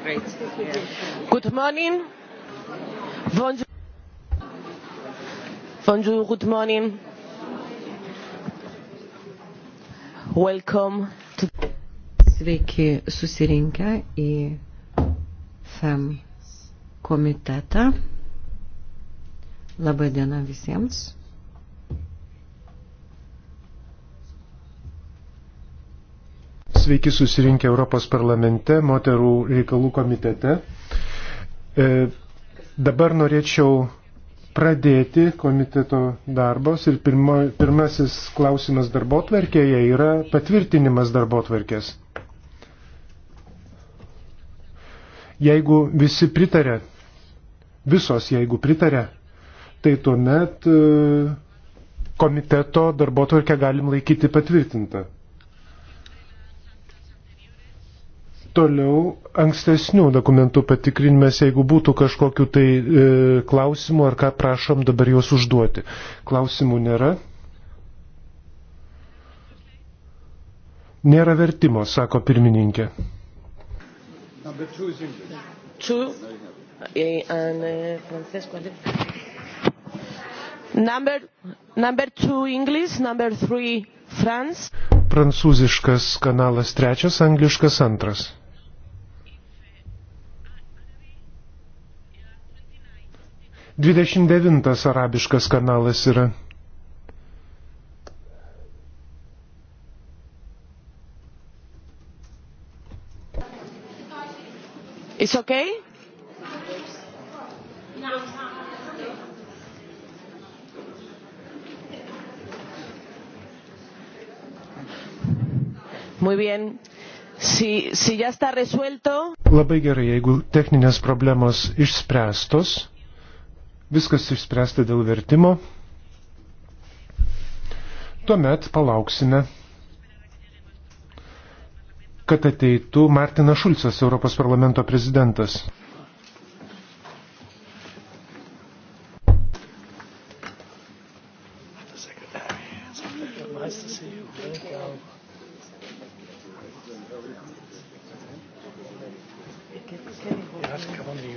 Great. Good morning. Bonjour. Bonjour, good morning. Welcome to... Sveiki susirinkę į FEM komitetą. Labą dieną visiems. Sveiki susirinkę Europos parlamente, moterų reikalų komitete. E, dabar norėčiau pradėti komiteto darbos ir pirmo, pirmasis klausimas darbo tvarkėje yra patvirtinimas darbo tvarkės. Jeigu visi pritarė, visos jeigu pritarė, tai tuomet e, komiteto darbo tvarkę galim laikyti patvirtintą. Toliau ankstesnių dokumentų patikrinimas, jeigu būtų kažkokiu tai e, klausimu ar ką prašom dabar juos užduoti. Klausimų nėra. Nėra vertimo, sako pirmininkė. Eh, eh, number, number two English, number three France. Prancūziškas kanalas trečias, angliškas antras. 29 arabiškas kanalas yra. It's okay? Muy bien. Si, si ya está resuelto. Labai gerai, jeigu techninės problemos išspręstos. Viskas išspręsta dėl vertimo. Tuomet palauksime, kad ateitų Martinas Šulcas, Europos parlamento prezidentas.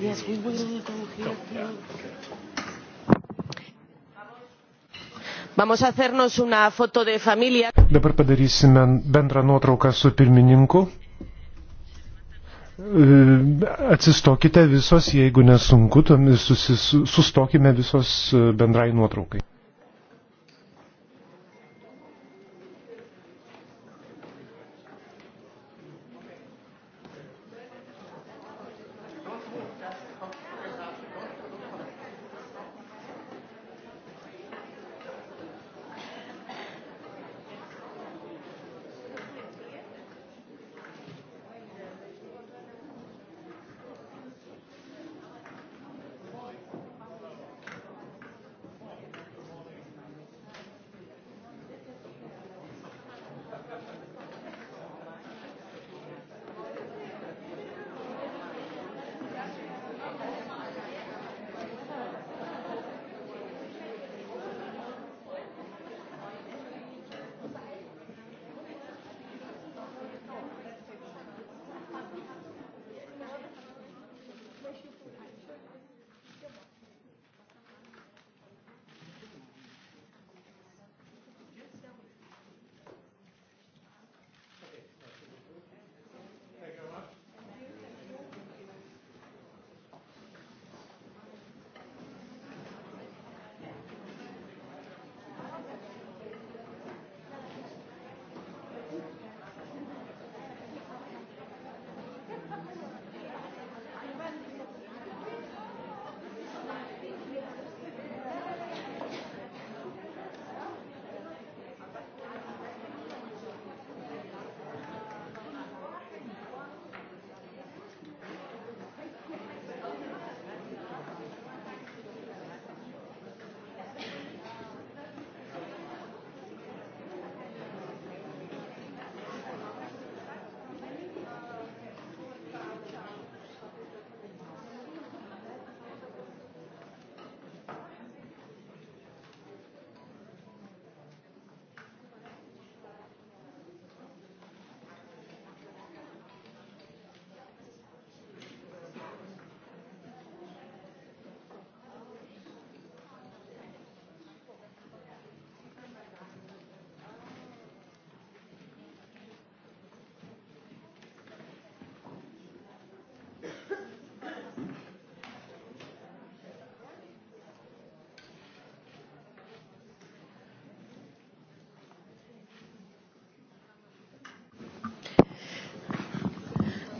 Yes, we will go here. Yeah. Vamos a hacernos una foto de familia. Dabar padarysime bendrą nuotrauką su pirmininku. E, atsistokite visos, jeigu nesunku, susis, sustokime visos e, bendrai nuotraukai.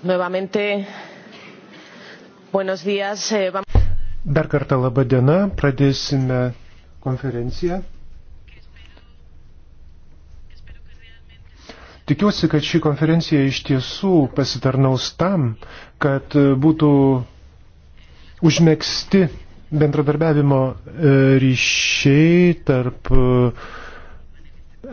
nuevamente buenos días. Eh, Dar kartą laba diena, pradėsime konferenciją. Tikiuosi, kad ši konferencija iš tiesų pasitarnaus tam, kad būtų užmėgsti bendradarbiavimo e, ryšiai tarp uh,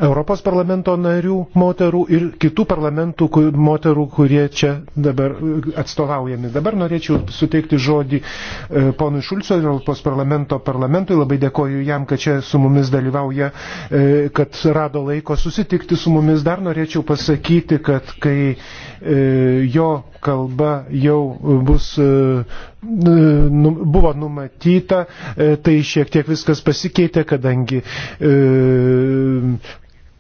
Europos parlamento narių moterų ir kitų parlamentų moterų, kurie čia dabar e, atstovaujami. Dabar norėčiau suteikti žodį e, ponui Šulco Europos parlamento parlamentui. Labai dėkoju jam, kad čia su mumis dalyvauja, e, kad rado laiko susitikti su mumis. Dar norėčiau pasakyti, kad kai jo kalba jau bus nu, buvo numatyta, tai šiek tiek viskas pasikeitė, kadangi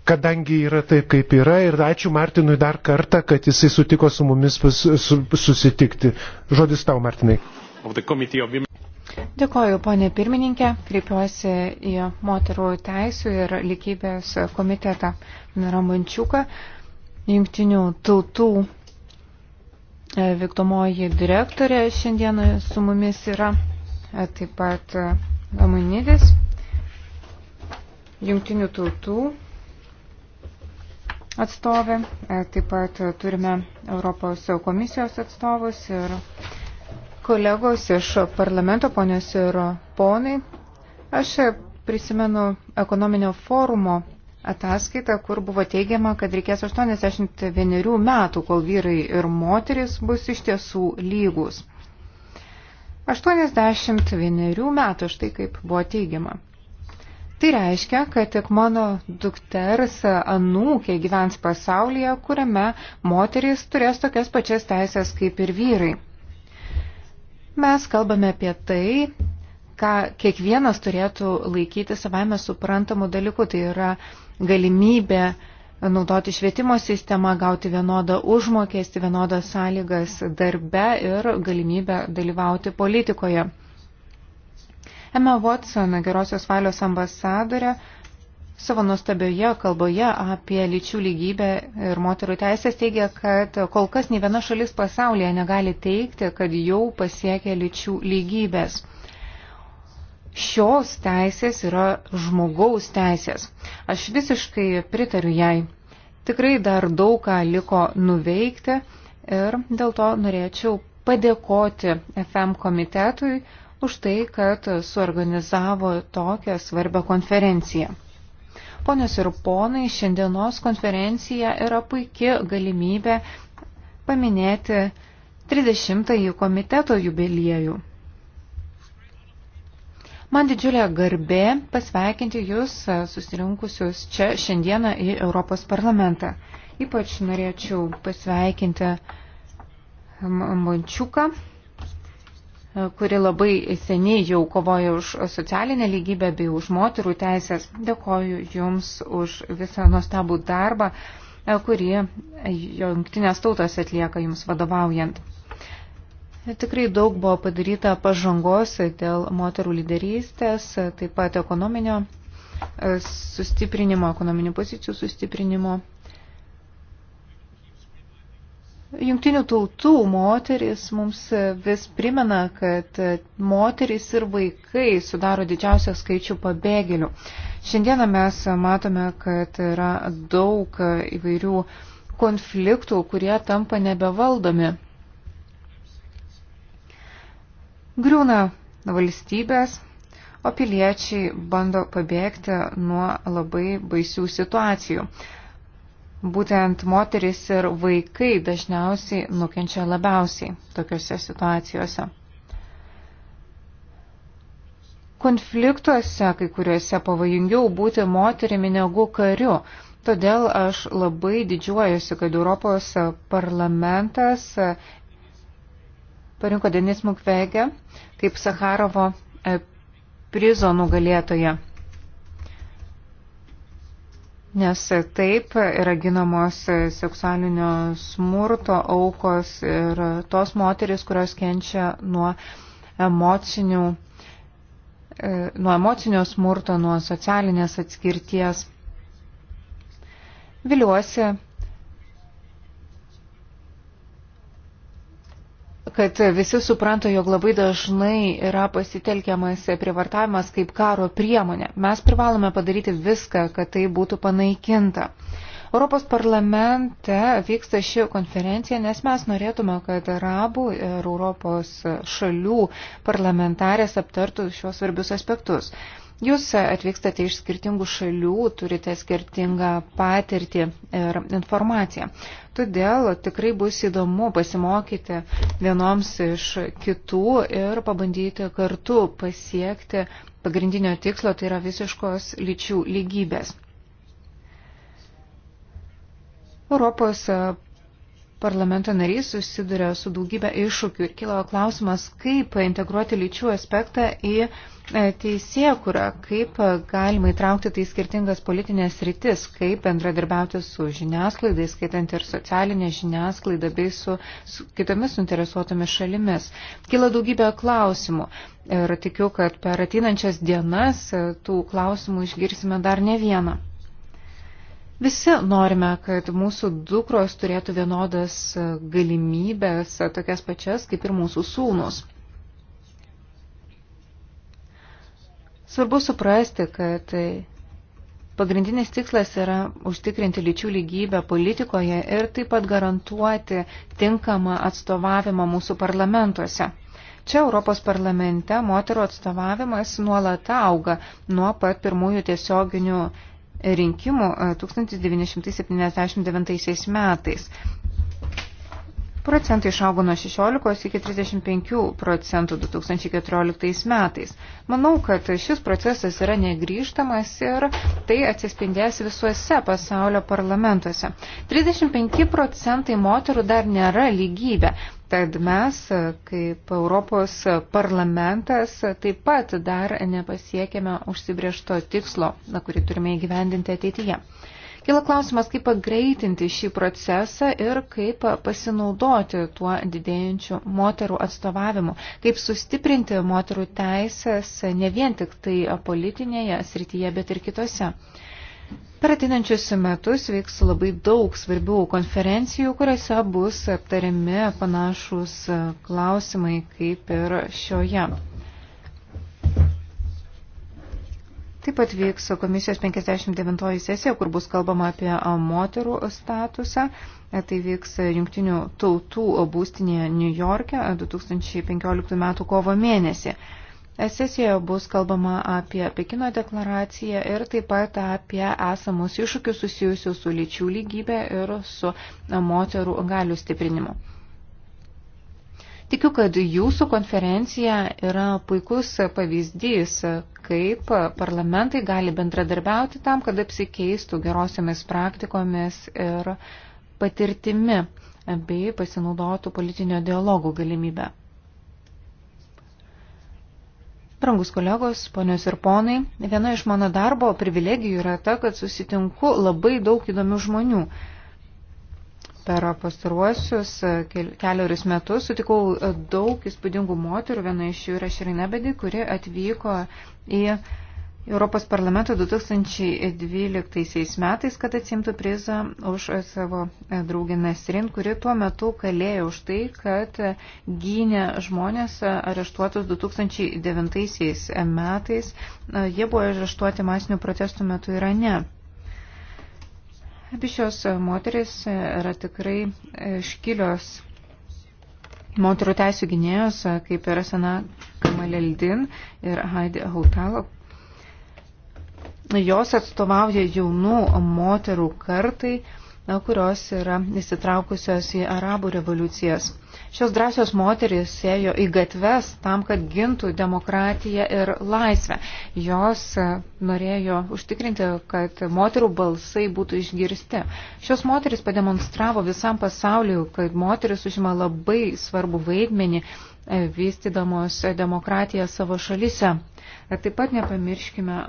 kadangi yra taip, kaip yra. Ir ačiū Martinui dar kartą, kad jisai sutiko su mumis pas, su, susitikti. Žodis tau, Martinai. Dėkoju, ponė pirmininkė. Kreipiuosi į moterų teisų ir lygybės komitetą Ramančiuką, jungtinių tautų e, vykdomoji direktorė šiandieną su mumis yra, e, taip pat e, Amanidis, jungtinių tautų atstovę, e, taip pat turime Europos komisijos atstovus ir kolegos iš parlamento, ponios ir ponai. Aš prisimenu ekonominio forumo ataskaitą, kur buvo teigiama, kad reikės 81 metų, kol vyrai ir moteris bus iš tiesų lygus. 81 metų, štai kaip buvo teigiama. Tai reiškia, kad tik mano dukters anūkė gyvens pasaulyje, kuriame moterys turės tokias pačias teisės kaip ir vyrai. Mes kalbame apie tai, ką kiekvienas turėtų laikyti savame suprantamų dalykų, tai yra galimybė naudoti švietimo sistemą, gauti vienodą užmokestį, vienodas sąlygas darbe ir galimybę dalyvauti politikoje. Emma Watson, gerosios valios ambasadorė, savo nustabioje kalboje apie lyčių lygybę ir moterų teisės teigia, kad kol kas nei viena šalis pasaulyje negali teikti, kad jau pasiekė lyčių lygybės. Šios teisės yra žmogaus teisės. Aš visiškai pritariu jai. Tikrai dar daug ką liko nuveikti ir dėl to norėčiau padėkoti FM komitetui už tai, kad suorganizavo tokią svarbią konferenciją. Ponios ir ponai, šiandienos konferencija yra puikia galimybė paminėti 30-ąjį komiteto jubiliejų. Man didžiulė garbė pasveikinti Jūs susirinkusius čia šiandieną į Europos parlamentą. Ypač norėčiau pasveikinti Mončiuką, kuri labai seniai jau kovoja už socialinę lygybę bei už moterų teisės. Dėkoju Jums už visą nuostabų darbą, kurį jungtinės tautos atlieka Jums vadovaujant. Tikrai daug buvo padaryta pažangos dėl moterų lyderystės, taip pat ekonominio sustiprinimo, ekonominių pozicijų sustiprinimo Jungtinių tautų moteris mums vis primena, kad moteris ir vaikai sudaro didžiausią skaičių pabėgėlių. Šiandieną mes matome, kad yra daug įvairių konfliktų, kurie tampa nebevaldomi. Griūna valstybės, o piliečiai bando pabėgti nuo labai baisių situacijų būtent moteris ir vaikai dažniausiai nukenčia labiausiai tokiuose situacijose. Konfliktuose kai kuriuose pavojingiau būti moterimi negu kariu, todėl aš labai didžiuojuosi, kad Europos parlamentas parinko Denis Mukvegę kaip Sakarovo prizo nugalėtoje. Nes taip yra ginamos seksualinio smurto aukos ir tos moteris, kurios kenčia nuo, emocinių, e, nuo emocinio smurto, nuo socialinės atskirties. Viliuosi, kad visi supranta, jog labai dažnai yra pasitelkiamas privartavimas kaip karo priemonė. Mes privalome padaryti viską, kad tai būtų panaikinta. Europos parlamente vyksta ši konferencija, nes mes norėtume, kad arabų ir Europos šalių parlamentarės aptartų šios svarbius aspektus. Jūs atvykstate iš skirtingų šalių, turite skirtingą patirtį ir informaciją. Todėl tikrai bus įdomu pasimokyti vienoms iš kitų ir pabandyti kartu pasiekti pagrindinio tikslo, tai yra visiškos lyčių lygybės. Europos parlamento nariai susiduria su daugybė iššūkių ir kilo klausimas, kaip integruoti lyčių aspektą į teisėkurą, kaip galima įtraukti tai skirtingas politinės rytis, kaip bendradarbiauti su žiniasklaidai, skaitant ir socialinę žiniasklaidą bei su, su kitomis suinteresuotomis šalimis. Kila daugybė klausimų ir tikiu, kad per ateinančias dienas tų klausimų išgirsime dar ne vieną. Visi norime, kad mūsų dukros turėtų vienodas galimybės, tokias pačias kaip ir mūsų sūnus. Svarbu suprasti, kad pagrindinis tikslas yra užtikrinti lyčių lygybę politikoje ir taip pat garantuoti tinkamą atstovavimą mūsų parlamentuose. Čia Europos parlamente moterų atstovavimas nuolat auga nuo pat pirmųjų tiesioginių rinkimų 1979 e, metais procentai išaugo nuo 16 iki 35 procentų 2014 metais. Manau, kad šis procesas yra negryžtamas ir tai atsispindės visuose pasaulio parlamentuose. 35 procentai moterų dar nėra lygybė. Tad mes, kaip Europos parlamentas, taip pat dar nepasiekėme užsibriešto tikslo, na, kurį turime įgyvendinti ateityje. Kila klausimas, kaip pagreitinti šį procesą ir kaip pasinaudoti tuo didėjančiu moterų atstovavimu, kaip sustiprinti moterų teisės ne vien tik tai politinėje srityje, bet ir kitose. Per ateinančius metus vyks labai daug svarbių konferencijų, kuriuose bus aptariami panašus klausimai kaip ir šioje. Taip pat vyks komisijos 59 sesija, kur bus kalbama apie moterų statusą. E, tai vyks jungtinių tautų būstinėje New York'e 2015 m. kovo mėnesį. E, sesijoje bus kalbama apie Pekino deklaraciją ir taip pat apie esamus iššūkius susijusius su lyčių lygybė ir su moterų galių stiprinimu. Tikiu, kad jūsų konferencija yra puikus pavyzdys, kaip parlamentai gali bendradarbiauti tam, kad apsikeistų gerosiomis praktikomis ir patirtimi bei pasinaudotų politinio dialogų galimybę. Brangus kolegos, ponios ir ponai, viena iš mano darbo privilegijų yra ta, kad susitinku labai daug įdomių žmonių. Per pastaruosius e, keliarius metus sutikau e, daug įspūdingų moterų, viena iš jų yra Širina Bedi, kuri atvyko į Europos parlamento 2012 metais, kad atsimtų prizą už savo e, draugę Nasrin, kuri tuo metu kalėjo už tai, kad gynė žmonės areštuotus 2009 metais. Jie buvo areštuoti masinių protestų metu Irane. Ir Abi šios moteris yra tikrai iškilios e, moterų teisų gynėjos, e, kaip yra sena Kamaleldin ir Heidi Hautalo. Jos atstovauja jaunų moterų kartai, kurios yra įsitraukusios į arabų revoliucijas. Šios drąsios moteris ėjo į gatves tam, kad gintų demokratiją ir laisvę. Jos e, norėjo užtikrinti, kad moterų balsai būtų išgirsti. Šios moteris pademonstravo visam pasauliu, kad moteris užima labai svarbu vaidmenį e, vystydamos demokratiją savo šalise. E, taip pat nepamirškime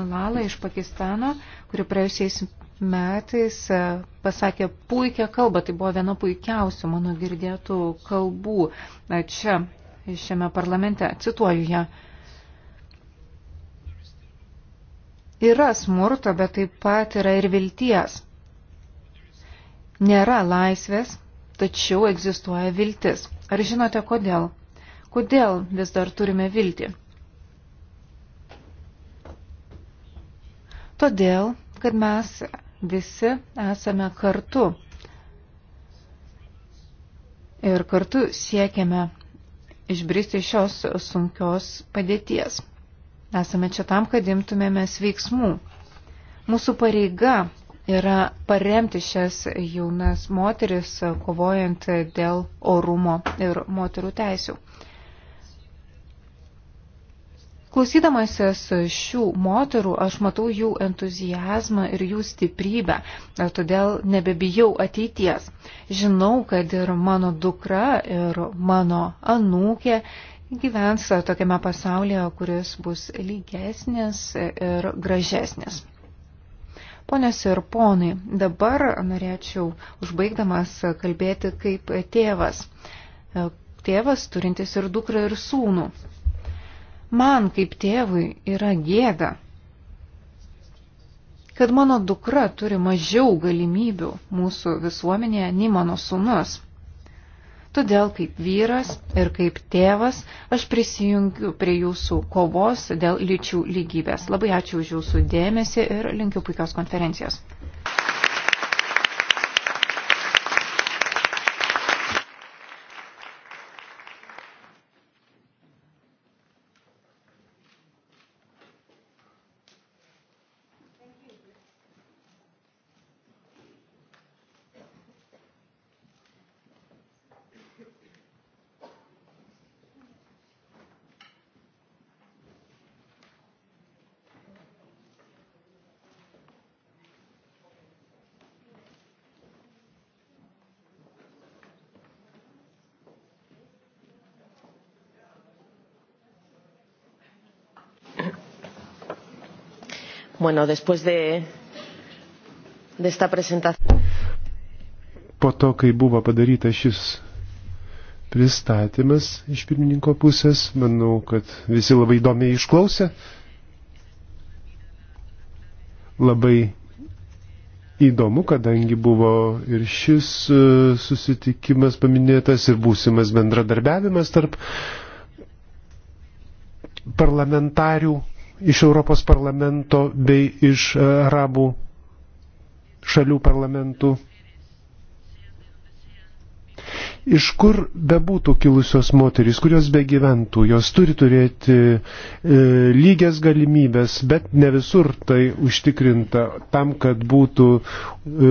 Malalą iš Pakistano, kuri praėjusiais metais e, pasakė puikią kalbą, tai buvo viena puikiausių mano girdėtų kalbų e, čia, šiame parlamente, cituoju ją. Yra smurto, bet taip pat yra ir vilties. Nėra laisvės, tačiau egzistuoja viltis. Ar žinote kodėl? Kodėl vis dar turime viltį? Todėl, kad mes visi esame kartu. Ir kartu siekiame išbristi šios sunkios padėties. Esame čia tam, kad imtumėmės veiksmų. Mūsų pareiga yra paremti šias jaunas moteris, kovojant dėl orumo ir moterų teisių. Klausydamasis šių moterų, aš matau jų entuzijazmą ir jų stiprybę, e, todėl nebebijau ateities. Žinau, kad ir mano dukra, ir mano anūkė gyvens tokiame pasaulyje, kuris bus lygesnis ir gražesnis. Ponios ir ponai, dabar norėčiau užbaigdamas kalbėti kaip tėvas. E, tėvas turintis ir dukrą ir sūnų man kaip tėvui yra gėda, kad mano dukra turi mažiau galimybių mūsų visuomenėje nei mano sunus. Todėl kaip vyras ir kaip tėvas aš prisijungiu prie jūsų kovos dėl lyčių lygybės. Labai ačiū už jūsų dėmesį ir linkiu puikios konferencijos. Bueno, después de, de esta presentación. Po to, kai buvo padaryta šis pristatymas iš pirmininko pusės, manau, kad visi labai įdomiai išklausė. Labai įdomu, kadangi buvo ir šis e, susitikimas paminėtas, ir būsimas bendradarbiavimas tarp parlamentarių iš Europos parlamento bei iš e, arabų šalių parlamentų. Iš kur bebūtų kilusios moterys, kurios begyventų, jos turi turėti e, lygias galimybės, bet ne visur tai užtikrinta tam, kad būtų e,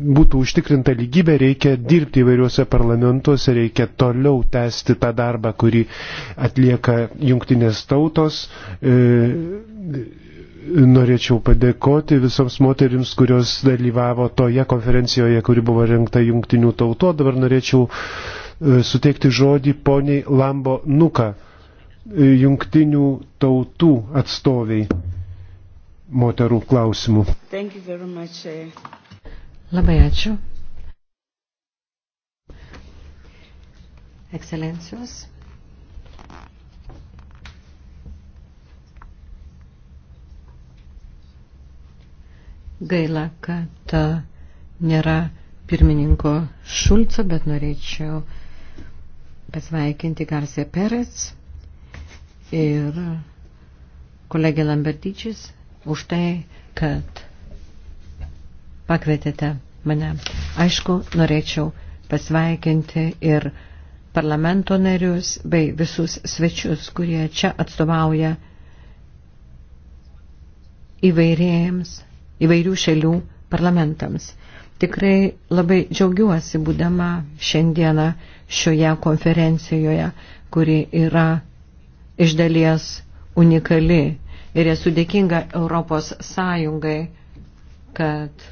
būtų užtikrinta lygybė, reikia dirbti įvairiuose parlamentuose, reikia toliau tęsti tą darbą, kurį atlieka jungtinės tautos. E, norėčiau padėkoti visoms moterims, kurios dalyvavo toje konferencijoje, kuri buvo rengta jungtinių tautų. Dabar norėčiau e, suteikti žodį poniai Lambo Nuka, e, jungtinių tautų atstoviai moterų klausimų. Much, eh. Labai ačiū. Ekscelencijos. Gaila, kad e, nėra pirmininko Šulco, bet norėčiau pasveikinti Garcia Perez ir kolegė Lambertyčis už tai, kad pakvietėte mane. Aišku, norėčiau pasveikinti ir parlamento narius bei visus svečius, kurie čia atstovauja įvairiems, įvairių šalių parlamentams. Tikrai labai džiaugiuosi būdama šiandieną šioje konferencijoje, kuri yra iš dalies unikali ir esu dėkinga Europos Sąjungai, kad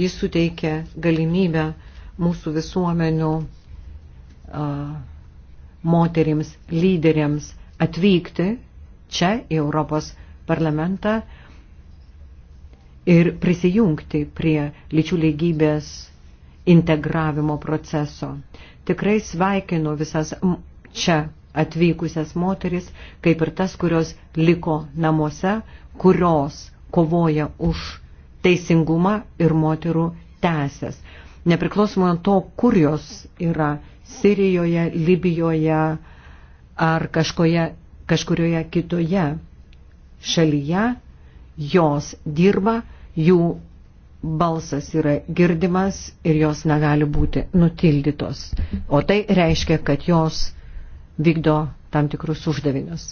Jis suteikia galimybę mūsų visuomenių uh, moterims, lyderiams atvykti čia į Europos parlamentą ir prisijungti prie lyčių lygybės integravimo proceso. Tikrai sveikinu visas čia atvykusias moteris, kaip ir tas, kurios liko namuose, kurios kovoja už teisingumą ir moterų teisės. Nepriklausomai nuo to, kur jos yra - Sirijoje, Libijoje ar kažkoje, kažkurioje kitoje šalyje, jos dirba, jų balsas yra girdimas ir jos negali būti nutildytos. O tai reiškia, kad jos vykdo tam tikrus uždavinius.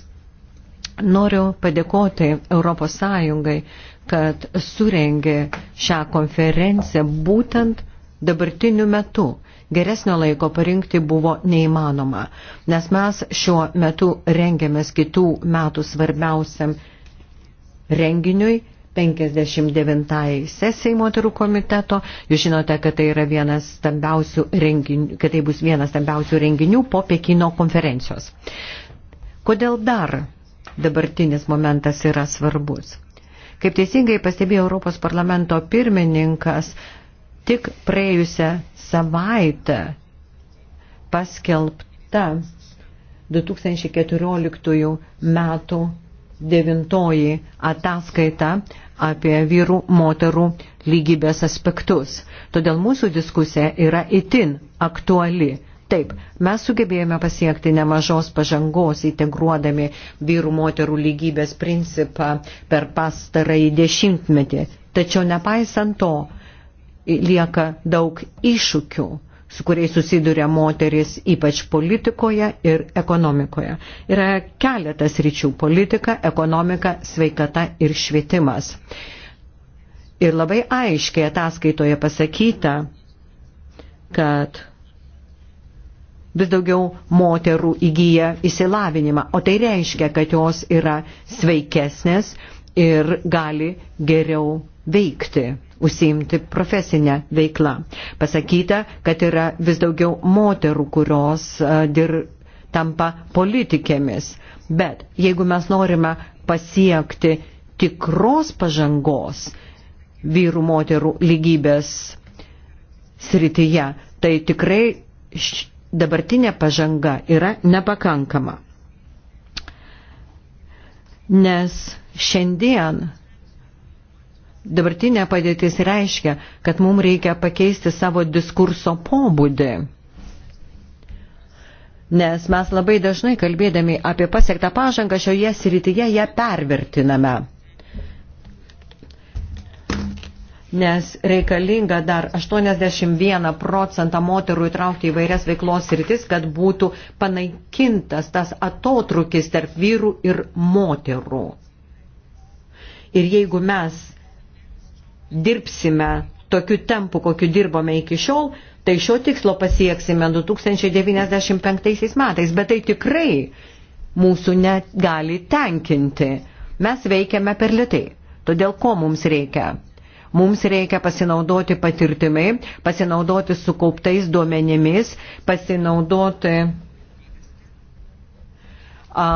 Noriu padėkoti Europos Sąjungai, kad surengė šią konferenciją būtent dabartiniu metu. Geresnio laiko parinkti buvo neįmanoma, nes mes šiuo metu rengiamės kitų metų svarbiausiam renginiui 59 sesijai moterų komiteto. Jūs žinote, kad tai, yra vienas renginių, kad tai bus vienas stambiausių renginių po Pekino konferencijos. Kodėl dar dabartinis momentas yra svarbus. Kaip teisingai pastebėjo Europos parlamento pirmininkas, tik praėjusią savaitę paskelbta 2014 metų devintoji ataskaita apie vyrų moterų lygybės aspektus. Todėl mūsų diskusija yra itin aktuali Taip, mes sugebėjome pasiekti nemažos pažangos integruodami vyrų moterų lygybės principą per pastarąjį dešimtmetį. Tačiau nepaisant to, lieka daug iššūkių, su kuriais susiduria moteris ypač politikoje ir ekonomikoje. Yra keletas ryčių - politika, ekonomika, sveikata ir švietimas. Ir labai aiškiai ataskaitoje pasakyta, kad vis daugiau moterų įgyja įsilavinimą, o tai reiškia, kad jos yra sveikesnės ir gali geriau veikti užsiimti profesinę veiklą. Pasakyta, kad yra vis daugiau moterų, kurios dir, tampa politikėmis. Bet jeigu mes norime pasiekti tikros pažangos vyrų moterų lygybės srityje, tai tikrai dabartinė pažanga yra nepakankama. Nes šiandien dabartinė padėtis reiškia, kad mums reikia pakeisti savo diskurso pobūdį. Nes mes labai dažnai kalbėdami apie pasiektą pažangą šioje srityje ją pervertiname. nes reikalinga dar 81 procentą moterų įtraukti į vairias veiklos rytis, kad būtų panaikintas tas atotrukis tarp vyrų ir moterų. Ir jeigu mes dirbsime tokiu tempu, kokiu dirbome iki šiol, tai šio tikslo pasieksime 2095 metais, bet tai tikrai mūsų net gali tenkinti. Mes veikiame per lietai. Todėl ko mums reikia? Mums reikia pasinaudoti patirtimai, pasinaudoti sukauptais duomenimis, pasinaudoti a,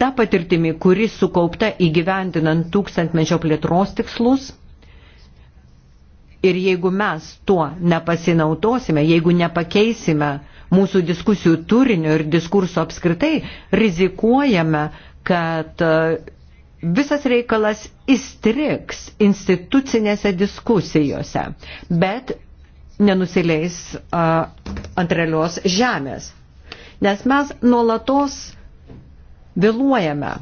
tą patirtimį, kuri sukaupta įgyvendinant tūkstantmečio plėtros tikslus. Ir jeigu mes tuo nepasinaudosime, jeigu nepakeisime mūsų diskusijų turinio ir diskurso apskritai, rizikuojame, kad visas reikalas įstriks institucinėse diskusijose, bet nenusileis uh, ant realios žemės. Nes mes nuolatos vėluojame,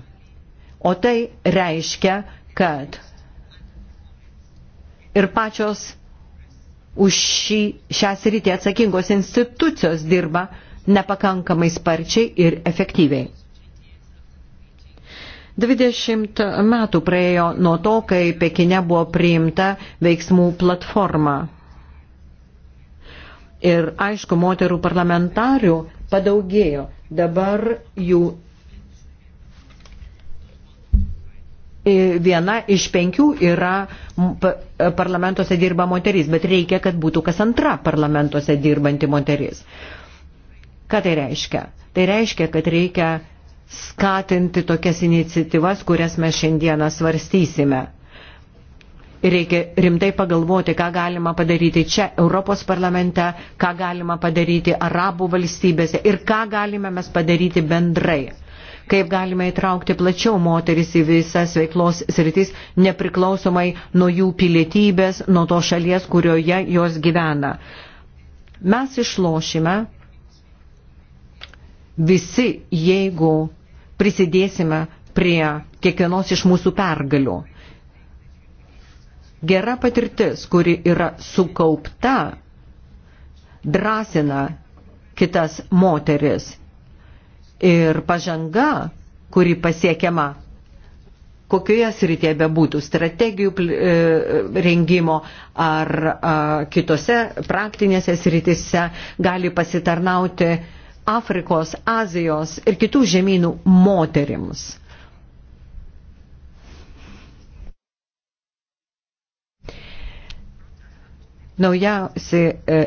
o tai reiškia, kad ir pačios už šį, šią sritį atsakingos institucijos dirba nepakankamai sparčiai ir efektyviai. 20 metų praėjo nuo to, kai Pekine buvo priimta veiksmų platforma. Ir aišku, moterų parlamentarių padaugėjo. Dabar jų viena iš penkių yra parlamentuose dirba moteris, bet reikia, kad būtų kas antra parlamentuose dirbanti moteris. Ką tai reiškia? Tai reiškia, kad reikia skatinti tokias iniciatyvas, kurias mes šiandieną svarstysime. Reikia rimtai pagalvoti, ką galima padaryti čia Europos parlamente, ką galima padaryti arabų valstybėse ir ką galime mes padaryti bendrai. Kaip galime įtraukti plačiau moteris į visas veiklos sritis, nepriklausomai nuo jų pilietybės, nuo to šalies, kurioje jos gyvena. Mes išlošime visi, jeigu prisidėsime prie kiekvienos iš mūsų pergalių. Gera patirtis, kuri yra sukaupta, drąsina kitas moteris. Ir pažanga, kuri pasiekiama, kokioje srityje bebūtų, strategijų e, rengimo ar kitose praktinėse srityse, gali pasitarnauti Afrikos, Azijos ir kitų žemynų moterims. Naujausi e,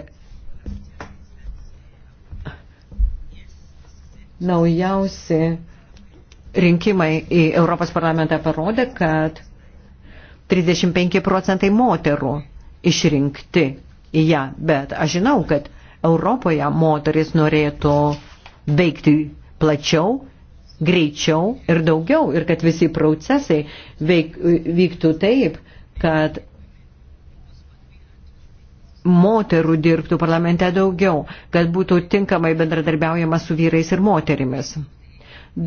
naujausi rinkimai į Europos parlamentą parodė, kad 35 procentai moterų išrinkti į ją, bet aš žinau, kad Europoje moteris norėtų veikti plačiau, greičiau ir daugiau ir kad visi procesai veik, vyktų taip, kad moterų dirbtų parlamente daugiau, kad būtų tinkamai bendradarbiaujama su vyrais ir moterimis.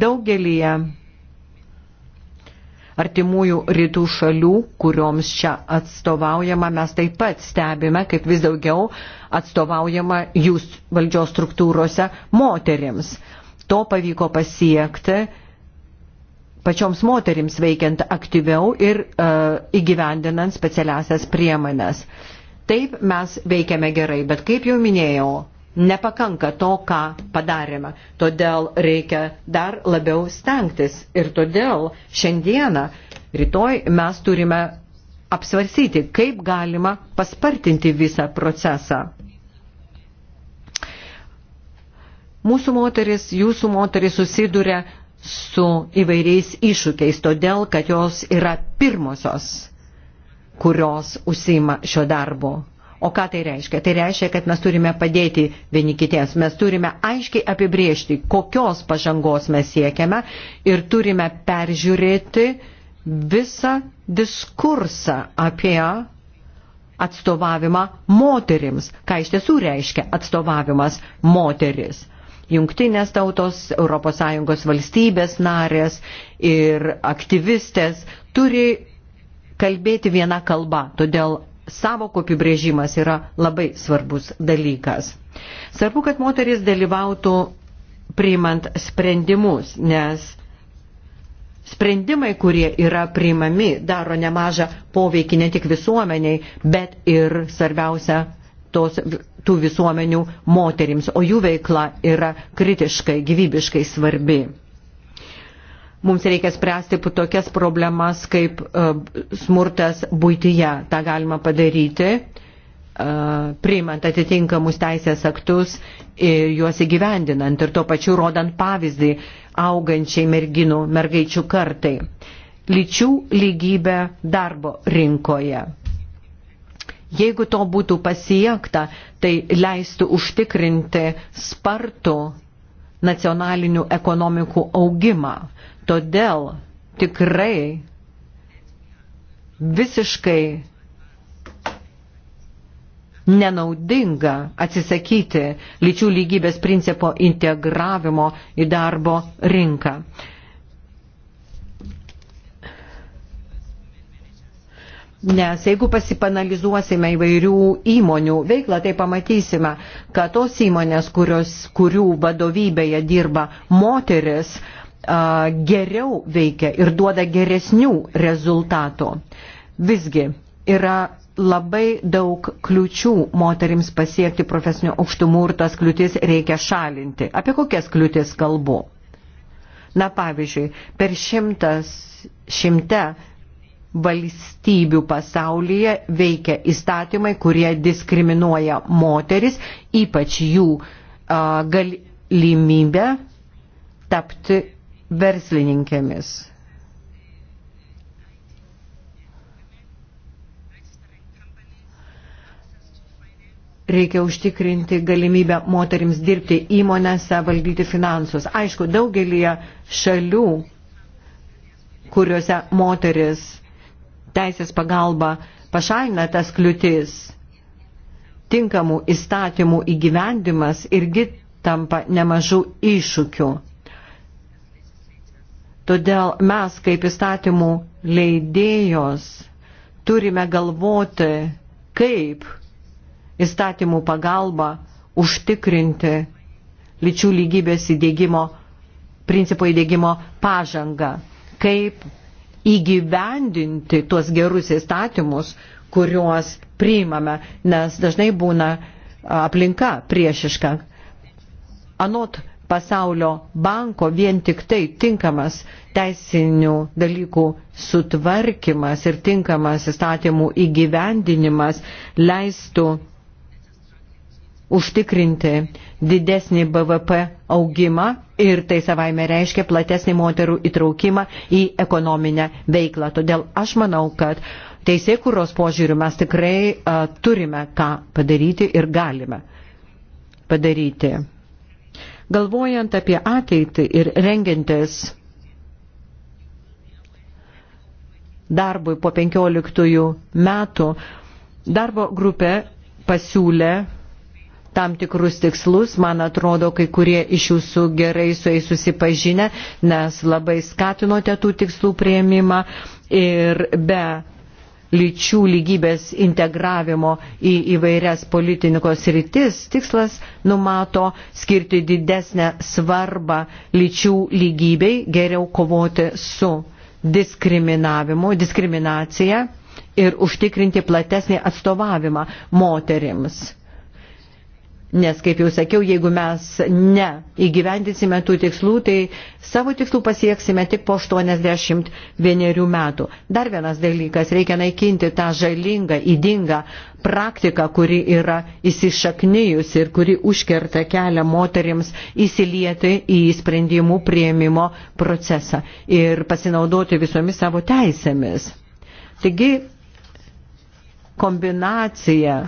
Daugelį artimųjų rytų šalių, kurioms čia atstovaujama, mes taip pat stebime, kaip vis daugiau atstovaujama jūs valdžios struktūrose moterims. To pavyko pasiekti pačioms moterims veikiant aktyviau ir uh, įgyvendinant specialiasias priemonės. Taip mes veikiame gerai, bet kaip jau minėjau, nepakanka to, ką padarėme. Todėl reikia dar labiau stengtis. Ir todėl šiandieną, rytoj mes turime apsvarsyti, kaip galima paspartinti visą procesą. Mūsų moteris, jūsų moteris susiduria su įvairiais iššūkiais, todėl, kad jos yra pirmosios, kurios užsima šio darbo. O ką tai reiškia? Tai reiškia, kad mes turime padėti vieni kitiems, mes turime aiškiai apibriežti, kokios pažangos mes siekiame ir turime peržiūrėti visą diskursą apie atstovavimą moterims. Ką iš tiesų reiškia atstovavimas moteris? jungtinės tautos, ES valstybės narės ir aktyvistės turi kalbėti vieną kalbą. Todėl savokų apibrėžimas yra labai svarbus dalykas. Svarbu, kad moteris dalyvautų priimant sprendimus, nes sprendimai, kurie yra priimami, daro nemažą poveikį ne tik visuomeniai, bet ir svarbiausia tos, tų visuomenių moterims, o jų veikla yra kritiškai, gyvybiškai svarbi. Mums reikia spręsti tokias problemas kaip e, smurtas būtyje. Ta galima padaryti e, priimant atitinkamus teisės aktus ir juos įgyvendinant ir tuo pačiu rodant pavyzdį augančiai merginų mergaičių kartai. Lyčių lygybė darbo rinkoje. Jeigu to būtų pasiekta, tai leistų užtikrinti spartų nacionalinių ekonomikų augimą. Todėl tikrai visiškai nenaudinga atsisakyti lyčių lygybės principo integravimo į darbo rinką. Nes jeigu pasipanalizuosime įvairių įmonių veiklą, tai pamatysime, kad tos įmonės, kurios, kurių vadovybėje dirba moteris, uh, geriau veikia ir duoda geresnių rezultatų. Visgi yra labai daug kliučių moterims pasiekti profesinio aukštumų ir tas kliūtis reikia šalinti. Apie kokias kliūtis kalbu? Na pavyzdžiui, per šimtas, šimte valstybių pasaulyje veikia įstatymai, kurie diskriminuoja moteris, ypač jų a, galimybę tapti verslininkėmis. Reikia užtikrinti galimybę moterims dirbti įmonėse, valdyti finansus. Aišku, daugelį šalių, kuriuose moteris teisės pagalba pašalina tas kliūtis, tinkamų įstatymų įgyvendimas irgi tampa nemažų iššūkių. Todėl mes kaip įstatymų leidėjos turime galvoti, kaip įstatymų pagalba užtikrinti lyčių lygybės įdėgymo, principo įdėgymo pažangą, kaip įgyvendinti tuos gerus įstatymus, kuriuos priimame, nes dažnai būna aplinka priešiška. Anot pasaulio banko vien tik tai tinkamas teisinių dalykų sutvarkymas ir tinkamas įstatymų įgyvendinimas leistų užtikrinti didesnį BVP augimą ir tai savaime reiškia platesnį moterų įtraukimą į ekonominę veiklą. Todėl aš manau, kad teisėkūros požiūrių mes tikrai uh, turime ką padaryti ir galime padaryti. Galvojant apie ateitį ir rengiantis darbui po 15 metų, darbo grupė pasiūlė tam tikrus tikslus, man atrodo, kai kurie iš jūsų gerai su jais susipažinę, nes labai skatinote tų tikslų prieimimą ir be lyčių lygybės integravimo į įvairias politinikos rytis, tikslas numato skirti didesnę svarbą lyčių lygybei, geriau kovoti su diskriminavimu, diskriminacija ir užtikrinti platesnį atstovavimą moterims Nes, kaip jau sakiau, jeigu mes ne įgyvendinsime tų tikslų, tai savo tikslų pasieksime tik po 81 metų. Dar vienas dalykas, reikia naikinti tą žalingą, įdingą praktiką, kuri yra įsišaknyjusi ir kuri užkerta kelią moterims įsilieti į sprendimų prieimimo procesą ir pasinaudoti visomis savo teisėmis. Taigi, kombinacija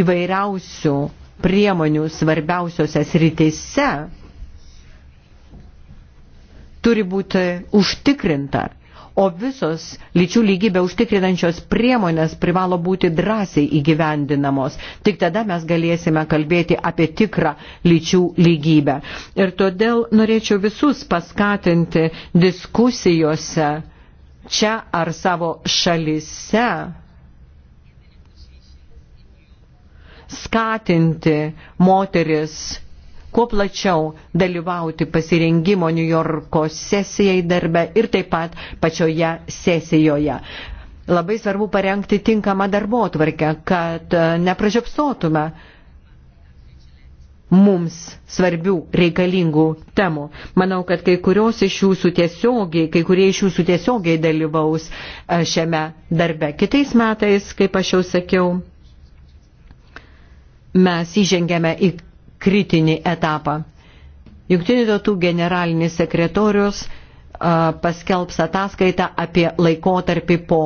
įvairiausių priemonių svarbiausiose sritise turi būti užtikrinta, o visos lyčių lygybę užtikrinančios priemonės privalo būti drąsiai įgyvendinamos. Tik tada mes galėsime kalbėti apie tikrą lyčių lygybę. Ir todėl norėčiau visus paskatinti diskusijose čia ar savo šalise skatinti moteris kuo plačiau dalyvauti pasirengimo New Yorko sesijai darbe ir taip pat pačioje sesijoje. Labai svarbu parengti tinkamą darbo tvarkę, kad e, nepražiopsotume mums svarbių reikalingų temų. Manau, kad kai kurios iš jūsų tiesiogiai, kai kurie iš jūsų tiesiogiai dalyvaus e, šiame darbe. Kitais metais, kaip aš jau sakiau, mes įžengėme į kritinį etapą. Junktinių tautų generalinis sekretorius paskelbs ataskaitą apie laikotarpį po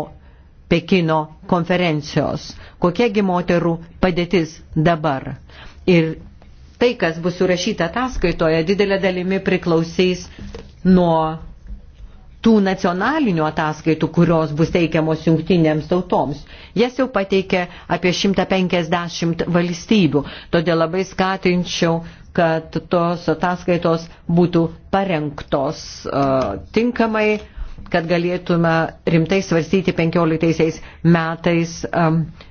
Pekino konferencijos. Kokiegi moterų padėtis dabar? Ir tai, kas bus surašyta ataskaitoje, didelė dalimi priklausys nuo tų nacionalinių ataskaitų, kurios bus teikiamos jungtinėms tautoms. Jas jau pateikė apie 150 valstybių, todėl labai skatinčiau, kad tos ataskaitos būtų parengtos uh, tinkamai, kad galėtume rimtai svarstyti 15 metais um, uh,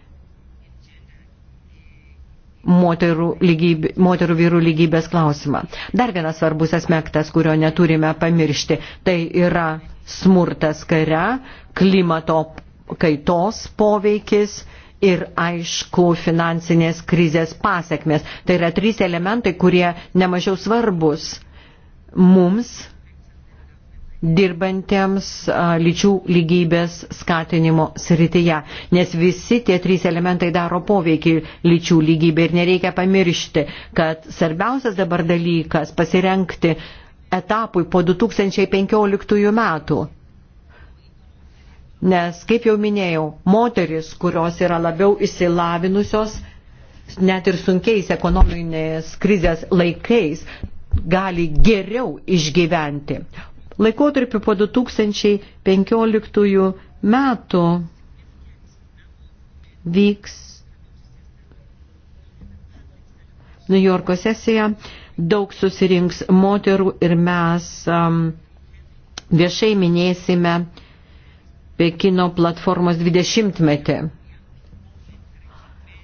moterų, lygybė, moterų vyrų lygybės klausimą. Dar vienas svarbus aspektas, kurio neturime pamiršti, tai yra smurtas kare, klimato kaitos poveikis ir aišku finansinės krizės pasiekmes. Tai yra trys elementai, kurie nemažiau svarbus mums dirbantiems lyčių lygybės skatinimo srityje, nes visi tie trys elementai daro poveikį lyčių lygybė ir nereikia pamiršti, kad svarbiausias dabar dalykas pasirenkti etapui po 2015 metų. Nes, kaip jau minėjau, moteris, kurios yra labiau išsilavinusios, net ir sunkiais ekonominės krizės laikais, gali geriau išgyventi laikotarpiu po 2015 metų vyks New Yorko sesija, daug susirinks moterų ir mes um, viešai minėsime Pekino platformos 20-metį.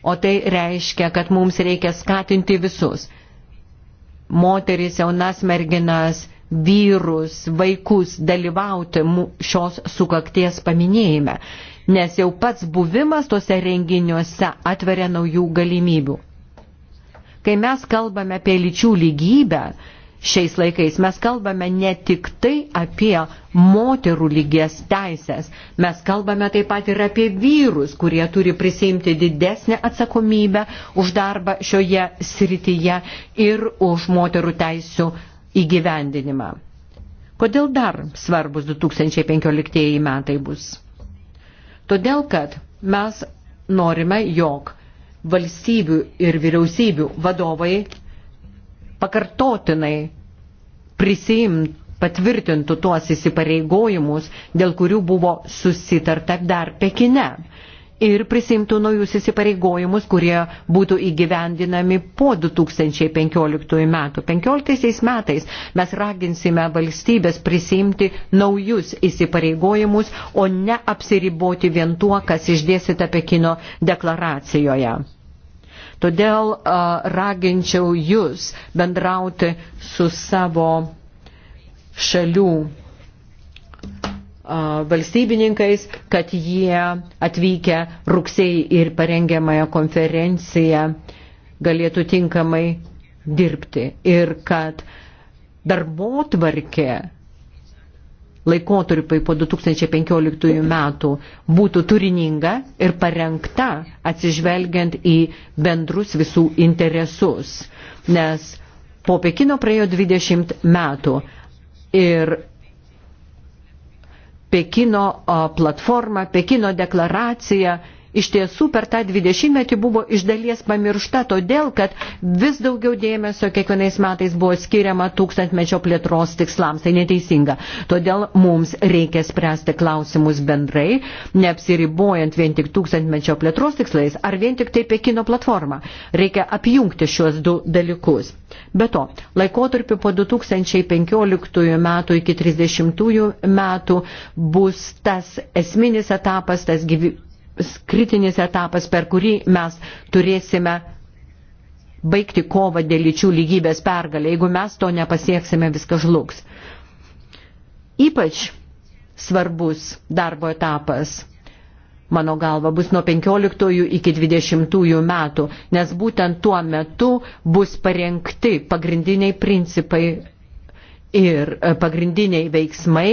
O tai reiškia, kad mums reikia skatinti visus. Moteris, jaunas merginas, vyrus, vaikus dalyvauti šios sukakties paminėjime, nes jau pats buvimas tuose renginiuose atveria naujų galimybių. Kai mes kalbame apie lyčių lygybę, šiais laikais mes kalbame ne tik tai apie moterų lygės teisės, mes kalbame taip pat ir apie vyrus, kurie turi prisimti didesnę atsakomybę už darbą šioje srityje ir už moterų teisų įgyvendinimą. Kodėl dar svarbus 2015 metai bus? Todėl, kad mes norime, jog valstybių ir vyriausybių vadovai pakartotinai prisiimtų patvirtintų tuos įsipareigojimus, dėl kurių buvo susitarta dar Pekine ir prisimtų naujus įsipareigojimus, kurie būtų įgyvendinami po 2015 metų. 15 metais mes raginsime valstybės prisimti naujus įsipareigojimus, o ne apsiriboti vien tuo, kas išdėsita Pekino deklaracijoje. Todėl uh, raginčiau jūs bendrauti su savo šalių valstybininkais, kad jie atvykę rugsėjai ir parengiamąją konferenciją galėtų tinkamai dirbti ir kad darbotvarkė laikotarpiai po 2015 metų būtų turininga ir parengta atsižvelgiant į bendrus visų interesus, nes po Pekino praėjo 20 metų ir Pekino platformą, Pekino deklaraciją iš tiesų per tą 20 metį buvo iš dalies pamiršta, todėl, kad vis daugiau dėmesio kiekvienais metais buvo skiriama tūkstantmečio plėtros tikslams. Tai neteisinga. Todėl mums reikia spręsti klausimus bendrai, neapsiribojant vien tik tūkstantmečio plėtros tikslais ar vien tik tai Pekino platformą. Reikia apjungti šiuos du dalykus. Be to, laikotarpiu po 2015 metų iki 30 metų bus tas esminis etapas, tas gyvy kritinis etapas, per kurį mes turėsime baigti kovą dėl lyčių lygybės pergalę. Jeigu mes to nepasieksime, viskas žlugs. Ypač svarbus darbo etapas mano galva, bus nuo 15 iki 20 metų, nes būtent tuo metu bus parengti pagrindiniai principai ir e, pagrindiniai veiksmai,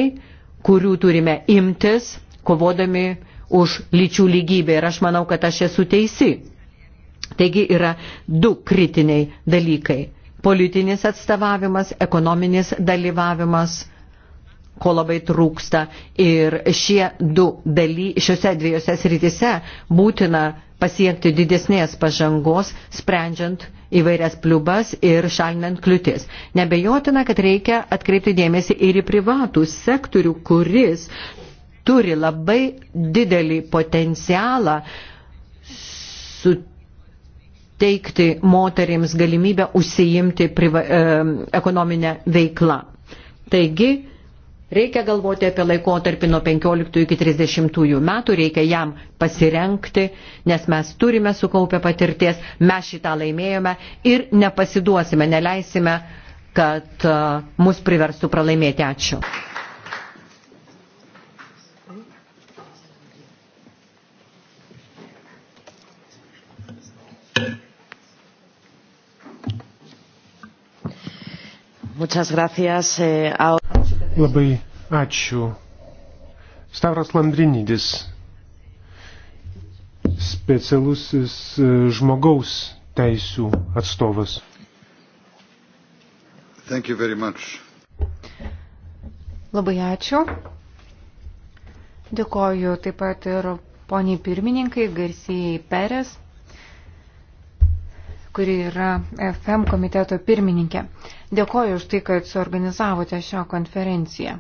kurių turime imtis, kovodami už lyčių lygybę ir aš manau, kad aš esu teisi. Taigi yra du kritiniai dalykai – politinis atstovavimas, ekonominis dalyvavimas, ko labai trūksta. Ir šie du daly, šiuose dviejose srityse būtina pasiekti didesnės pažangos, sprendžiant įvairias pliubas ir šalinant kliūtis. Nebejotina, kad reikia atkreipti dėmesį ir į privatų sektorių, kuris turi labai didelį potencialą suteikti moterims galimybę užsiimti priva, e, ekonominę veiklą. Taigi, Reikia galvoti apie laikotarpį nuo 15 iki 30 metų, reikia jam pasirenkti, nes mes turime sukaupę patirties, mes šitą laimėjome ir nepasiduosime, neleisime, kad uh, mus priverstų pralaimėti. Ačiū. Muchas gracias. Eh, a... Labai ačiū. Stavras Landrinidis, specialusis e, žmogaus teisų atstovas. Thank you very much. Labai ačiū. Dėkoju taip pat ir poniai pirmininkai, garsiai Peres kuri yra FM komiteto pirmininkė. Dėkoju už tai, kad suorganizavote šią konferenciją.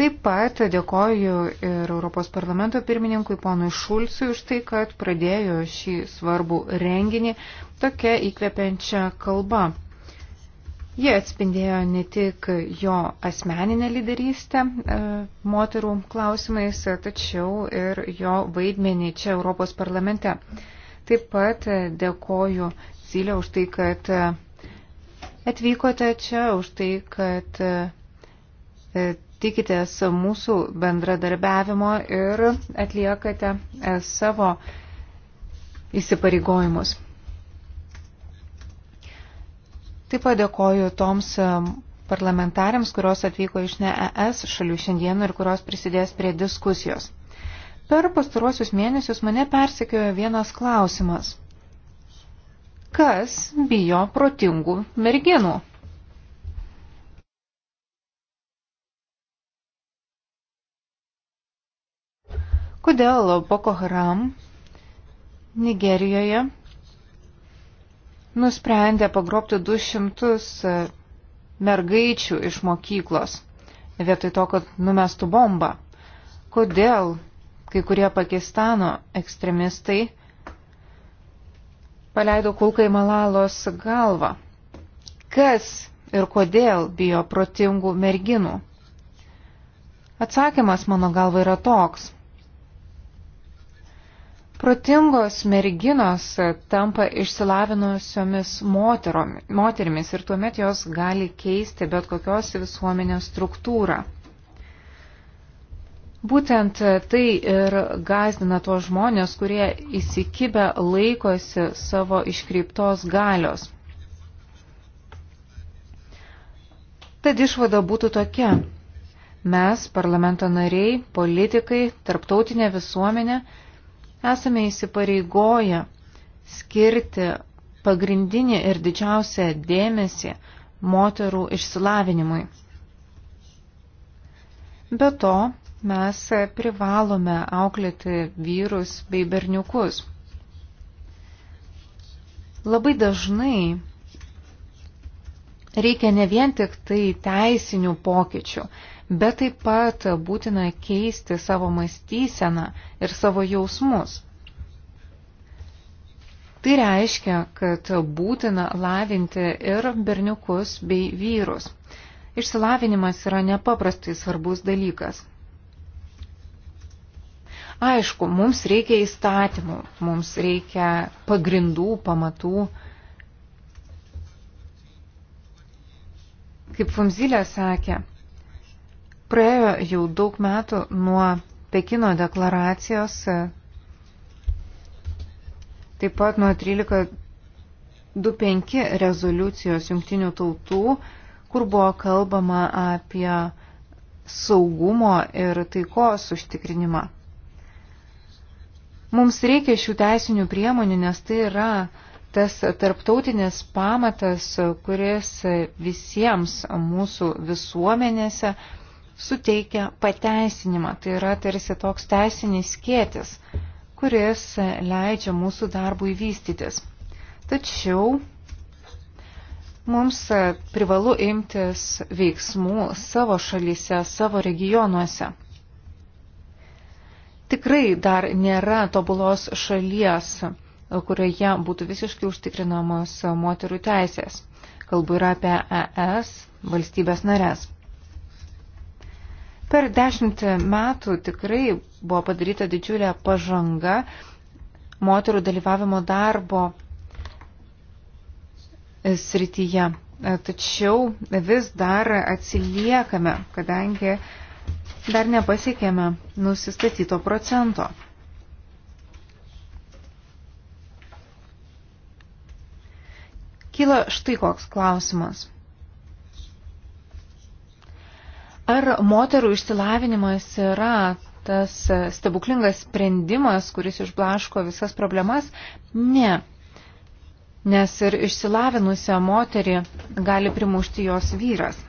Taip pat dėkoju ir Europos parlamento pirmininkui ponui Šulcui už tai, kad pradėjo šį svarbų renginį tokia įkvepiančia kalba. Jie atspindėjo ne tik jo asmeninę lyderystę e, moterų klausimais, tačiau ir jo vaidmenį čia Europos parlamente. E, Taip pat e, dėkoju Silė už tai, kad e, atvykote čia, už tai, kad e, tikitės mūsų bendradarbiavimo ir atliekate savo įsipareigojimus. Taip pat dėkoju toms parlamentariams, kurios atvyko iš ne ES šalių šiandien ir kurios prisidės prie diskusijos. Per pastaruosius mėnesius mane persekiojo vienas klausimas. Kas bijo protingų merginų? Kodėl Boko Haram Nigerijoje nusprendė pagrobti 200 e, mergaičių iš mokyklos, vietoj to, kad numestų bombą. Kodėl kai kurie Pakistano ekstremistai paleido kulką į Malalos galvą. Kas ir kodėl bijo protingų merginų? Atsakymas mano galva yra toks. Protingos merginos tampa išsilavinusiomis moterimis ir tuomet jos gali keisti bet kokios visuomenės struktūrą. Būtent e, tai ir gazdina tuos žmonės, kurie įsikibę laikosi savo iškreiptos galios. Tad išvada būtų tokia. Mes, parlamento nariai, politikai, tarptautinė visuomenė, esame įsipareigoję skirti pagrindinį ir didžiausią dėmesį moterų išsilavinimui. Be to, Mes privalome auklėti vyrus bei berniukus. Labai dažnai reikia ne vien tik tai teisinių pokyčių, bet taip pat būtina keisti savo mąstyseną ir savo jausmus. Tai reiškia, kad būtina lavinti ir berniukus bei vyrus. Išsilavinimas yra nepaprastai svarbus dalykas. Aišku, mums reikia įstatymų, mums reikia pagrindų, pamatų. Kaip Funzilė sakė, praėjo jau daug metų nuo Pekino deklaracijos, taip pat nuo 1325 rezoliucijos jungtinių tautų, kur buvo kalbama apie saugumo ir taikos užtikrinimą. Mums reikia šių teisinių priemonių, nes tai yra tas tarptautinis pamatas, kuris visiems mūsų visuomenėse suteikia pateisinimą. Tai yra tarsi toks teisinis skėtis, kuris leidžia mūsų darbui vystytis. Tačiau mums privalu imtis veiksmų savo šalyse, savo regionuose tikrai dar nėra tobulos šalies, kurioje būtų visiškai užtikrinamos moterų teisės. Kalbu yra apie ES valstybės narės. Per dešimt metų tikrai buvo padaryta didžiulė pažanga moterų dalyvavimo darbo srityje. Tačiau vis dar atsiliekame, kadangi dar nepasiekėme nusistatyto procento. Kyla štai koks klausimas. Ar moterų išsilavinimas yra tas stebuklingas sprendimas, kuris išblaško visas problemas? Ne. Nes ir išsilavinusią moterį gali primušti jos vyras.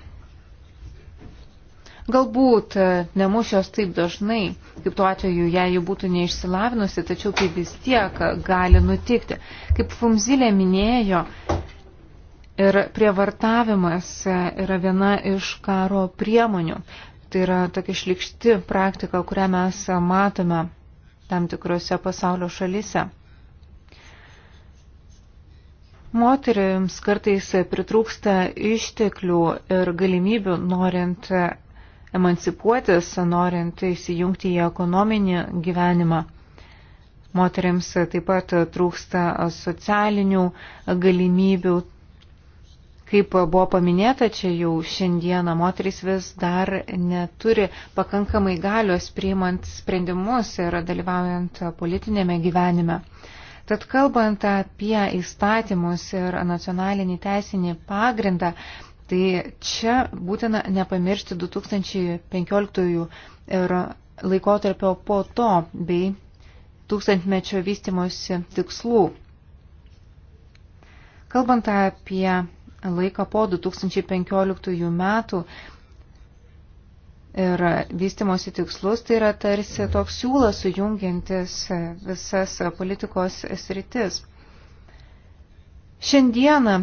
Galbūt e, nemuš jos taip dažnai, kaip tuo atveju, jei ji būtų neišsilavinusi, tačiau tai vis tiek gali nutikti. Kaip Fumzilė minėjo, ir prievartavimas e, yra viena iš karo priemonių. Tai yra tokia šlikšti praktika, kurią mes matome tam tikrose pasaulio šalise. Moterims kartais pritrūksta išteklių ir galimybių norint emancipuotis, norint įsijungti į ekonominį gyvenimą. Moteriams taip pat trūksta socialinių galimybių. Kaip buvo paminėta, čia jau šiandieną moteris vis dar neturi pakankamai galios priimant sprendimus ir dalyvaujant politinėme gyvenime. Tad kalbant apie įstatymus ir nacionalinį teisinį pagrindą, Tai čia būtina nepamiršti 2015 ir laikotarpio po to bei tūkstantmečio vystimosi tikslų. Kalbant apie laiką po 2015 metų ir vystimosi tikslus, tai yra tarsi toks siūlas sujungiantis visas politikos sritis. Šiandieną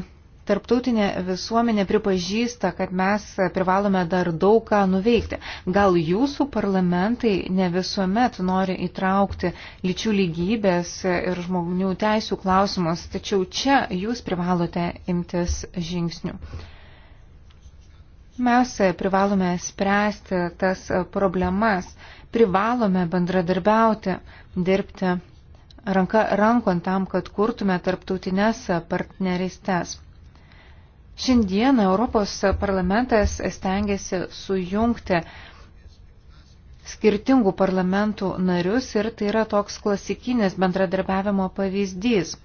Tarptautinė visuomenė pripažįsta, kad mes privalome dar daug ką nuveikti. Gal jūsų parlamentai ne visuomet nori įtraukti lyčių lygybės ir žmonių teisų klausimus, tačiau čia jūs privalote imtis žingsnių. Mes privalome spręsti tas problemas, privalome bendradarbiauti, dirbti ranka rankon tam, kad kurtume tarptautinės partneristės. Šiandien Europos parlamentas stengiasi sujungti skirtingų parlamentų narius ir tai yra toks klasikinis bendradarbiavimo pavyzdys.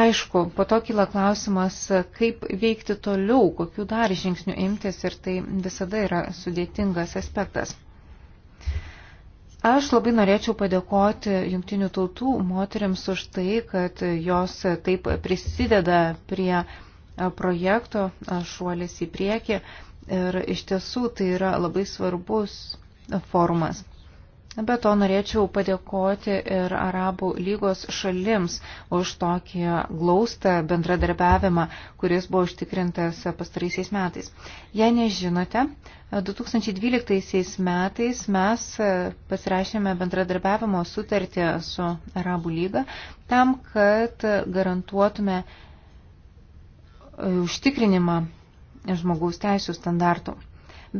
Aišku, po to kyla klausimas, kaip veikti toliau, kokiu dar žingsniu imtis ir tai visada yra sudėtingas aspektas. Aš labai norėčiau padėkoti Junktinių tautų moteriams už tai, kad jos taip prisideda prie projekto šuolis į priekį ir iš tiesų tai yra labai svarbus formas. Be to norėčiau padėkoti ir Arabų lygos šalims už tokį glaustą bendradarbiavimą, kuris buvo užtikrintas pastaraisiais metais. Jei nežinote, 2012 metais mes pasirašėme bendradarbiavimo sutartį su Arabų lyga tam, kad garantuotume E, užtikrinimą žmogaus teisų standartų.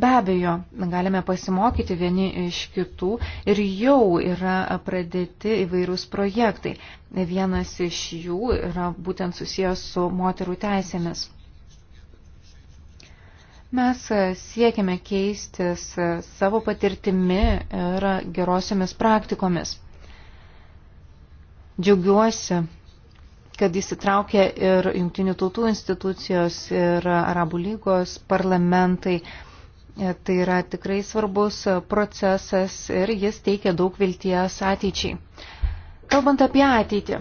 Be abejo, galime pasimokyti vieni iš kitų ir jau yra pradėti įvairūs projektai. Vienas iš jų yra būtent susijęs su moterų teisėmis. Mes siekiame keistis savo patirtimi ir gerosiomis praktikomis. Džiaugiuosi kad įsitraukė ir jungtinių tautų institucijos, ir Arabų lygos parlamentai. E, tai yra tikrai svarbus procesas ir jis teikia daug vilties ateičiai. Kalbant apie ateitį,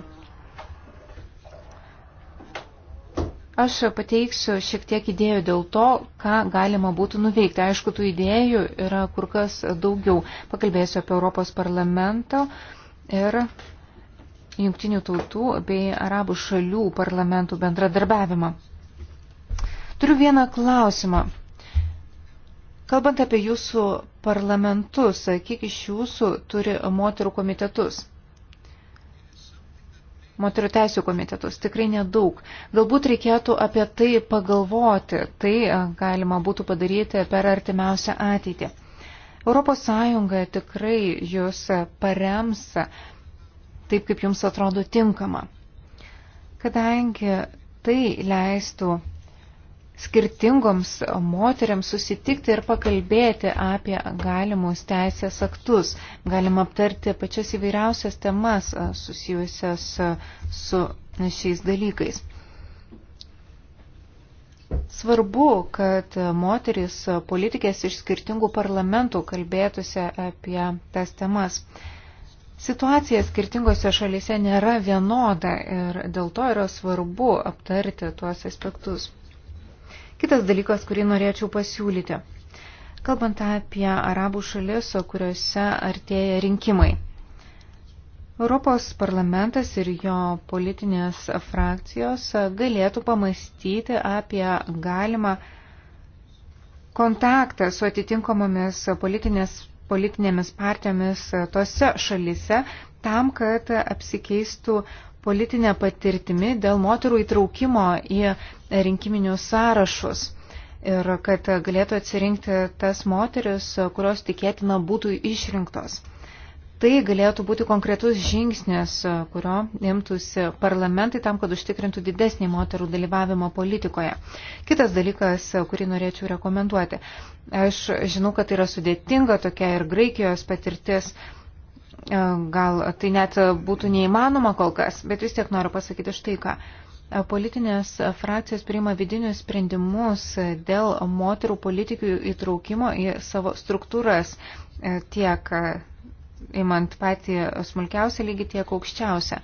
aš pateiksiu šiek tiek idėjų dėl to, ką galima būtų nuveikti. Aišku, tų idėjų yra kur kas daugiau. Pakalbėsiu apie Europos parlamento ir jungtinių tautų bei arabų šalių parlamentų bendradarbiavimą. Turiu vieną klausimą. Kalbant apie jūsų parlamentus, kiek iš jūsų turi moterų komitetus? Moterų teisų komitetus tikrai nedaug. Galbūt reikėtų apie tai pagalvoti. Tai e, galima būtų padaryti per artimiausią ateitį. Europos Sąjunga tikrai jūs parems taip, kaip jums atrodo tinkama. Kadangi tai leistų skirtingoms moteriams susitikti ir pakalbėti apie galimus teisės aktus. Galima aptarti pačias įvairiausias temas susijusias su šiais dalykais. Svarbu, kad moteris politikės iš skirtingų parlamentų kalbėtųsi apie tas temas. Situacija skirtingose šalyse nėra vienoda ir dėl to yra svarbu aptarti tuos aspektus. Kitas dalykas, kurį norėčiau pasiūlyti. Kalbant apie arabų šalis, kuriuose artėja rinkimai. Europos parlamentas ir jo politinės frakcijos galėtų pamastyti apie galimą kontaktą su atitinkomomis politinės politinėmis partijomis e, tose šalise tam, kad apsikeistų politinė patirtimi dėl moterų įtraukimo į rinkiminius sąrašus ir kad galėtų atsirinkti tas moteris, kurios tikėtina būtų išrinktos. Tai galėtų būti konkretus žingsnis, kurio imtųsi parlamentai tam, kad užtikrintų didesnį moterų dalyvavimo politikoje. Kitas dalykas, kurį norėčiau rekomenduoti. Aš žinau, kad tai yra sudėtinga tokia ir Graikijos patirtis. Gal tai net būtų neįmanoma kol kas, bet vis tiek noriu pasakyti štai ką politinės frakcijos priima vidinius sprendimus dėl moterų politikių įtraukimo į savo struktūras tiek imant patį smulkiausią lygį tiek aukščiausią.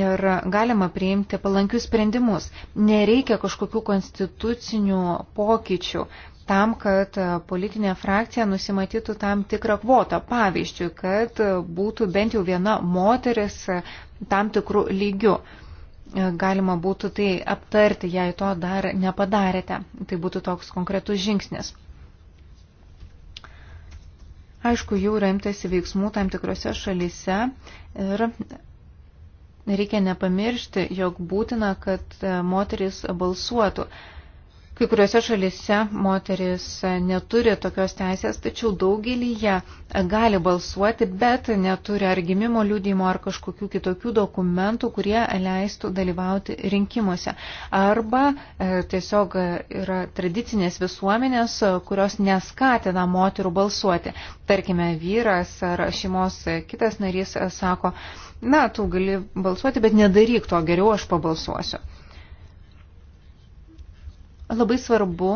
Ir galima priimti palankius sprendimus. Nereikia kažkokių konstitucinių pokyčių tam, kad politinė frakcija nusimatytų tam tikrą kvotą. Pavyzdžiui, kad būtų bent jau viena moteris tam tikrų lygių. Galima būtų tai aptarti, jei to dar nepadarėte. Tai būtų toks konkretus žingsnis. Aišku, jau yra imtasi veiksmų tam tikrose šalise ir reikia nepamiršti, jog būtina, kad moteris balsuotų. Kai kuriuose šalise moteris neturi tokios teisės, tačiau daugelį jie gali balsuoti, bet neturi ar gimimo liūdimo, ar kažkokių kitokių dokumentų, kurie leistų dalyvauti rinkimuose. Arba e, tiesiog yra tradicinės visuomenės, kurios neskatina moterų balsuoti. Tarkime, vyras ar šeimos kitas narys sako, na, tu gali balsuoti, bet nedaryk to, geriau aš pabalsuosiu. Labai svarbu,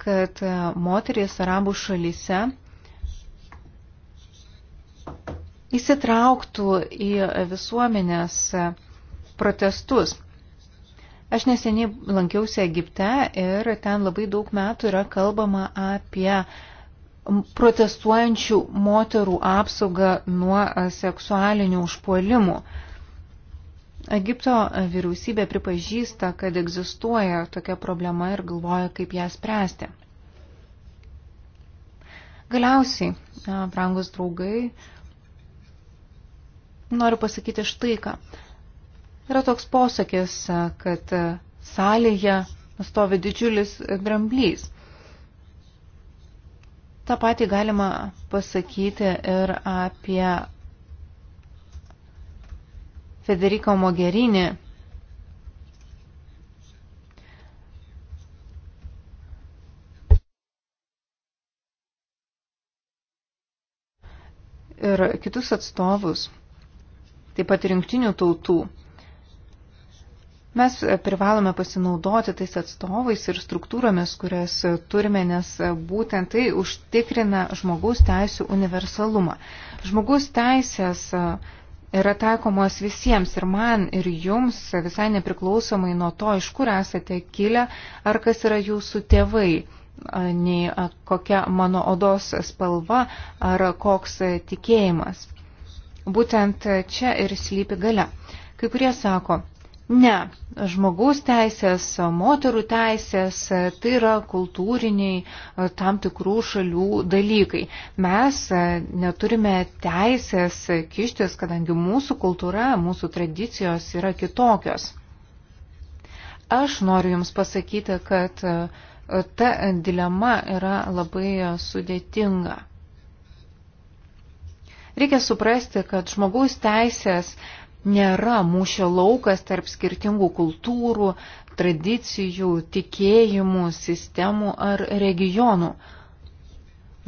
kad e, moteris arabų šalyse įsitrauktų į visuomenės e, protestus. Aš neseniai lankiausi Egipte ir ten labai daug metų yra kalbama apie protestuojančių moterų apsaugą nuo e, seksualinių užpuolimų. Egipto vyriausybė pripažįsta, kad egzistuoja tokia problema ir galvoja, kaip ją spręsti. Galiausiai, brangus draugai, noriu pasakyti štai ką. Yra toks posakis, kad salėje stovi didžiulis dramblys. Ta pati galima pasakyti ir apie Federico Mogherini ir kitus atstovus, taip pat ir jungtinių tautų. Mes privalome pasinaudoti tais atstovais ir struktūromis, kurias turime, nes būtent tai užtikrina žmogaus teisų universalumą. Žmogaus teisės yra taikomos visiems ir man, ir jums, visai nepriklausomai nuo to, iš kur esate kilę, ar kas yra jūsų tėvai, nei kokia mano odos spalva, ar koks tikėjimas. Būtent čia ir slypi gale. Kai kurie sako, Ne, žmogaus teisės, moterų teisės, tai yra kultūriniai e, tam tikrų šalių dalykai. Mes e, neturime teisės kištis, kadangi mūsų kultūra, mūsų tradicijos yra kitokios. Aš noriu Jums pasakyti, kad e, ta dilema yra labai sudėtinga. Reikia suprasti, kad žmogaus teisės nėra mūšio laukas tarp skirtingų kultūrų, tradicijų, tikėjimų, sistemų ar regionų.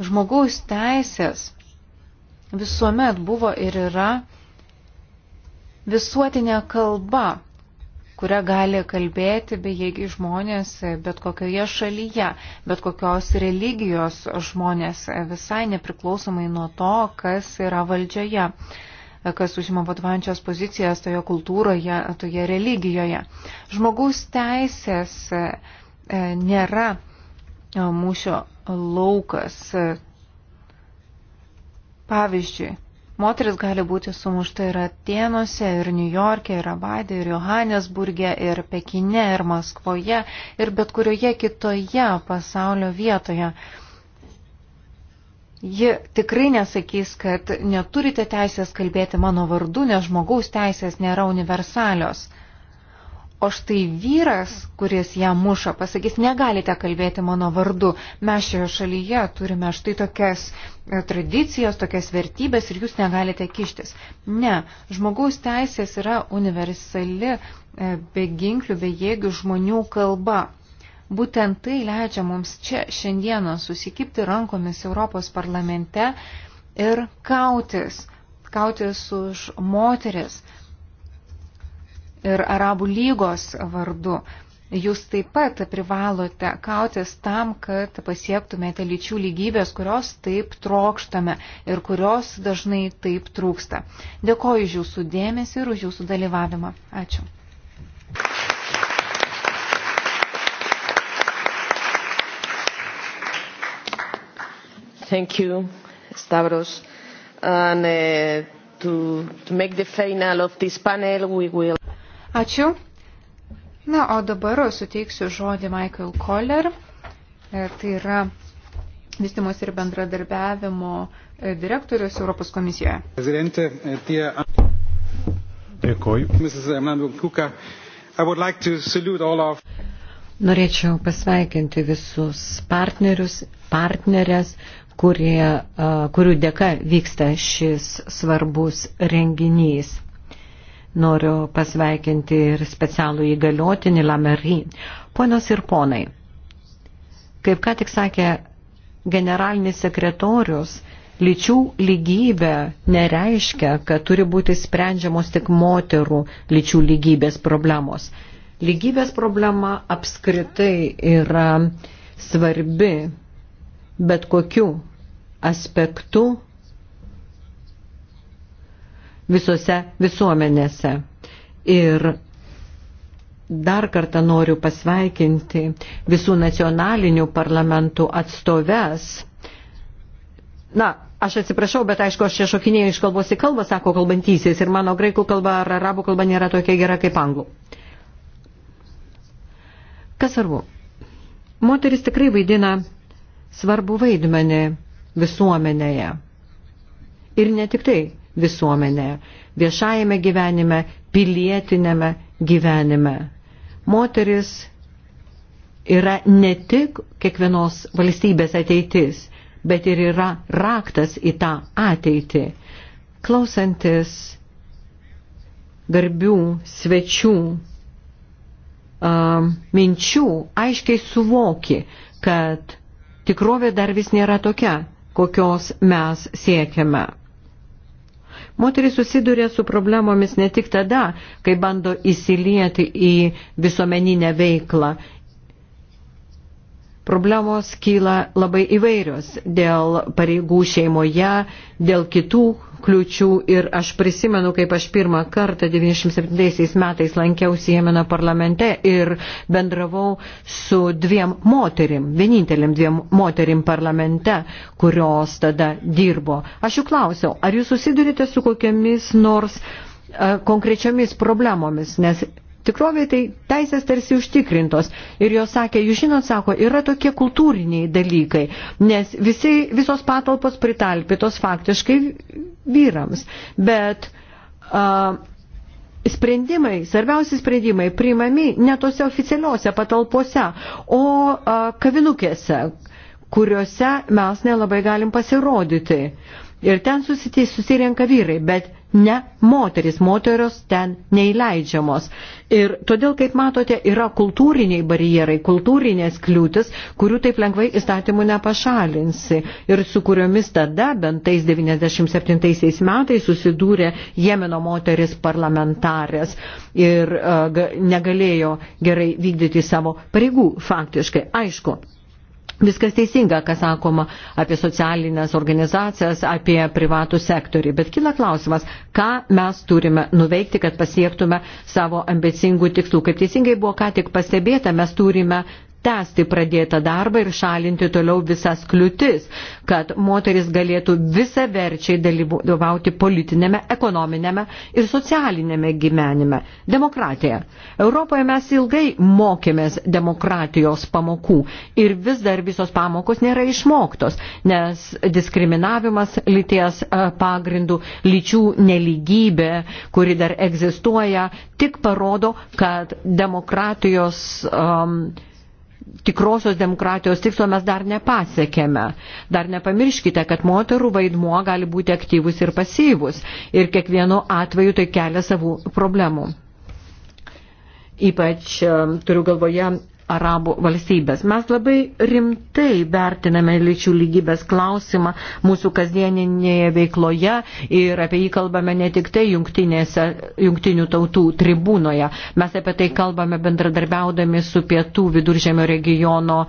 Žmogaus teisės visuomet buvo ir yra visuotinė kalba, kurią gali kalbėti bejėgiai žmonės bet kokioje šalyje, bet kokios religijos žmonės, visai nepriklausomai nuo to, kas yra valdžioje kas užima vadovančios pozicijas toje kultūroje, toje religijoje. Žmogaus teisės e, nėra e, mūšio laukas. Pavyzdžiui, Moteris gali būti sumušta ir Atenuose, ir Niujorke, ir Abadė, ir Johannesburgė, ir Pekine, ir Maskvoje, ir bet kurioje kitoje pasaulio vietoje. Ji tikrai nesakys, kad neturite teisės kalbėti mano vardu, nes žmogaus teisės nėra universalios. O štai vyras, kuris ją muša, pasakys, negalite kalbėti mano vardu. Mes šioje šalyje turime štai tokias e, tradicijas, tokias vertybės ir jūs negalite kištis. Ne, žmogaus teisės yra universali e, beginklių, bejėgių žmonių kalba. Būtent tai leidžia mums čia šiandieną susikipti rankomis Europos parlamente ir kautis, kautis už moteris ir Arabų lygos vardu. Jūs taip pat privalote kautis tam, kad pasiektumėte lyčių lygybės, kurios taip trokštame ir kurios dažnai taip trūksta. Dėkoju už jūsų dėmesį ir už jūsų dalyvavimą. Ačiū. Thank you, Stavros. And, uh, to, to make the final of this panel, we will... Ačiū. Na, o dabar suteiksiu žodį Michael Koller. E, tai yra vystimos ir bendradarbiavimo e, direktorius Europos komisijoje. Prezidentė, tie... E, Dėkoju. Norėčiau pasveikinti visus partnerius, partnerės, kurie, kurių dėka vyksta šis svarbus renginys. Noriu pasveikinti ir specialų įgaliotinį Lamery. Ponios ir ponai, kaip ką tik sakė generalinis sekretorius, lyčių lygybė nereiškia, kad turi būti sprendžiamos tik moterų lyčių lygybės problemos. Lygybės problema apskritai yra svarbi bet kokiu aspektu visose visuomenėse. Ir dar kartą noriu pasveikinti visų nacionalinių parlamentų atstoves. Na, aš atsiprašau, bet aišku, aš čia šokinėjau iš kalbos į kalbą, sako kalbantysis, ir mano graikų kalba ar arabų kalba nėra tokia gera kaip anglų. Kas svarbu? Moteris tikrai vaidina svarbu vaidmenį visuomenėje. Ir ne tik tai visuomenėje, viešajame gyvenime, pilietinėme gyvenime. Moteris yra ne tik kiekvienos valstybės ateitis, bet ir yra raktas į tą ateitį. Klausantis garbių svečių uh, minčių, aiškiai suvoki, kad tikrovė dar vis nėra tokia, kokios mes siekiame. Moteris susiduria su problemomis ne tik tada, kai bando įsilieti į visuomeninę veiklą Problemos kyla labai įvairios dėl pareigų šeimoje, dėl kitų kliučių ir aš prisimenu, kaip aš pirmą kartą 97 metais lankiausi Jemeno parlamente ir bendravau su dviem moterim, vienintelėm dviem moterim parlamente, kurios tada dirbo. Aš jų klausiau, ar jūs susidurite su kokiamis nors konkrečiomis problemomis, nes Tikrovė tai teisės tarsi užtikrintos. Ir jos sakė, jūs žinot, sako, yra tokie kultūriniai dalykai, nes visi, visos patalpos pritalpytos faktiškai vyrams. Bet uh, sprendimai, svarbiausi sprendimai priimami ne tose oficialiuose patalpose, o a, kavinukėse, kuriuose mes nelabai galim pasirodyti. Ir ten susitys, susirenka vyrai, bet ne moteris, moteros ten neįleidžiamos. Ir todėl, kaip matote, yra kultūriniai barjerai, kultūrinės kliūtis, kurių taip lengvai įstatymų nepašalinsi ir su kuriomis tada, bent tais 97 metais, susidūrė Jemeno moteris parlamentarės ir uh, negalėjo gerai vykdyti savo pareigų faktiškai. Aišku, Viskas teisinga, kas sakoma apie socialinės organizacijas, apie privatų sektorį, bet kila klausimas, ką mes turime nuveikti, kad pasiektume savo ambicingų tikslų. Kaip teisingai buvo ką tik pastebėta, mes turime tęsti pradėtą darbą ir šalinti toliau visas kliūtis, kad moteris galėtų visą verčiai dalyvauti politinėme, ekonominėme ir socialinėme gyvenime. Demokratija. Europoje mes ilgai mokėmės demokratijos pamokų ir vis dar visos pamokos nėra išmoktos, nes diskriminavimas lyties e, pagrindų, lyčių neligybė, kuri dar egzistuoja, tik parodo, kad demokratijos um, tikrosios demokratijos tikslo mes dar nepasiekėme. Dar nepamirškite, kad moterų vaidmuo gali būti aktyvus ir pasyvus ir kiekvienu atveju tai kelia savų problemų. Ypač e, turiu galvoje arabų valstybės. Mes labai rimtai vertiname lyčių lygybės klausimą mūsų kasdieninėje veikloje ir apie jį kalbame ne tik tai jungtinių tautų tribūnoje. Mes apie tai kalbame bendradarbiaudami su pietų viduržėmio regiono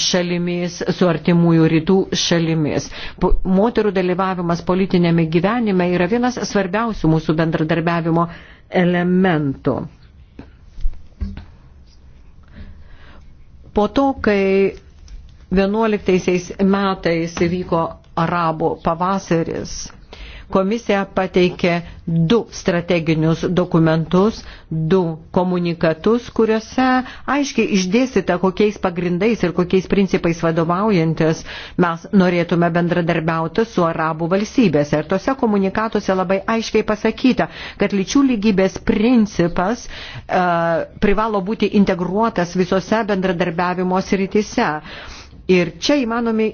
šalimis, su artimųjų rytų šalimis. Moterų dalyvavimas politinėme gyvenime yra vienas svarbiausių mūsų bendradarbiavimo elementų. Po to, kai 11 metais vyko arabų pavasaris, Komisija pateikė du strateginius dokumentus, du komunikatus, kuriuose aiškiai išdėsite, kokiais pagrindais ir kokiais principais vadovaujantis mes norėtume bendradarbiauti su arabų valstybėse. Ir tose komunikatuose labai aiškiai pasakyta, kad lyčių lygybės principas e, privalo būti integruotas visose bendradarbiavimo srityse. Ir čia įmanomi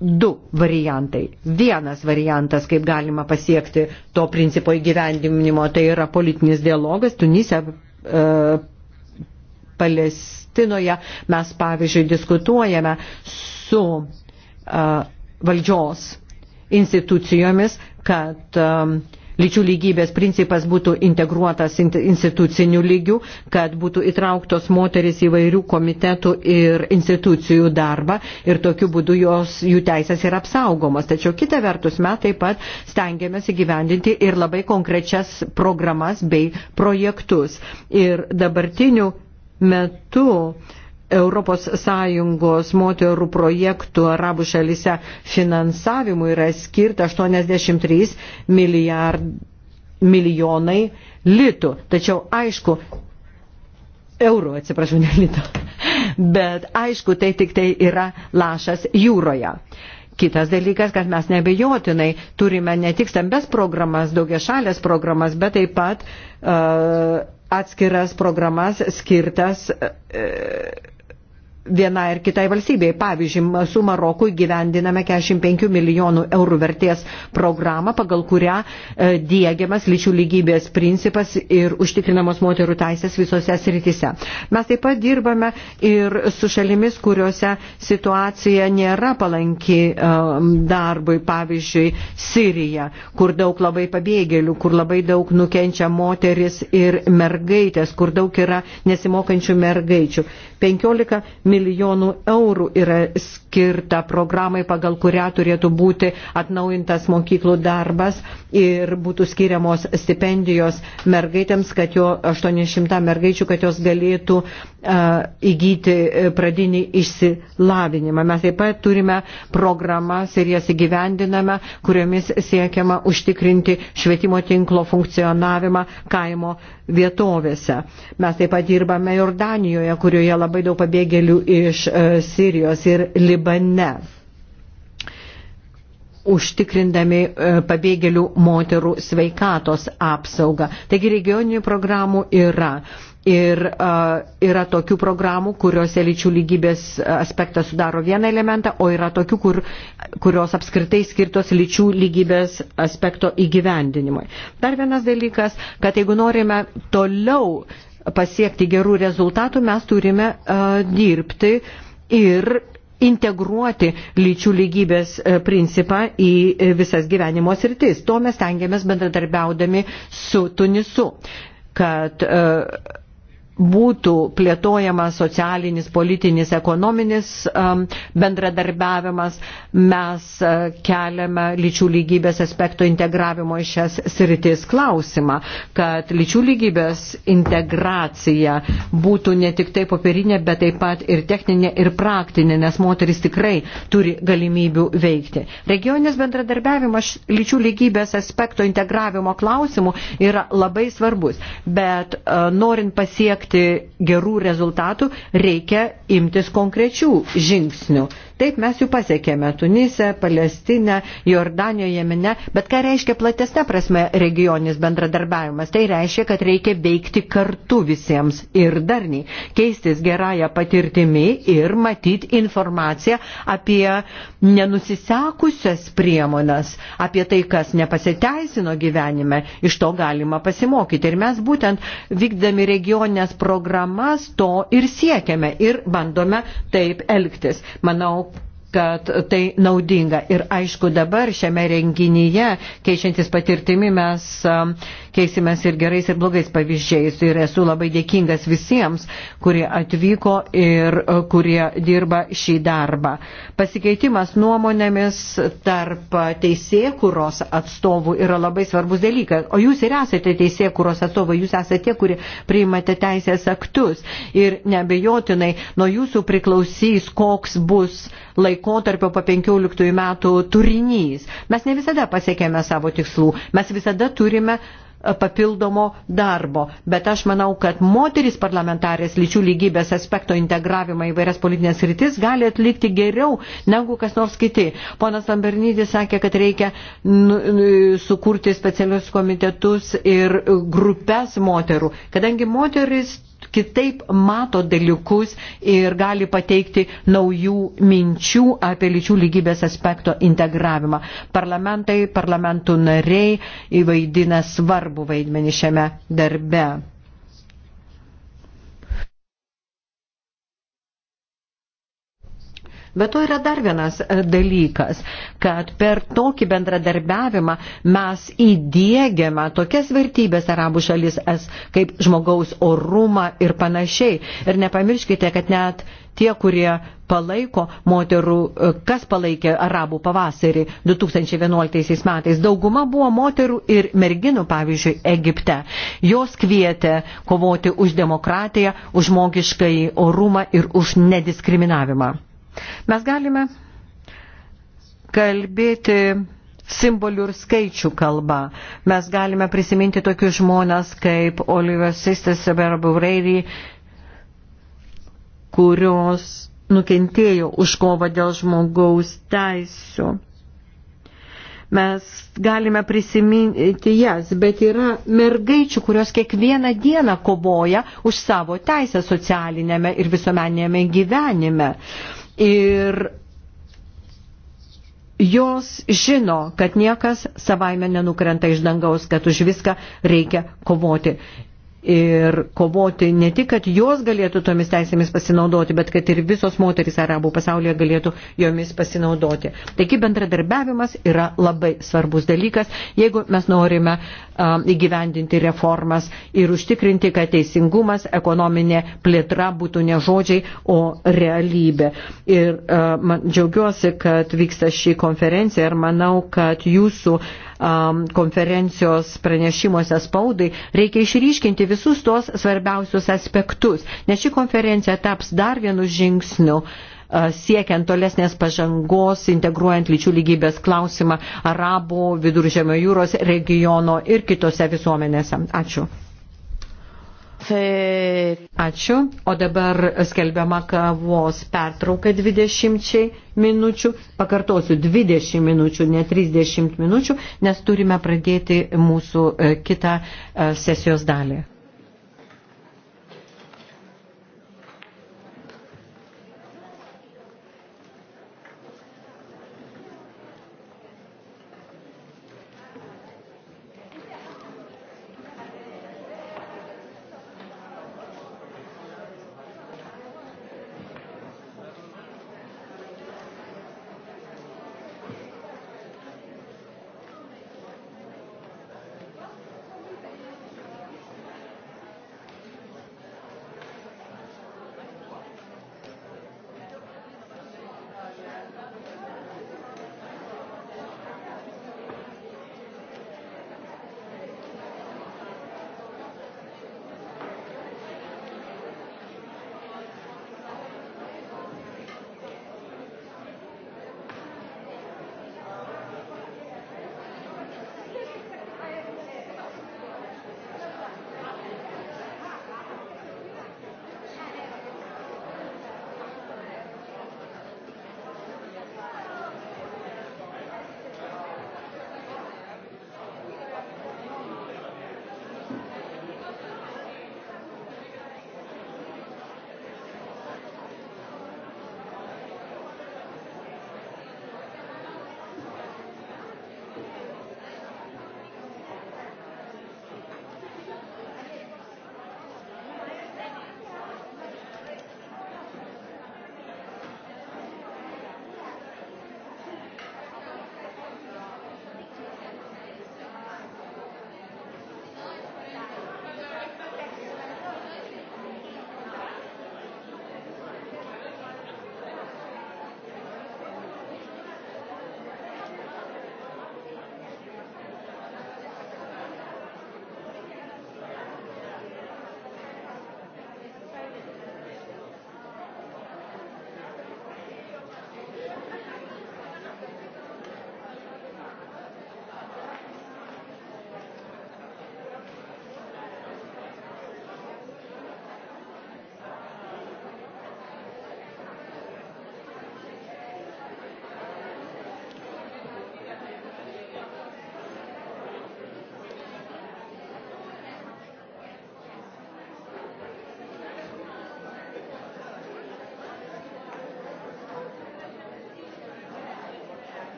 du variantai. Vienas variantas, kaip galima pasiekti to principo įgyvendinimo, tai yra politinis dialogas Tunise, e, Palestinoje. Mes, pavyzdžiui, diskutuojame su e, valdžios institucijomis, kad e, lyčių lygybės principas būtų integruotas institucinių lygių, kad būtų įtrauktos moteris įvairių komitetų ir institucijų darbą ir tokiu būdu jos, jų teisės yra apsaugomos. Tačiau kita vertus mes taip pat stengiamės įgyvendinti ir labai konkrečias programas bei projektus. Ir dabartiniu metu ES moterų projektų arabų šalyse finansavimui yra skirta 83 milijard, milijonai litų. Tačiau aišku, eurų, atsiprašau, ne litų. Bet aišku, tai tik tai yra lašas jūroje. Kitas dalykas, kad mes nebejotinai turime ne tik stambes programas, daugia šalės programas, bet taip pat uh, atskiras programas skirtas uh, vienai ar kitai valstybei. Pavyzdžiui, su Maroku gyvendiname 45 milijonų eurų vertės programą, pagal kurią e, diegiamas lyčių lygybės principas ir užtikrinamos moterų teisės visose srityse. Mes taip pat dirbame ir su šalimis, kuriuose situacija nėra palanki e, darbui, pavyzdžiui, Sirija, kur daug labai pabėgėlių, kur labai daug nukenčia moteris ir mergaitės, kur daug yra nesimokančių mergaičių. 15 milijonų milijonų eurų yra skirta programai, pagal kurią turėtų būti atnaujintas mokyklų darbas ir būtų skiriamos stipendijos mergaitėms, kad jo 800 mergaičių, kad jos galėtų uh, įgyti e, pradinį išsilavinimą. Mes taip pat turime programas ir jas įgyvendiname, kuriomis siekiama užtikrinti švietimo tinklo funkcionavimą kaimo vietovėse. Mes taip pat dirbame Jordanijoje, kurioje labai daug pabėgėlių iš e, Sirijos ir Libane užtikrindami e, pabėgėlių moterų sveikatos apsaugą. Taigi regioninių programų yra. Ir a, yra tokių programų, kuriuose lyčių lygybės aspektas sudaro vieną elementą, o yra tokių, kur, kurios apskritai skirtos lyčių lygybės aspekto įgyvendinimui. Dar vienas dalykas, kad jeigu norime toliau pasiekti gerų rezultatų, mes turime a, dirbti ir integruoti lyčių lygybės e, principą į e, visas gyvenimo sritis. To mes tengiamės bendradarbiaudami su Tunisu, kad a, e, būtų plėtojamas socialinis, politinis, ekonominis um, bendradarbiavimas, mes uh, keliame lyčių lygybės aspekto integravimo į šias sritis klausimą, kad lyčių lygybės integracija būtų ne tik tai popierinė, bet taip pat ir techninė ir praktinė, nes moteris tikrai turi galimybių veikti. Regioninis bendradarbiavimas lyčių lygybės aspekto integravimo klausimų yra labai svarbus, bet uh, norint pasiekti siekti gerų rezultatų, reikia imtis konkrečių žingsnių. Taip mes jų pasiekėme Tunise, Palestinę, Jordanijoje, Jemene, bet ką reiškia platesnė prasme regionis bendradarbiavimas? Tai reiškia, kad reikia veikti kartu visiems ir darniai, keistis gerąją patirtimį ir matyti informaciją apie nenusisekusias priemonas, apie tai, kas nepasiteisino gyvenime, iš to galima pasimokyti. Ir mes būtent vykdami regionės programas to ir siekiame ir bandome taip elgtis. Manau, kad tai naudinga. Ir aišku, dabar šiame renginyje, keičiantis patirtimi, mes um, keisimės ir gerais ir blogais pavyzdžiais. Ir esu labai dėkingas visiems, kurie atvyko ir e, kurie dirba šį darbą. Pasikeitimas nuomonėmis tarp teisėkuros atstovų yra labai svarbus dalykas. O jūs ir esate teisėkuros atstovai, jūs esate tie, kurie priimate teisės aktus. Ir nebejotinai nuo jūsų priklausys, koks bus laikotarpio po 15 metų turinys. Mes ne visada pasiekėme savo tikslų, mes visada turime uh, papildomo darbo. Bet aš manau, kad moteris parlamentarės lyčių lygybės aspekto integravimą į vairias politinės rytis gali atlikti geriau negu kas nors kiti. Ponas Lambernydis sakė, kad reikia nu, nu, sukurti specialius komitetus ir grupės moterų, kadangi moteris kitaip mato dalykus ir gali pateikti naujų minčių apie lyčių lygybės aspekto integravimą. Parlamentai, parlamentų nariai įvaidina svarbų vaidmenį šiame darbe. Bet to yra dar vienas e, dalykas, kad per tokį bendradarbiavimą mes įdėgiame tokias vertybės arabų šalis kaip žmogaus orumą ir panašiai. Ir nepamirškite, kad net tie, kurie palaiko moterų, e, kas palaikė arabų pavasarį 2011 metais. Dauguma buvo moterų ir merginų, pavyzdžiui, Egipte. Jos kvietė kovoti už demokratiją, už žmogiškai orumą ir už nediskriminavimą. Mes galime kalbėti simbolių ir skaičių kalba. Mes galime prisiminti tokius žmonės kaip Oliver Sisters Berbureiri, kurios nukentėjo už kovą dėl žmogaus teisų. Mes galime prisiminti jas, bet yra mergaičių, kurios kiekvieną dieną kovoja už savo teisę socialinėme ir visuomenėme gyvenime ir jos žino, kad niekas savaime nenukrenta iš dangaus, kad už viską reikia kovoti ir kovoti ne tik, kad jos galėtų tomis teisėmis pasinaudoti, bet kad ir visos moteris arabų pasaulyje galėtų jomis pasinaudoti. Taigi bendradarbiavimas yra labai svarbus dalykas, jeigu mes norime um, įgyvendinti reformas ir užtikrinti, kad teisingumas, ekonominė plėtra būtų ne žodžiai, o realybė. Ir uh, man džiaugiuosi, kad vyksta ši konferencija ir manau, kad jūsų uh, konferencijos pranešimuose spaudai, reikia išryškinti visus tos svarbiausius aspektus, nes ši konferencija taps dar vienu žingsniu siekiant tolesnės pažangos, integruojant lyčių lygybės klausimą Arabų, Viduržėmio jūros regiono ir kitose visuomenėse. Ačiū. Tai Ačiū. O dabar skelbiama kavos pertrauka 20 minučių. Pakartosiu 20 minučių, ne 30 minučių, nes turime pradėti mūsų e, kitą e, sesijos dalį.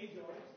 Hey, George.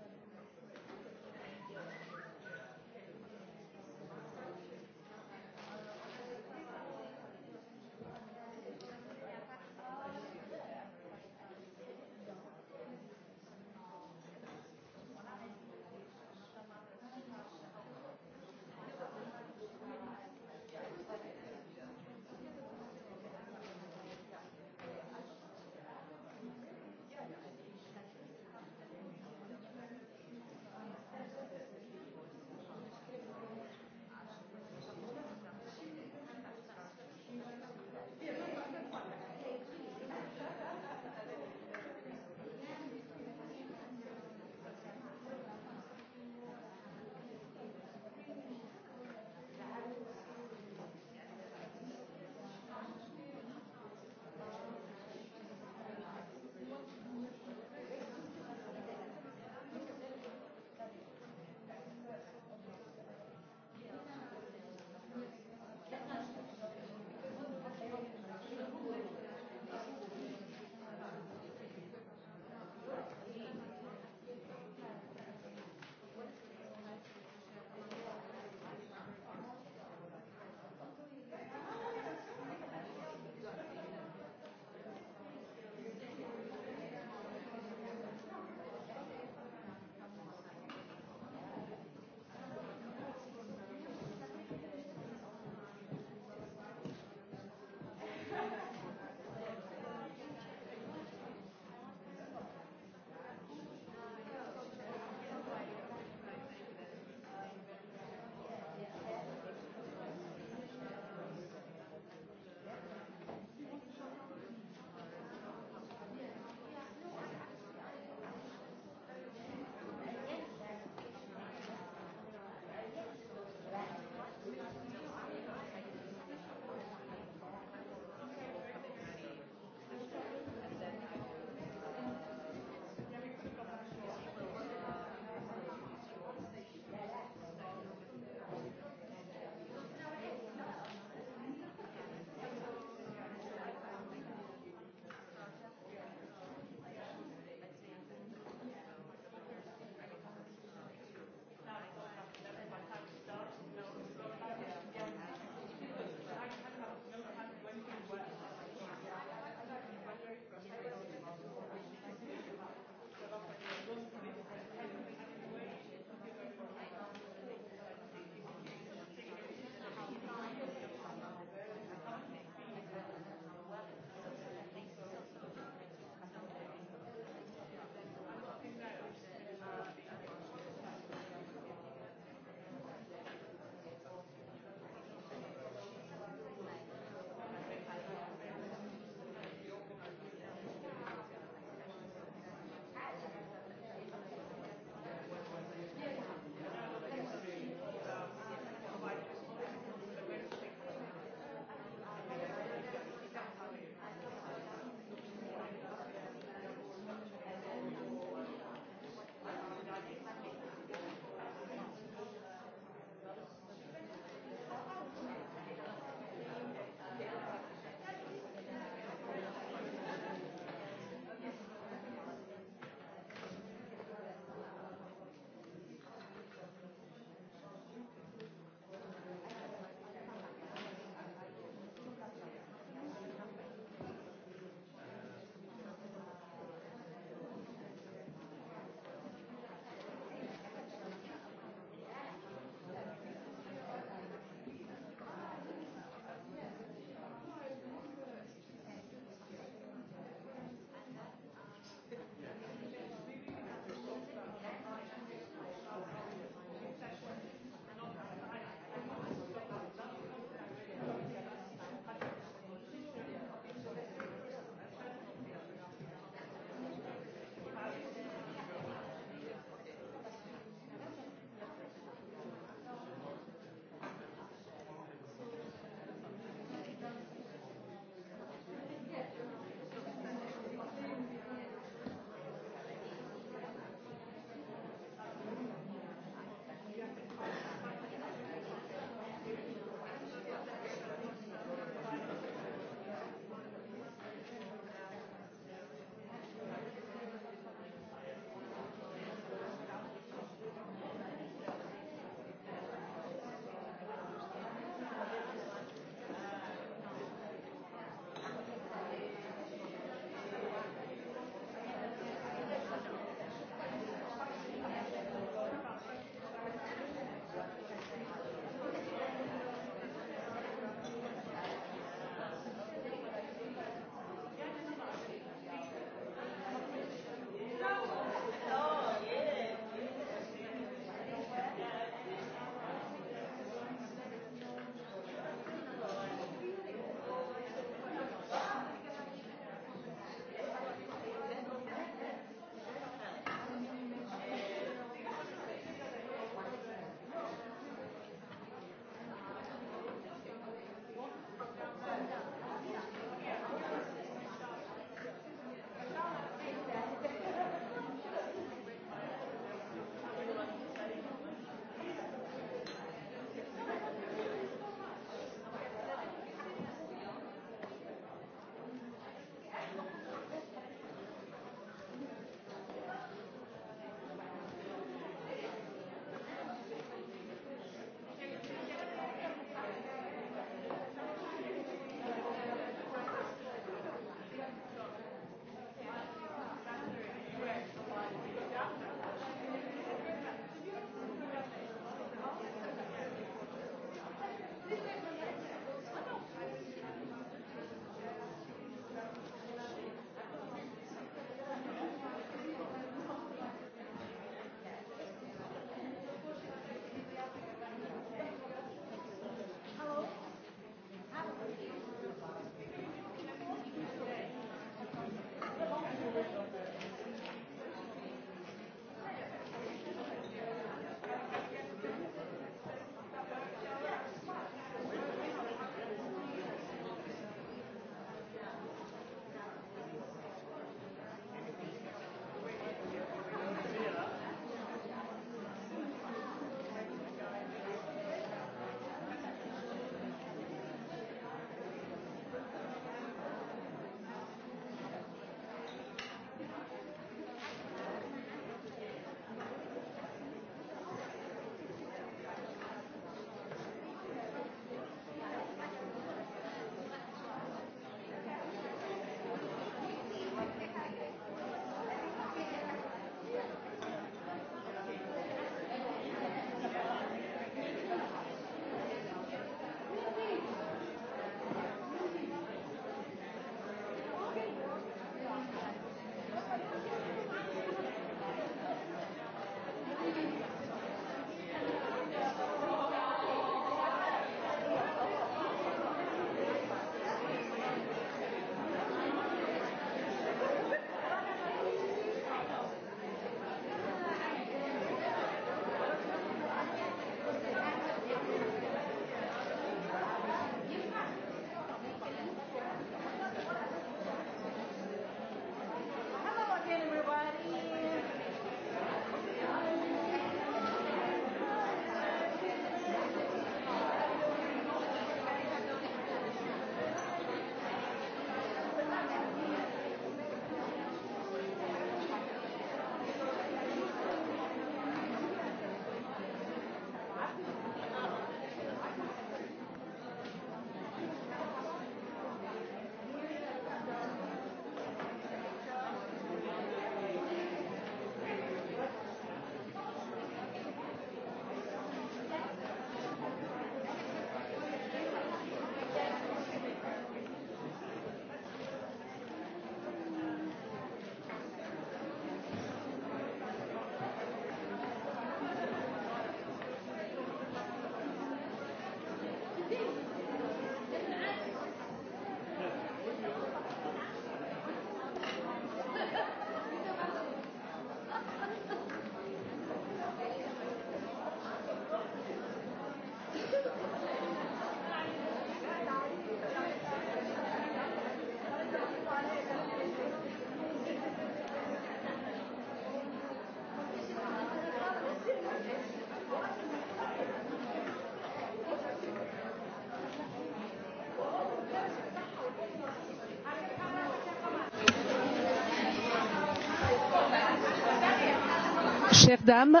Chères dames,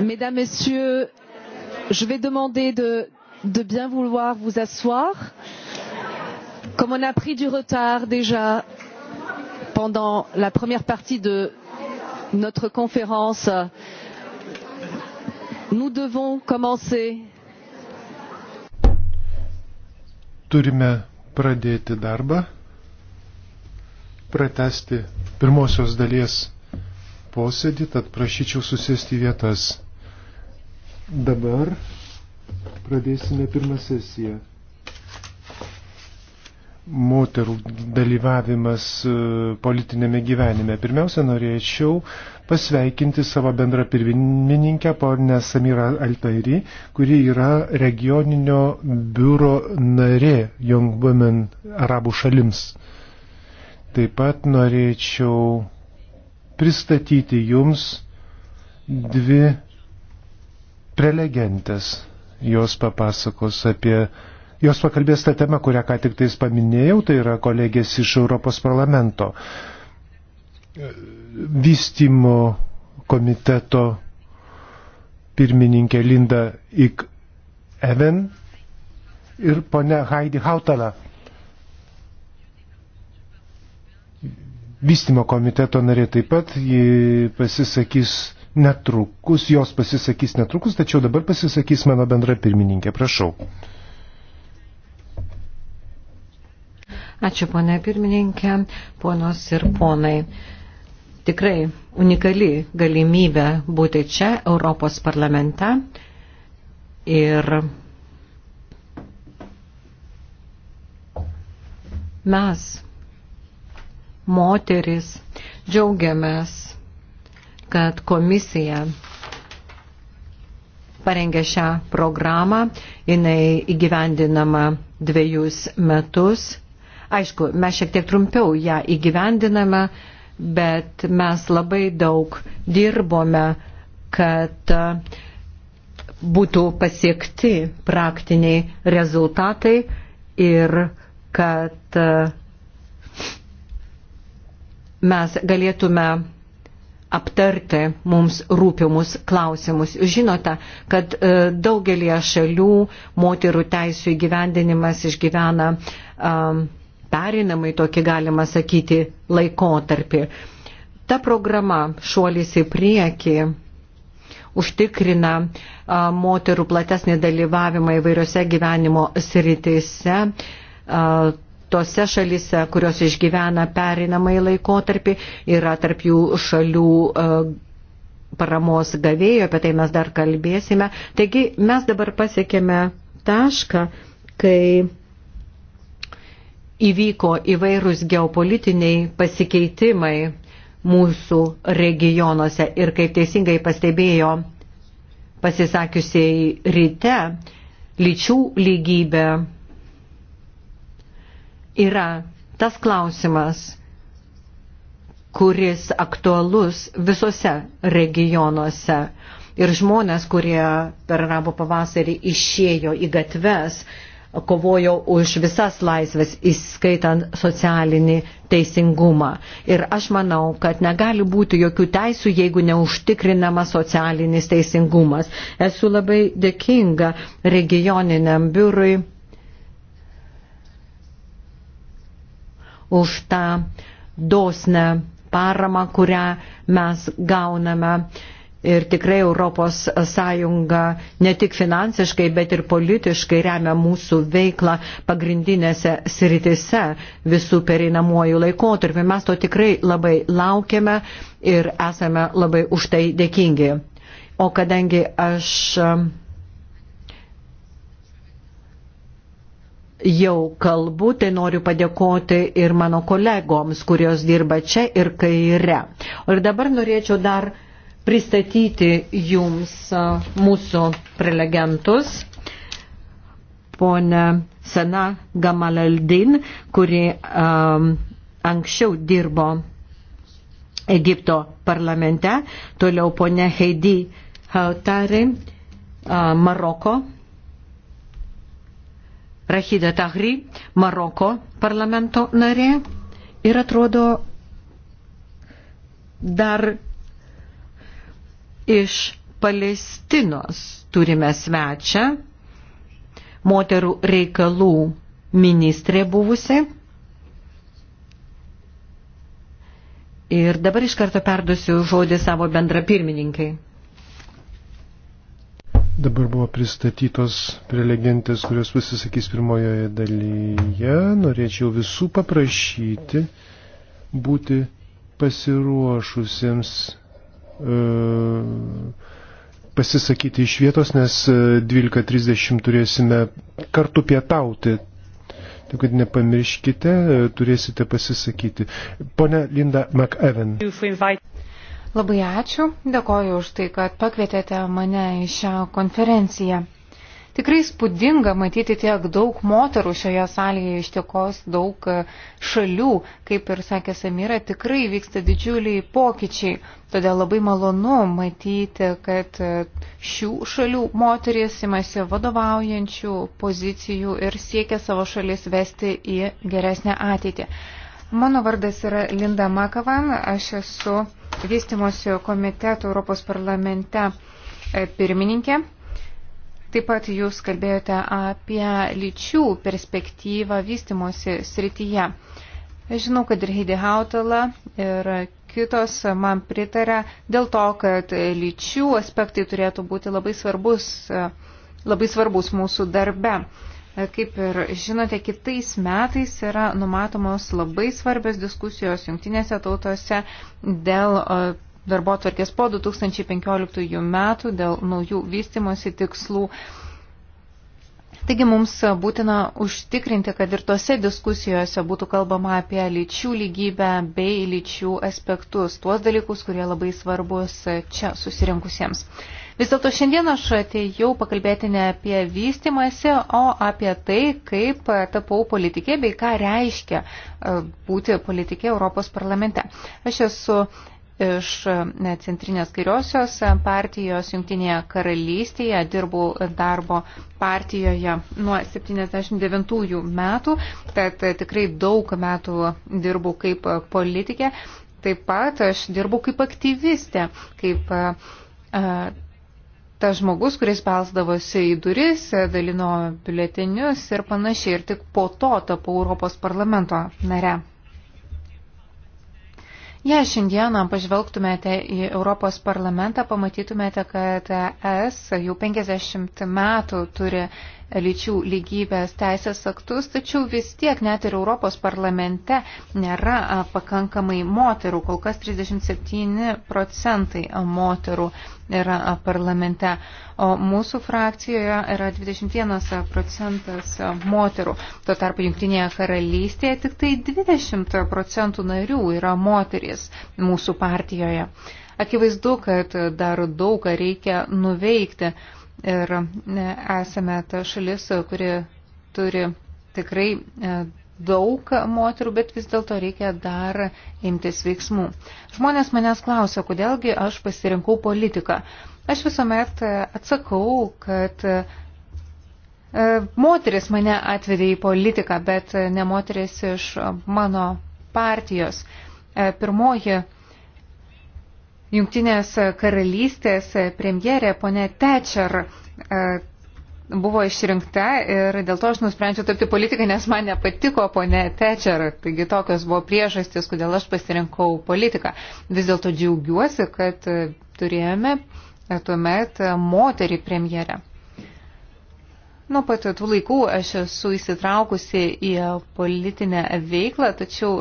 mesdames, messieurs, je vais demander de, de bien vouloir vous asseoir. Comme on a pris du retard déjà pendant la première partie de notre conférence, nous devons commencer. Turime pradėti darbą, pratesti pirmosios dalies posėdį, tad prašyčiau susėsti vietas. Dabar pradėsime pirmą sesiją. Moterų dalyvavimas e, politinėme gyvenime. Pirmiausia, norėčiau pasveikinti savo bendrą pirmininkę, ponę Samirą Altairį, kuri yra regioninio biuro narė Young Women arabų šalims. Taip pat norėčiau pristatyti jums dvi prelegentės. Jos papasakos apie, jos pakalbės tą temą, kurią ką tik tais paminėjau, tai yra kolegės iš Europos parlamento vystimo komiteto pirmininkė Linda Ik Even ir ponia Heidi Hautala vystimo komiteto narė taip pat, ji pasisakys netrukus, jos pasisakys netrukus, tačiau dabar pasisakys mano bendra pirmininkė, prašau. Ačiū, ponė pirmininkė, ponos ir ponai. Tikrai unikali galimybė būti čia Europos parlamente ir mes moteris. Džiaugiamės, kad komisija parengė šią programą, jinai įgyvendinama dviejus metus. Aišku, mes šiek tiek trumpiau ją įgyvendiname, bet mes labai daug dirbome, kad e, būtų pasiekti praktiniai rezultatai ir kad e, mes galėtume aptarti mums rūpimus klausimus. Žinote, kad e, daugelie šalių moterų teisų įgyvendinimas išgyvena um, perinamai tokį galima sakyti laikotarpį. Ta programa šuolis į priekį užtikrina a, moterų platesnį dalyvavimą įvairiose gyvenimo sritise, tose šalise, kurios išgyvena perinamai laikotarpį, yra tarp jų šalių e, paramos gavėjų, apie tai mes dar kalbėsime. Taigi mes dabar pasiekėme tašką, kai įvyko įvairūs geopolitiniai pasikeitimai mūsų regionuose ir kaip teisingai pastebėjo pasisakiusiai ryte, lyčių lygybė yra tas klausimas, kuris aktualus visose regionuose. Ir žmonės, kurie per arabo pavasarį išėjo į gatves, kovojo už visas laisvės, įskaitant socialinį teisingumą. Ir aš manau, kad negali būti jokių teisų, jeigu neužtikrinama socialinis teisingumas. Esu labai dėkinga regioniniam biurui už tą dosnę paramą, kurią mes gauname. Ir tikrai Europos Sąjunga ne tik finansiškai, bet ir politiškai remia mūsų veiklą pagrindinėse sritise visų pereinamuoju laikotarpiu. Mes to tikrai labai laukiame ir esame labai už tai dėkingi. O kadangi aš jau kalbu, tai noriu padėkoti ir mano kolegoms, kurios dirba čia ir kaire. Ir dabar norėčiau dar pristatyti jums mūsų prelegentus. Pone Sena Gamalaldin, kuri um, anksčiau dirbo Egipto parlamente, toliau ponia Heidi Hautari, uh, Maroko Rahida Tahri, Maroko parlamento narė ir atrodo dar iš Palestinos turime svečią, moterų reikalų ministrė buvusi. Ir dabar iš karto perduosiu žodį savo bendra pirmininkai. Dabar buvo pristatytos prelegentės, kurios pasisakys pirmojoje dalyje. Norėčiau visų paprašyti būti pasiruošusiems e, pasisakyti iš vietos, nes 12.30 turėsime kartu pietauti. Taip kad nepamirškite, turėsite pasisakyti. Pone Linda McEwen. Labai ačiū, dėkoju už tai, kad pakvietėte mane į šią konferenciją. Tikrai spūdinga matyti tiek daug moterų šioje salėje iš tiekos daug e, šalių, kaip ir sakė Samira, tikrai vyksta didžiuliai pokyčiai. Todėl labai malonu matyti, kad e, šių šalių moteris imasi vadovaujančių pozicijų ir siekia savo šalis vesti į geresnę ateitį. Mano vardas yra Linda Makavan, aš esu vystimosi komiteto Europos parlamente e, pirmininkė. Taip pat jūs kalbėjote apie lyčių perspektyvą vystimosi srityje. Aš žinau, kad ir Heidi Hautala ir kitos man pritarė dėl to, kad lyčių aspektai turėtų būti labai svarbus, e, labai svarbus mūsų darbe. Kaip ir žinote, kitais metais yra numatomos labai svarbios diskusijos jungtinėse tautose dėl e, darbo tvarkės po 2015 metų, dėl naujų vystimosi tikslų. Taigi mums būtina užtikrinti, kad ir tose diskusijose būtų kalbama apie lyčių lygybę bei lyčių aspektus, tuos dalykus, kurie labai svarbus čia susirinkusiems. Vis dėlto šiandien aš atėjau pakalbėti ne apie vystimąsi, o apie tai, kaip tapau politikė bei ką reiškia e, būti politikė Europos parlamente. Aš esu iš e, centrinės kairiosios partijos Junktinėje karalystėje, dirbau darbo partijoje nuo 79 metų, tad tikrai daug metų dirbau kaip politikė. Taip pat aš dirbau kaip aktyvistė, kaip e, tas žmogus, kuris pelsdavosi į duris, dalino biuletenius ir panašiai. Ir tik po to tapau Europos parlamento nare. Jei šiandieną pažvelgtumėte į Europos parlamentą, pamatytumėte, kad ES jau 50 metų turi lyčių lygybės teisės aktus, tačiau vis tiek net ir Europos parlamente nėra pakankamai moterų, kol kas 37 procentai moterų yra parlamente, o mūsų frakcijoje yra 21 procentas moterų. Tuo tarpu Junktinėje karalystėje tik tai 20 procentų narių yra moterys atvejis mūsų partijoje. Akivaizdu, kad dar daug ką reikia nuveikti ir e, esame ta šalis, kuri turi tikrai e, daug moterų, bet vis dėlto reikia dar imtis veiksmų. Žmonės manęs klausia, kodėlgi aš pasirinkau politiką. Aš visuomet e, atsakau, kad moteris mane atvedė į politiką, bet ne moteris iš mano partijos. E, pirmoji Jungtinės karalystės premjerė ponė Tečer e, buvo išrinkta ir dėl to aš nusprendžiau tapti politiką, nes man nepatiko ponė Tečer. Taigi tokios buvo priežastys, kodėl aš pasirinkau politiką. Vis dėlto džiaugiuosi, kad turėjome tuomet moterį premjerę. Nuo pat tų laikų aš esu įsitraukusi į politinę veiklą, tačiau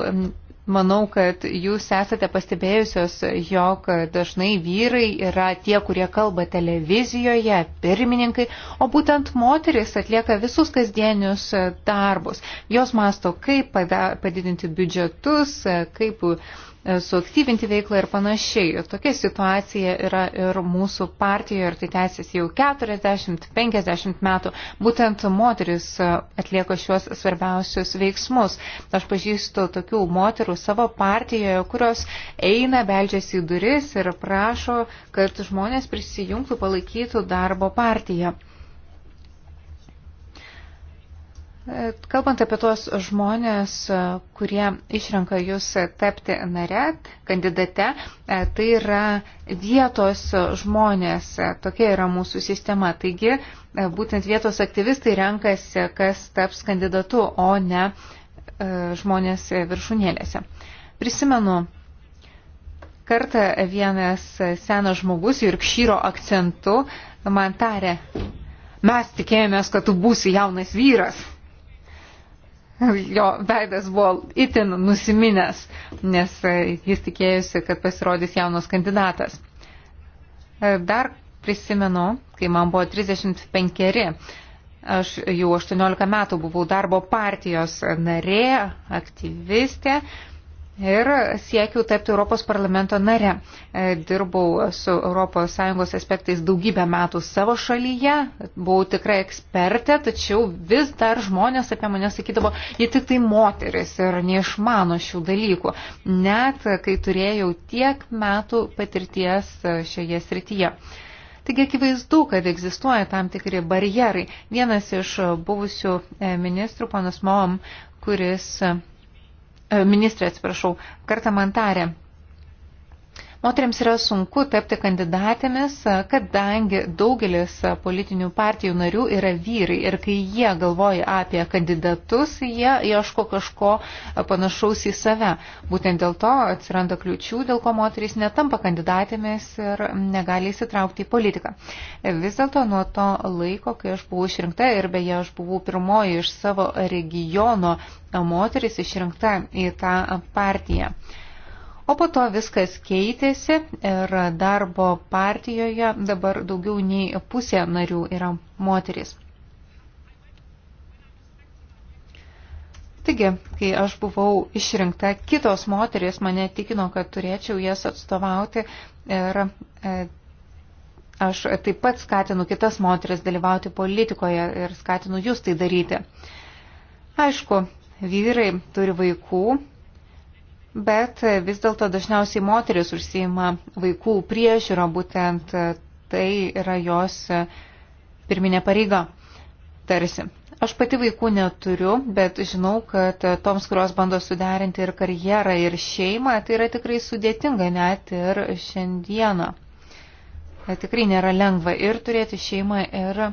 Manau, kad jūs esate pastebėjusios, jog dažnai vyrai yra tie, kurie kalba televizijoje, pirmininkai, o būtent moteris atlieka visus kasdienius darbus. Jos masto, kaip padidinti biudžetus, kaip E, suaktyvinti veiklą ir panašiai. Tokia situacija yra ir mūsų partijoje ir tai tęsiasi jau 40-50 metų. Būtent moteris e, atlieko šiuos svarbiausius veiksmus. Aš pažįstu tokių moterų savo partijoje, kurios eina, beldžiasi į duris ir prašo, kad žmonės prisijungtų, palaikytų darbo partiją. Kalbant apie tuos žmonės, kurie išrenka jūs tapti nare, kandidate, tai yra vietos žmonės, tokia yra mūsų sistema. Taigi, būtent vietos aktyvistai renkasi, kas taps kandidatu, o ne e, žmonės viršūnėlėse. Prisimenu, kartą vienas senas žmogus, Jurkšyro akcentu, man tarė, mes tikėjomės, kad tu būsi jaunas vyras. jo veidas buvo itin nusiminęs, nes e, jis tikėjusi, kad pasirodys jaunas kandidatas. E, dar prisimenu, kai man buvo 35, aš jau 18 metų buvau darbo partijos narė, aktyvistė ir siekiau tapti Europos parlamento nare. E, dirbau su ES aspektais daugybę metų savo šalyje, buvau tikrai ekspertė, tačiau vis dar žmonės apie mane sakydavo, jie tik tai moteris ir neišmano šių dalykų, net kai turėjau tiek metų patirties šioje srityje. Taigi akivaizdu, kad egzistuoja tam tikri barjerai. Vienas iš buvusių e, ministrų, panas Mom, kuris ministrė atsiprašau, kartą man tarė, Moteriams yra sunku tapti kandidatėmis, kadangi daugelis politinių partijų narių yra vyrai ir kai jie galvoja apie kandidatus, jie ieško kažko panašaus į save. Būtent dėl to atsiranda kliučių, dėl ko moterys netampa kandidatėmis ir negali įsitraukti į politiką. Vis dėlto nuo to laiko, kai aš buvau išrinkta ir beje aš buvau pirmoji iš savo regiono moteris išrinkta į tą partiją. O po to viskas keitėsi ir darbo partijoje dabar daugiau nei pusė narių yra moteris. Taigi, kai aš buvau išrinkta, kitos moteris mane tikino, kad turėčiau jas atstovauti ir e, aš taip pat skatinu kitas moteris dalyvauti politikoje ir skatinu jūs tai daryti. Aišku, vyrai turi vaikų bet vis dėlto dažniausiai moteris užsima vaikų priežiūro, būtent tai yra jos pirminė pareiga. Tarsi. Aš pati vaikų neturiu, bet žinau, kad toms, kurios bando suderinti ir karjerą, ir šeimą, tai yra tikrai sudėtinga net ir šiandieną. Tai tikrai nėra lengva ir turėti šeimą, ir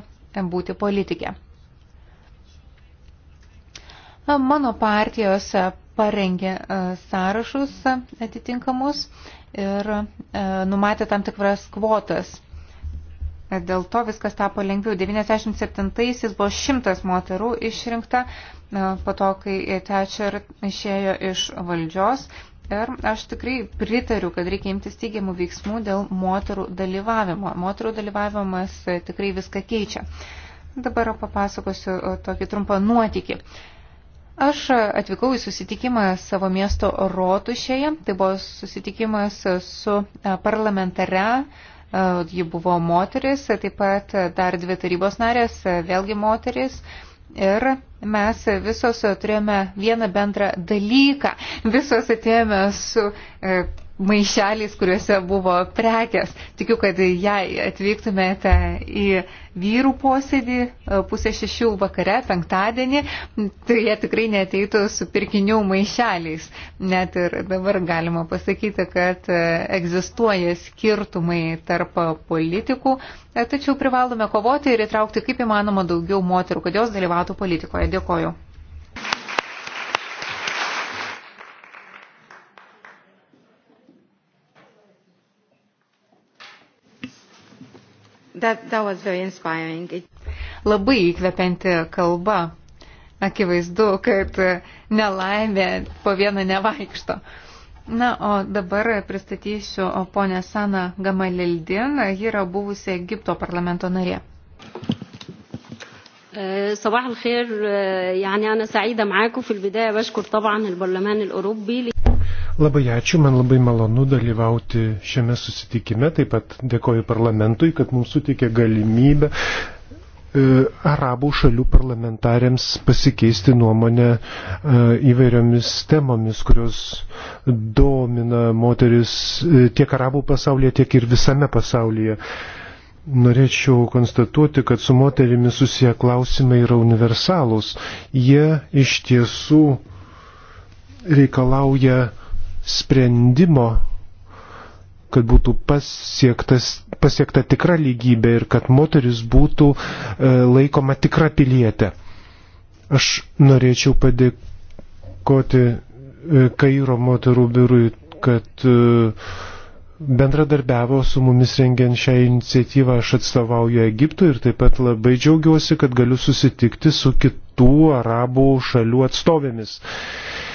būti politikė. Mano partijos parengė e, sąrašus atitinkamus ir e, numatė tam tikras kvotas. Dėl to viskas tapo lengviau. 97-aisiais buvo 100 moterų išrinkta, e, po to, kai Thatcher išėjo iš valdžios. Ir aš tikrai pritariu, kad reikia imtis teigiamų veiksmų dėl moterų dalyvavimo. Moterų dalyvavimas tikrai viską keičia. Dabar papasakosiu tokį trumpą nuotikį. Aš atvykau į susitikimą savo miesto rotušėje. Tai buvo susitikimas su parlamentare. Ji buvo moteris, taip pat dar dvi tarybos narės, vėlgi moteris. Ir mes visos turėjome vieną bendrą dalyką. Visos atėjome su maišeliais, kuriuose buvo prekes. Tikiu, kad jei atvyktumėte į vyrų posėdį e, pusę šešių vakare, penktadienį, tai jie tikrai neteitų su pirkinių maišeliais. Net ir dabar galima pasakyti, kad e, egzistuoja skirtumai tarp politikų, e, tačiau privalome kovoti ir įtraukti kaip įmanoma daugiau moterų, kad jos dalyvautų politikoje. Dėkoju. That, that was very inspiring. It... Labai įkvepianti kalba. Akivaizdu, kad nelaimė po vieną nevaikšto. Na, o dabar pristatysiu ponę Saną Gamalildin. Ji yra buvusi Egipto parlamento narė. E, صباح الخير e, يعني أنا سعيدة معاكم في البداية بشكر طبعا البرلمان الأوروبي Labai ačiū, man labai malonu dalyvauti šiame susitikime. Taip pat dėkoju parlamentui, kad mums sutikė galimybę e, arabų šalių parlamentariams pasikeisti nuomonę e, įvairiomis temomis, kurios domina moteris e, tiek arabų pasaulyje, tiek ir visame pasaulyje. Norėčiau konstatuoti, kad su moterimis susiję klausimai yra universalūs. Jie iš tiesų reikalauja uh, sprendimo, kad būtų pasiekta tikra lygybė ir kad moteris būtų e, laikoma tikra pilietė. Aš norėčiau padėkoti e, Kairo moterų biurui, kad e, bendradarbiavo su mumis rengiant šią iniciatyvą. Aš atstovauju Egiptui ir taip pat labai džiaugiuosi, kad galiu susitikti su kitų arabų šalių atstovėmis. E,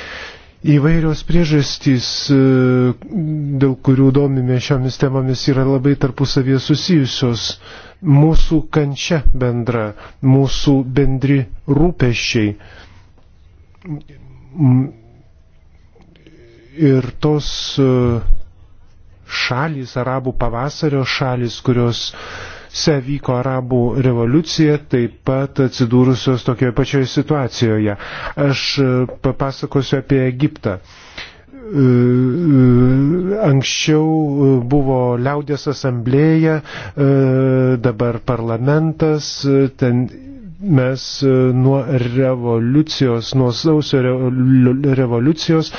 Įvairios priežastys, e, dėl kurių domime šiomis temomis, yra labai tarpusavie susijusios. Mūsų kančia bendra, mūsų bendri rūpeščiai. Ir tos e, šalys, arabų pavasario šalys, kurios uh, se vyko arabų revoliucija, taip pat atsidūrusios tokioje pačioje situacijoje. Aš e, papasakosiu apie Egiptą. E, e, anksčiau buvo liaudės asamblėja, dabar parlamentas, ten mes nuo revoliucijos, nuo sausio revoliucijos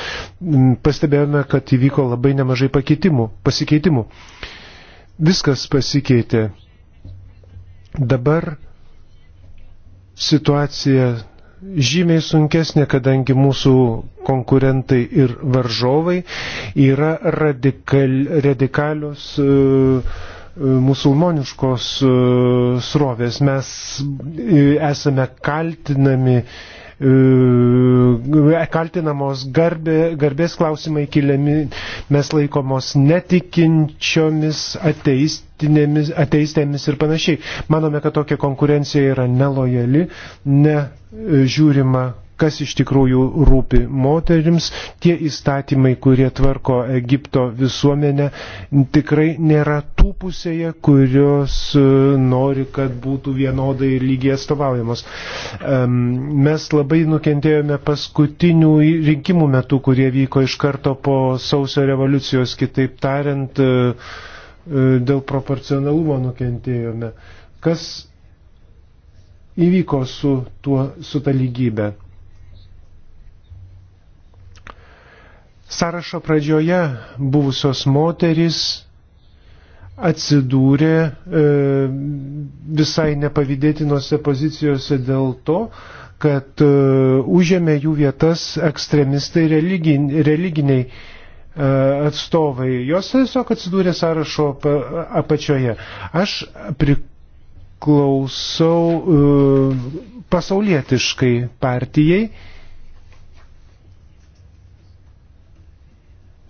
pastebėjome, kad įvyko labai nemažai pakitimų, pasikeitimų. Viskas pasikeitė. Dabar situacija žymiai sunkesnė, kadangi mūsų konkurentai ir varžovai yra radikal, radikalios uh, musulmoniškos uh, srovės. Mes esame kaltinami uh, kaltinamos garbė, garbės klausimai kiliami, mes laikomos netikinčiomis ateistėmis ir panašiai. Manome, kad tokia konkurencija yra nelojali, nežiūrima kas iš tikrųjų rūpi moterims. Tie įstatymai, kurie tvarko Egipto visuomenę, tikrai nėra tų pusėje, kurios e, nori, kad būtų vienodai ir lygiai atstovaujamos. Mes labai nukentėjome paskutinių rinkimų metų, kurie vyko iš karto po sausio revoliucijos, kitaip tariant, e, e, dėl proporcionalumo nukentėjome. Kas įvyko su, tuo, su ta lygybė? Sąrašo pradžioje buvusios moterys atsidūrė e, visai nepavydėtinose pozicijose dėl to, kad e, užėmė jų vietas ekstremistai religin, religiniai e, atstovai. Jos tiesiog atsidūrė sąrašo apačioje. Aš priklausau e, pasaulietiškai partijai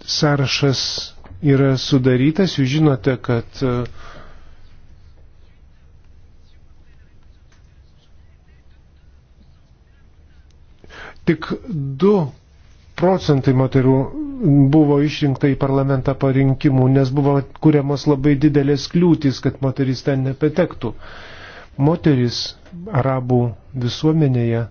sąrašas yra sudarytas, jūs žinote, kad e, tik 2 procentai moterų buvo išrinkta į parlamentą parinkimų, nes buvo kuriamos labai didelės kliūtis, kad moteris ten nepatektų. Moteris arabų visuomenėje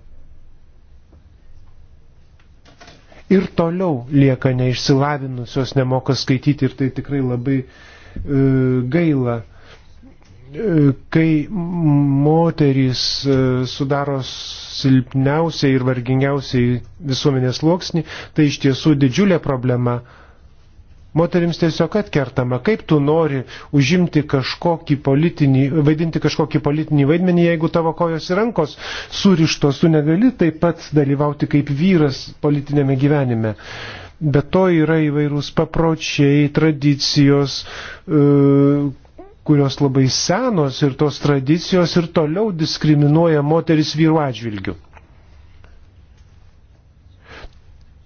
ir toliau lieka neišsilavinusios, nemoka skaityti ir tai tikrai labai e, gaila. E, kai moterys e, sudaro silpniausiai ir vargingiausiai visuomenės sluoksnį, tai iš tiesų didžiulė problema. E, Moterims tiesiog atkertama, kaip tu nori užimti kažkokį politinį, vaidinti kažkokį politinį vaidmenį, jeigu tavo kojos ir rankos surištos, tu negali taip pat dalyvauti kaip vyras politinėme gyvenime. Bet to yra įvairūs papročiai, tradicijos, e, kurios labai senos ir tos tradicijos ir toliau diskriminuoja moteris vyrų atžvilgių.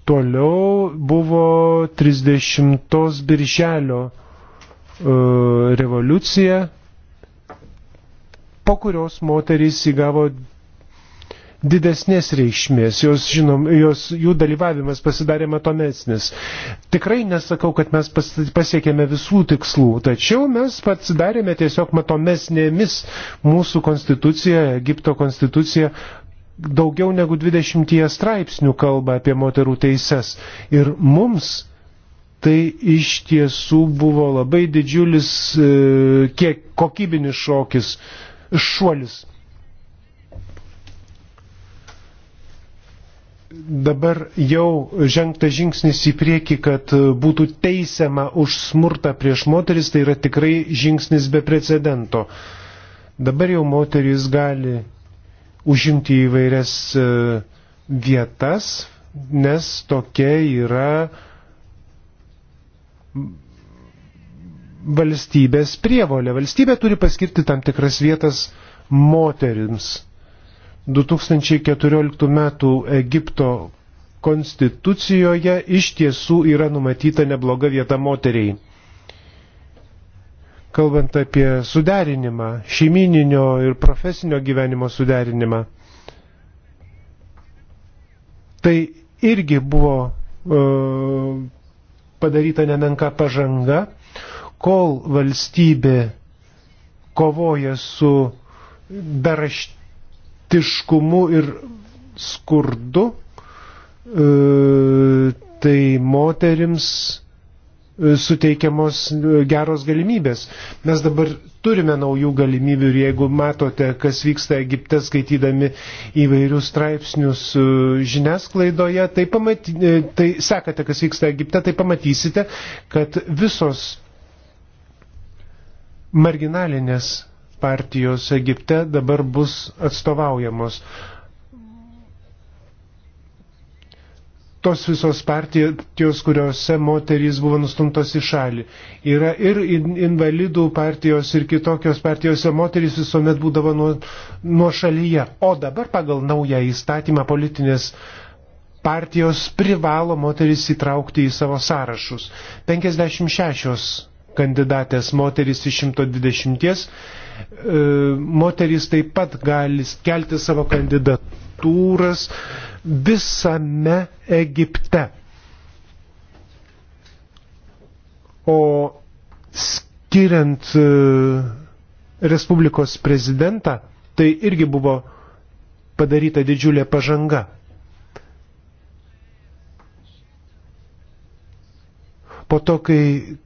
Toliau buvo 30 birželio e, revoliucija, po kurios moterys įgavo didesnės reikšmės, jos, žinom, jos, jų dalyvavimas pasidarė matomesnis. Tikrai nesakau, kad mes pas, pasiekėme visų tikslų, tačiau mes pasidarėme tiesiog matomesnėmis mūsų konstitucija, Egipto konstitucija daugiau negu 20 straipsnių kalba apie moterų teises. Ir mums tai iš tiesų buvo labai didžiulis e, kiek kokybinis šokis, šuolis. Dabar jau žengta žingsnis į priekį, kad būtų teisiama už smurtą prieš moteris, tai yra tikrai žingsnis be precedento. Dabar jau moteris gali užimti įvairias e, vietas, nes tokia yra valstybės prievolė. Valstybė turi paskirti tam tikras vietas moterims. 2014 m. Egipto konstitucijoje iš tiesų yra numatyta nebloga vieta moteriai kalbant apie suderinimą, šeimininio ir profesinio gyvenimo suderinimą. Tai irgi buvo e, padaryta nemenka pažanga, kol valstybė kovoja su beraštiškumu ir skurdu, e, tai moterims E, suteikiamos e, geros galimybės. Mes dabar turime naujų galimybių ir jeigu matote, kas vyksta Egipte skaitydami įvairius straipsnius e, žiniasklaidoje, tai, pamaty, tai sekate, kas vyksta Egipte, tai pamatysite, kad visos marginalinės partijos Egipte dabar bus atstovaujamos. tos visos partijos, kuriuose moterys buvo nustumtos į šalį. Yra ir invalidų partijos, ir kitokios partijose moterys visuomet būdavo nuo, nuo šalyje. O dabar pagal naują įstatymą politinės partijos privalo moteris įtraukti į savo sąrašus. 56 kandidatės moteris iš 120, e, moteris taip pat gali kelti savo kandidatą kultūras visame Egipte. O skiriant e, Respublikos prezidentą, tai irgi buvo padaryta didžiulė pažanga. Po to, kai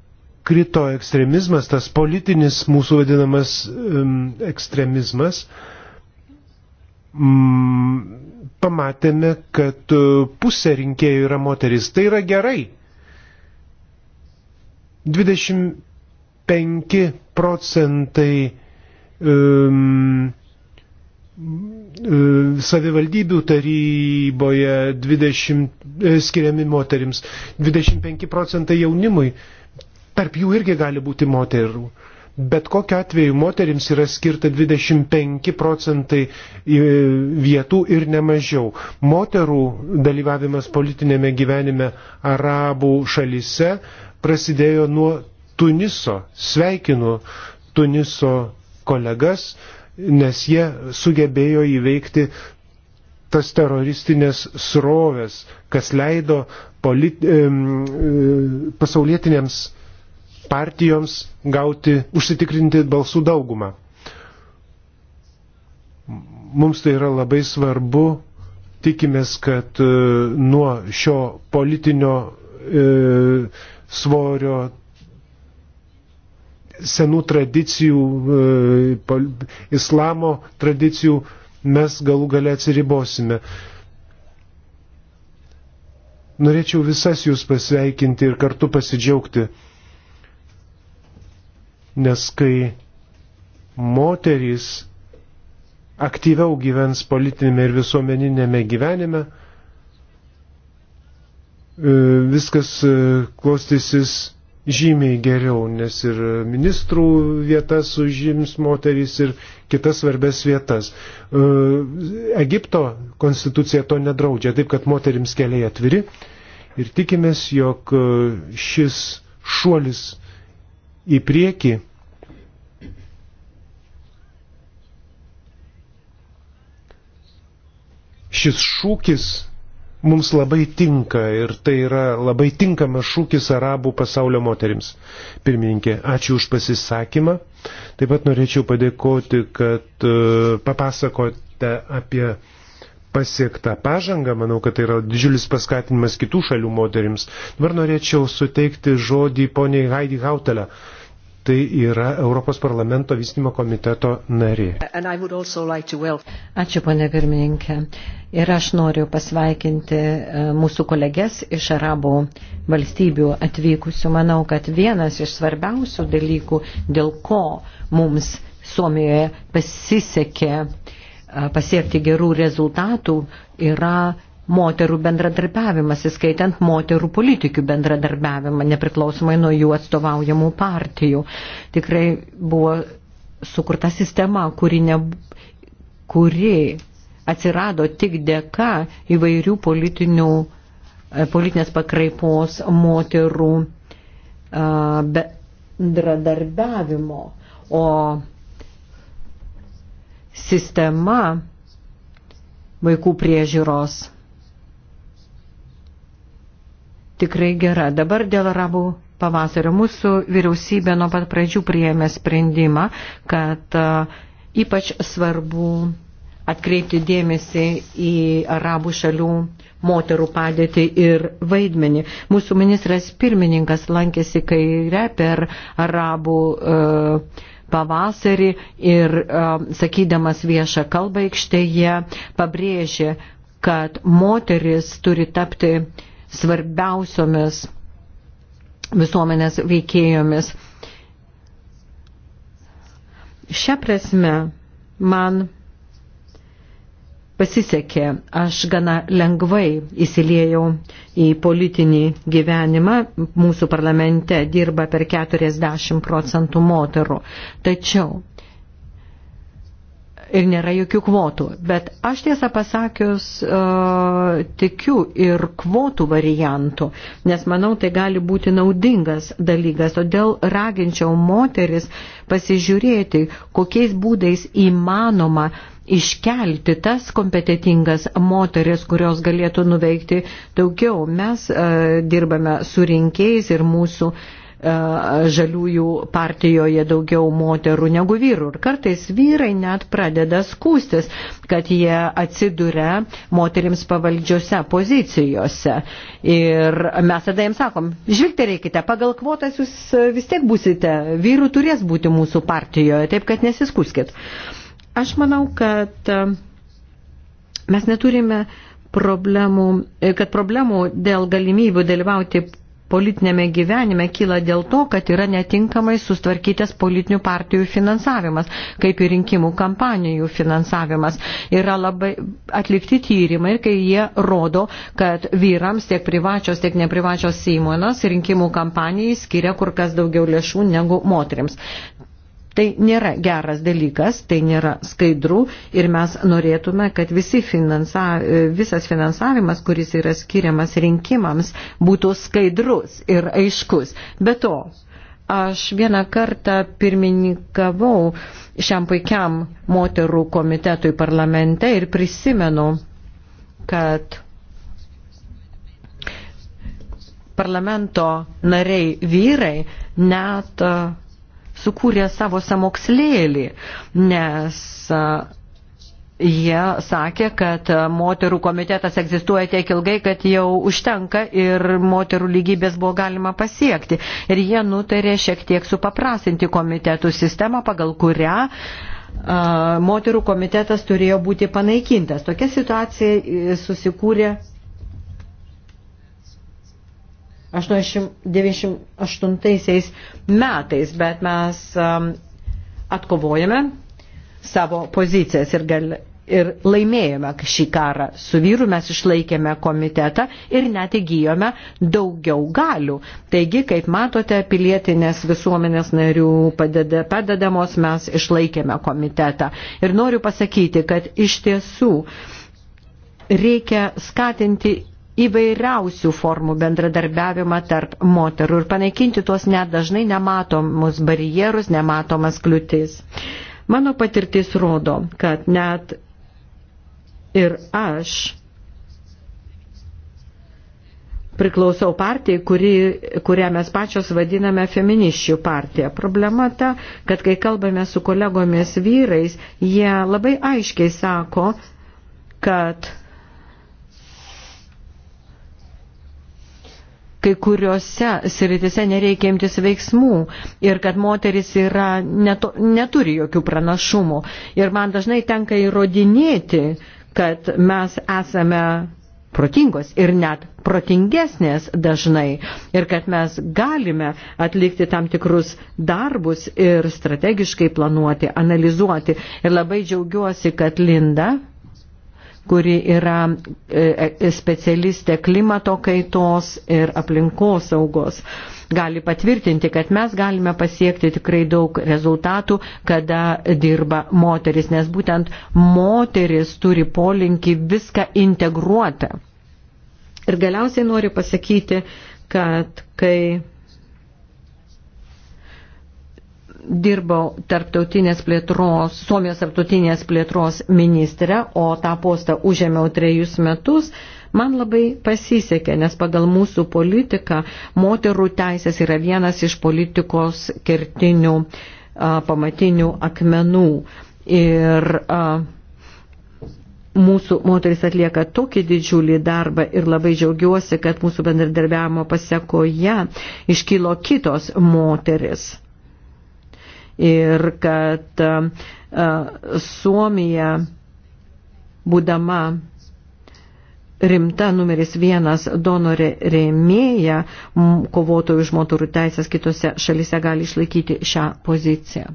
krito ekstremizmas, tas politinis mūsų vadinamas um, ekstremizmas, uh, mm, pamatėme, kad e, pusė rinkėjų yra moteris. Tai yra gerai. 25 procentai um, savivaldybių taryboje 20, e, skiriami moterims, 25 procentai jaunimui, tarp jų irgi gali būti moterų. Uh, Bet kokiu atveju moterims yra skirta 25 procentai e, vietų ir nemažiau. Moterų dalyvavimas politinėme gyvenime arabų šalyse prasidėjo nuo Tuniso. Sveikinu Tuniso kolegas, nes jie sugebėjo įveikti tas teroristinės srovės, kas leido polit, e, e, pasaulietiniams partijoms gauti, užsitikrinti balsų daugumą. Mums tai yra labai svarbu, tikimės, kad e, nuo šio politinio e, svorio senų tradicijų, e, islamo tradicijų mes galų gale atsiribosime. Norėčiau visas jūs pasveikinti ir kartu pasidžiaugti Nes kai moterys aktyviau gyvens politinėme ir visuomeninėme gyvenime, e, viskas e, klostysis žymiai geriau, nes ir ministrų vietas užims moterys ir kitas svarbės vietas. E, Egipto konstitucija to nedraudžia, taip kad moterims keliai atviri ir tikimės, jog šis šuolis į priekį. Šis šūkis mums labai tinka ir tai yra labai tinkamas šūkis arabų pasaulio moterims. Pirmininkė, ačiū už pasisakymą. Taip pat norėčiau padėkoti, kad e, papasakote apie pasiektą pažangą. Manau, kad tai yra didžiulis paskatinimas kitų šalių moterims. Dabar norėčiau suteikti žodį poniai Heidi Hautelę tai yra Europos parlamento vystimo komiteto narė. Ačiū, ponė pirmininkė. Ir aš noriu pasveikinti e, mūsų kolegės iš arabų valstybių atvykusių. Manau, kad vienas iš svarbiausių dalykų, dėl ko mums Suomijoje pasisekė e, pasiekti gerų rezultatų, yra moterų bendradarbiavimas, įskaitant moterų politikių bendradarbiavimą, nepriklausomai nuo jų atstovaujamų partijų. Tikrai buvo sukurta sistema, kuri, ne, kuri atsirado tik dėka įvairių politinių, e, politinės pakraipos moterų e, bendradarbiavimo. O sistema vaikų priežiūros tikrai gera. Dabar dėl arabų pavasario mūsų vyriausybė nuo pat pradžių priėmė sprendimą, kad ypač svarbu atkreipti dėmesį į arabų šalių moterų padėtį ir vaidmenį. Mūsų ministras pirmininkas lankėsi kairę per arabų uh, pavasarį ir uh, sakydamas viešą kalbą aikštėje pabrėžė, kad moteris turi tapti uh, svarbiausiomis visuomenės veikėjomis. Šią prasme man pasisekė, aš gana lengvai įsiliejau į politinį gyvenimą. Mūsų parlamente dirba per 40 procentų moterų. Tačiau ir nėra jokių kvotų. Bet aš tiesą pasakius uh, tikiu ir kvotų variantų, nes manau tai gali būti naudingas dalykas. Todėl raginčiau moteris pasižiūrėti, kokiais būdais įmanoma iškelti tas kompetitingas moteris, kurios galėtų nuveikti daugiau. Mes uh, dirbame su rinkėjais ir mūsų uh, E, žaliųjų partijoje daugiau moterų negu vyrų. Ir kartais vyrai net pradeda skūstis, kad jie atsiduria moterims pavaldžiose pozicijose. Ir mes tada jiems sakom, žvilgterėkite, pagal kvotas jūs e, vis tiek būsite, vyrų turės būti mūsų partijoje, taip kad nesiskuskit. Aš manau, kad e, mes neturime problemų, kad problemų dėl galimybių dalyvauti politinėme gyvenime kyla dėl to, kad yra netinkamai sustvarkytas politinių partijų finansavimas, kaip ir rinkimų kampanijų finansavimas. Yra labai atlikti tyrimai, kai jie rodo, kad vyrams tiek privačios, tiek neprivačios įmonos rinkimų kampanijai skiria kur kas daugiau lėšų negu moteriams. Tai nėra geras dalykas, tai nėra skaidru ir mes norėtume, kad visi finansav, visas finansavimas, kuris yra skiriamas rinkimams, būtų skaidrus ir aiškus. Be to, aš vieną kartą pirmininkavau šiam puikiam moterų komitetui parlamente ir prisimenu, kad parlamento nariai vyrai net sukūrė savo samokslėlį, nes jie sakė, kad moterų komitetas egzistuoja tiek ilgai, kad jau užtenka ir moterų lygybės buvo galima pasiekti. Ir jie nutarė šiek tiek supaprasinti komitetų sistemą, pagal kurią moterų komitetas turėjo būti panaikintas. Tokia situacija e, susikūrė 98 metais, bet mes um, atkovojame savo pozicijas ir, gal, ir laimėjome šį karą. Su vyru mes išlaikėme komitetą ir net įgyjome daugiau galių. Taigi, kaip matote, pilietinės visuomenės narių padeda, padedamos mes išlaikėme komitetą. Ir noriu pasakyti, kad iš tiesų reikia skatinti įvairiausių formų bendradarbiavimą tarp moterų ir panaikinti tuos net dažnai nematomus barjerus, nematomas kliūtis. Mano patirtis rodo, kad net ir aš priklausau partijai, kuri, kurią mes pačios vadiname feminiščių partija. Problema ta, kad kai kalbame su kolegomis vyrais, jie labai aiškiai sako, kad kai kuriuose sritise nereikia imtis veiksmų ir kad moteris yra, neto, neturi jokių pranašumų. Ir man dažnai tenka įrodinėti, kad mes esame protingos ir net protingesnės dažnai ir kad mes galime atlikti tam tikrus darbus ir strategiškai planuoti, analizuoti. Ir labai džiaugiuosi, kad Linda kuri yra e, e, specialistė klimato kaitos ir aplinkos saugos, gali patvirtinti, kad mes galime pasiekti tikrai daug rezultatų, kada dirba moteris, nes būtent moteris turi polinkį viską integruotą. Ir galiausiai noriu pasakyti, kad kai dirbau tarptautinės plėtros, Suomijos tarptautinės plėtros ministrė, o tą postą užėmiau trejus metus, man labai pasisekė, nes pagal mūsų politiką moterų teisės yra vienas iš politikos kertinių a, pamatinių akmenų. Ir a, mūsų moteris atlieka tokį didžiulį darbą ir labai džiaugiuosi, kad mūsų bendradarbiavimo pasiekoje iškylo kitos moteris ir kad e, Suomija, būdama rimta numeris vienas donorė rėmėja kovotojų už moterų teisės kitose šalise gali išlaikyti šią poziciją.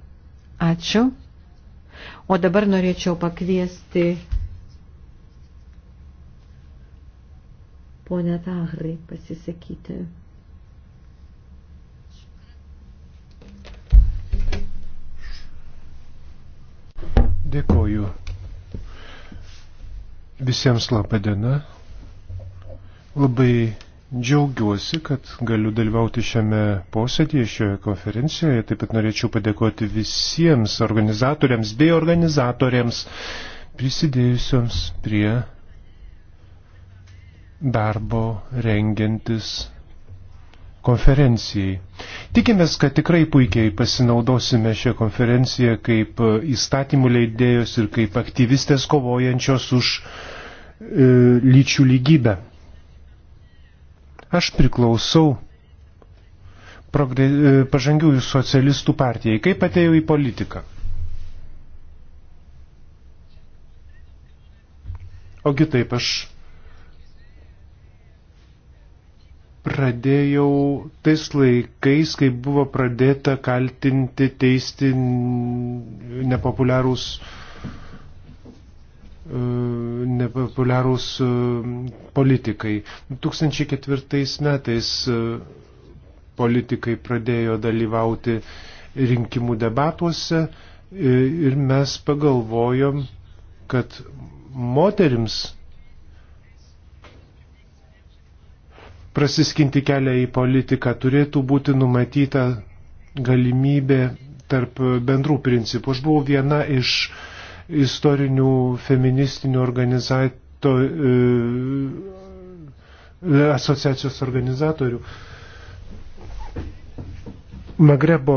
Ačiū. O dabar norėčiau pakviesti ponę Tahrai pasisakyti. Dėkoju. Visiems laba diena. Labai džiaugiuosi, kad galiu dalyvauti šiame posėdėje, šioje konferencijoje. Taip pat norėčiau padėkoti visiems organizatoriams bei organizatoriams prisidėjusiams prie darbo rengiantis konferencijai. Tikimės, kad tikrai puikiai pasinaudosime šią konferenciją kaip e, įstatymų leidėjos ir kaip aktyvistės kovojančios už e, lyčių lygybę. Aš priklausau progre, e, pažangiųjų socialistų partijai. Kaip atėjau į politiką? Ogi taip aš pradėjau tais laikais, kai buvo pradėta kaltinti, teisti nepopuliarūs, e, nepopuliarūs e, politikai. 2004 metais e, politikai pradėjo dalyvauti rinkimų debatuose ir mes pagalvojom, kad moterims prasiskinti kelią į politiką, turėtų būti numatyta galimybė tarp bendrų principų. Aš buvau viena iš istorinių feministinių organizato, e, asociacijos organizatorių. Magrebo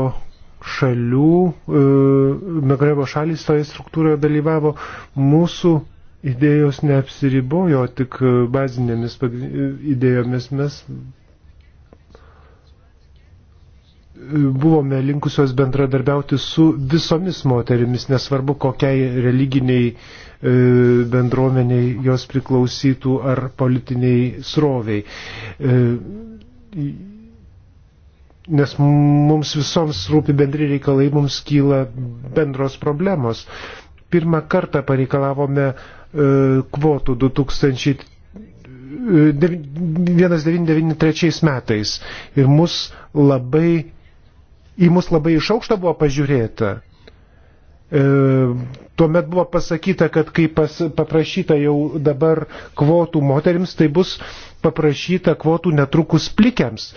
šalių, e, Magrebo šalys toje struktūroje dalyvavo mūsų idėjos neapsiribojo tik bazinėmis idėjomis. Mes buvome linkusios bendradarbiauti su visomis moterimis, nesvarbu kokiai religiniai e, bendruomeniai jos priklausytų ar politiniai sroviai. E, nes mums visoms rūpi bendri reikalai, mums kyla bendros problemos. Pirmą kartą pareikalavome uh, E, kvotų 2000. 1993 e, metais ir mus labai, į mus labai iš aukšto buvo pažiūrėta. E, tuomet buvo pasakyta, kad kai pas, paprašyta jau dabar kvotų moterims, tai bus paprašyta kvotų netrukus plikiams,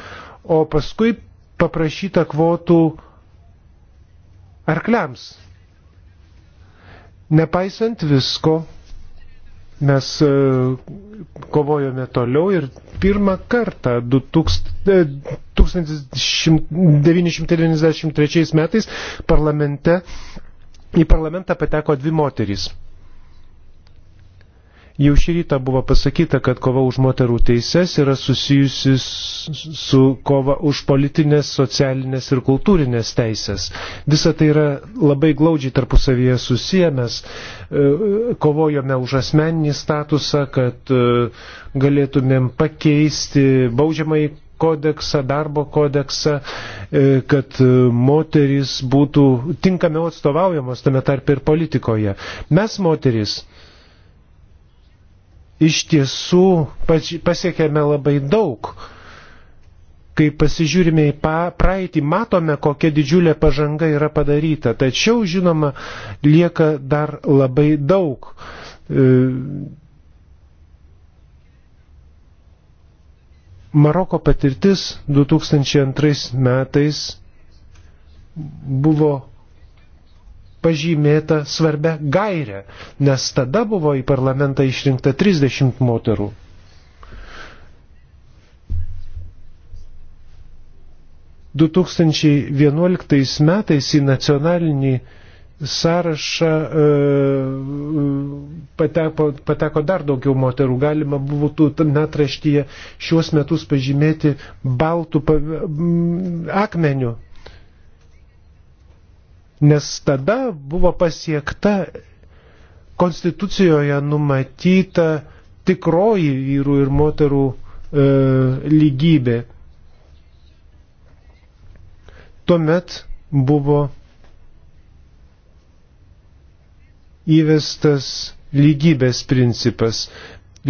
o paskui paprašyta kvotų arkliams. Nepaisant visko, Mes e, kovojome toliau ir pirmą kartą 1993 e, metais parlamente į parlamentą pateko dvi moterys. Jau šį rytą buvo pasakyta, kad kova už moterų teises yra susijusi su kova už politinės, socialinės ir kultūrinės teisės. Visa tai yra labai glaudžiai tarpusavyje susiję, mes e, kovojome už asmeninį statusą, kad e, galėtumėm pakeisti baudžiamai kodeksą, darbo kodeksą, e, kad moteris būtų tinkamiau atstovaujamos tame tarp ir politikoje. Mes moteris iš tiesų pasiekėme labai daug. Kai pasižiūrime į praeitį, matome, kokia didžiulė pažanga yra padaryta. Tačiau, žinoma, lieka dar labai daug. E, Maroko patirtis 2002 metais buvo pažymėta svarbia gairė, nes tada buvo į parlamentą išrinkta 30 moterų. Du 2011 metais į nacionalinį sąrašą e, pateko, pateko dar daugiau moterų. Galima būtų metraštyje šiuos metus pažymėti baltų pa, akmenių nes tada buvo pasiekta konstitucijoje numatyta tikroji vyrų ir moterų e, lygybė. Tuomet buvo įvestas lygybės principas.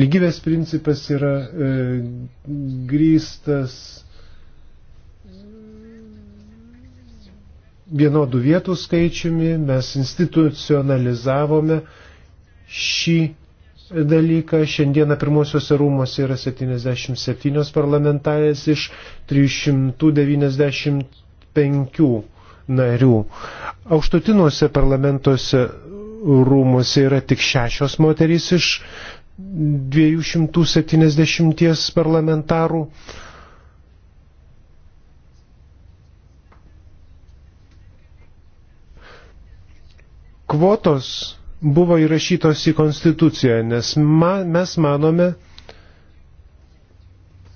Lygybės principas yra e, grįstas vienodų vietų skaičiumi, mes institucionalizavome šį dalyką. Šiandieną pirmosiuose rūmose yra 77 parlamentarės iš 395 narių. Aukštutinuose parlamentuose rūmose yra tik šešios moterys iš 270 parlamentarų. Kvotos buvo įrašytos į konstituciją, nes ma, mes manome,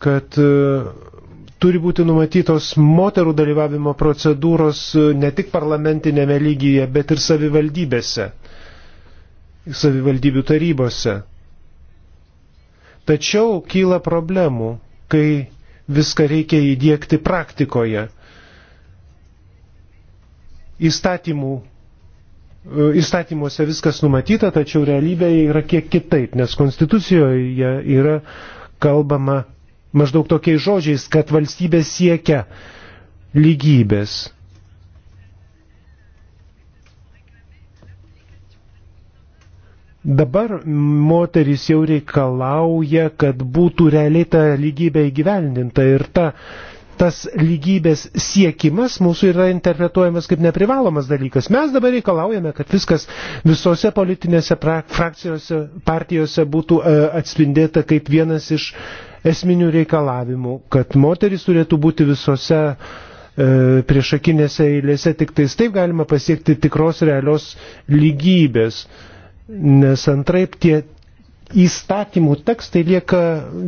kad e, turi būti numatytos moterų dalyvavimo procedūros e, ne tik parlamentinėme lygyje, bet ir savivaldybėse, savivaldybių tarybose. Tačiau kyla problemų, kai viską reikia įdėkti praktikoje. Įstatymų E, įstatymuose viskas numatyta, tačiau realybėje yra kiek kitaip, nes konstitucijoje yra kalbama maždaug tokiais žodžiais, kad valstybė siekia lygybės. Dabar moteris jau reikalauja, kad būtų realiai ta lygybė įgyvendinta ir ta tas lygybės siekimas mūsų yra interpretuojamas kaip neprivalomas dalykas. Mes dabar reikalaujame, kad viskas visose politinėse frakcijose, partijose būtų e, atspindėta kaip vienas iš esminių reikalavimų, kad moteris turėtų būti visose e, priešakinėse eilėse, tik tais taip galima pasiekti tikros realios lygybės, nes antraip tie įstatymų tekstai lieka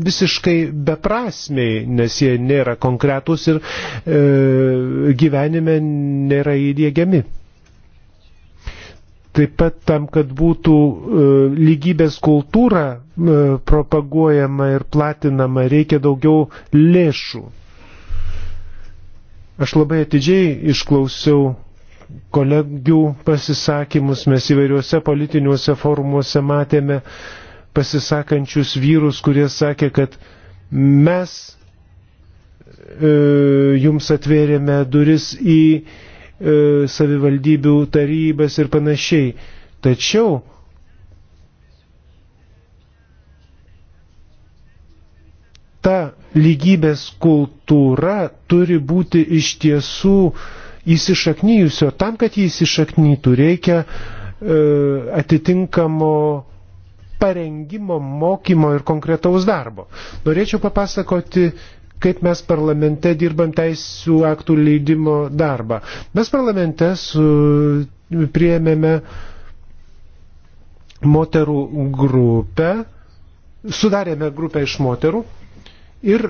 visiškai beprasmiai, nes jie nėra konkretūs ir e, gyvenime nėra įdėgiami. Taip pat tam, kad būtų e, lygybės kultūra e, propaguojama ir platinama, reikia daugiau lėšų. Aš labai atidžiai išklausiau kolegių pasisakymus, mes įvairiuose politiniuose forumuose matėme, e, pasisakančius vyrus, kurie sakė, kad mes e, jums atvėrėme duris į e, savivaldybių tarybas ir panašiai. Tačiau ta lygybės kultūra turi būti iš tiesų įsišaknyjusio. Tam, kad jį įsišaknytų, reikia e, atitinkamo parengimo, mokymo ir konkretaus darbo. Norėčiau papasakoti, kaip mes parlamente dirbam teisų aktų leidimo darbą. Mes parlamente su, priėmėme moterų grupę, sudarėme grupę iš moterų ir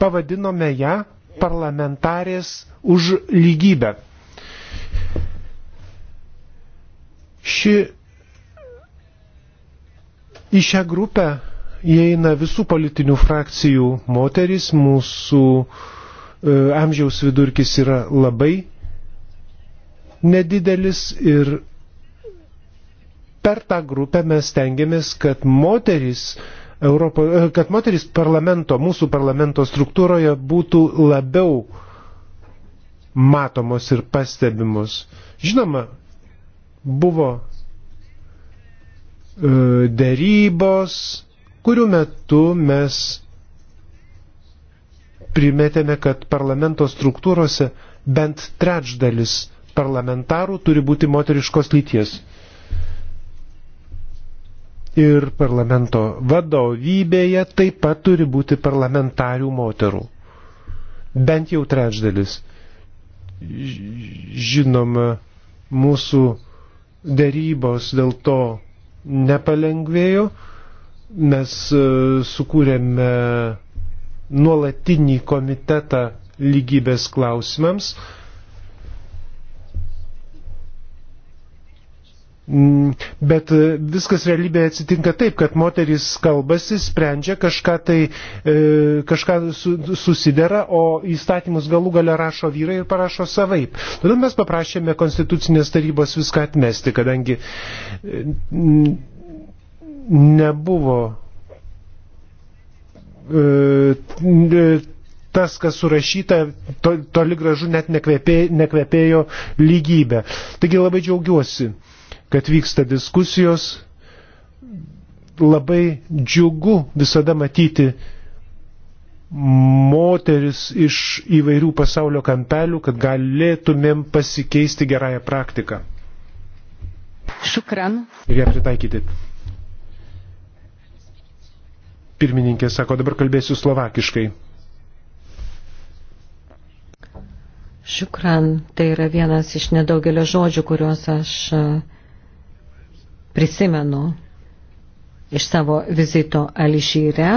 pavadinome ją parlamentarės už lygybę. Ši Į šią grupę įeina visų politinių frakcijų moteris, mūsų e, amžiaus vidurkis yra labai nedidelis ir per tą grupę mes tengiamės, kad moteris, Europo, e, kad moteris parlamento, mūsų parlamento struktūroje būtų labiau matomos ir pastebimos. Žinoma, buvo E, dėrybos, kurių metu mes primetėme, kad parlamento struktūrose bent trečdalis parlamentarų turi būti moteriškos lyties. Ir parlamento vadovybėje taip pat turi būti parlamentarių moterų. Bent jau trečdalis. Žinoma, mūsų dėrybos dėl to nepalengvėjo. Mes e, sukūrėme nuolatinį komitetą lygybės klausimams, Mm, bet e, viskas realybėje atsitinka taip, kad moteris kalbasi, sprendžia kažką tai, e, kažką susidera, o įstatymus galų gale rašo vyrai ir parašo savaip. Tada mes paprašėme konstitucinės tarybos viską atmesti, kadangi e, nebuvo tas, kas surašyta, to, toli gražu net nekvepėjo, nekvepėjo lygybę. Taigi labai džiaugiuosi kad vyksta diskusijos. Labai džiugu visada matyti moteris iš įvairių pasaulio kampelių, kad galėtumėm pasikeisti gerąją praktiką. Šukran. Ir ją pritaikyti. Pirmininkė sako, dabar kalbėsiu slovakiškai. Šukran, tai yra vienas iš nedaugelio žodžių, kuriuos aš uh, prisimenu iš savo vizito Alžyre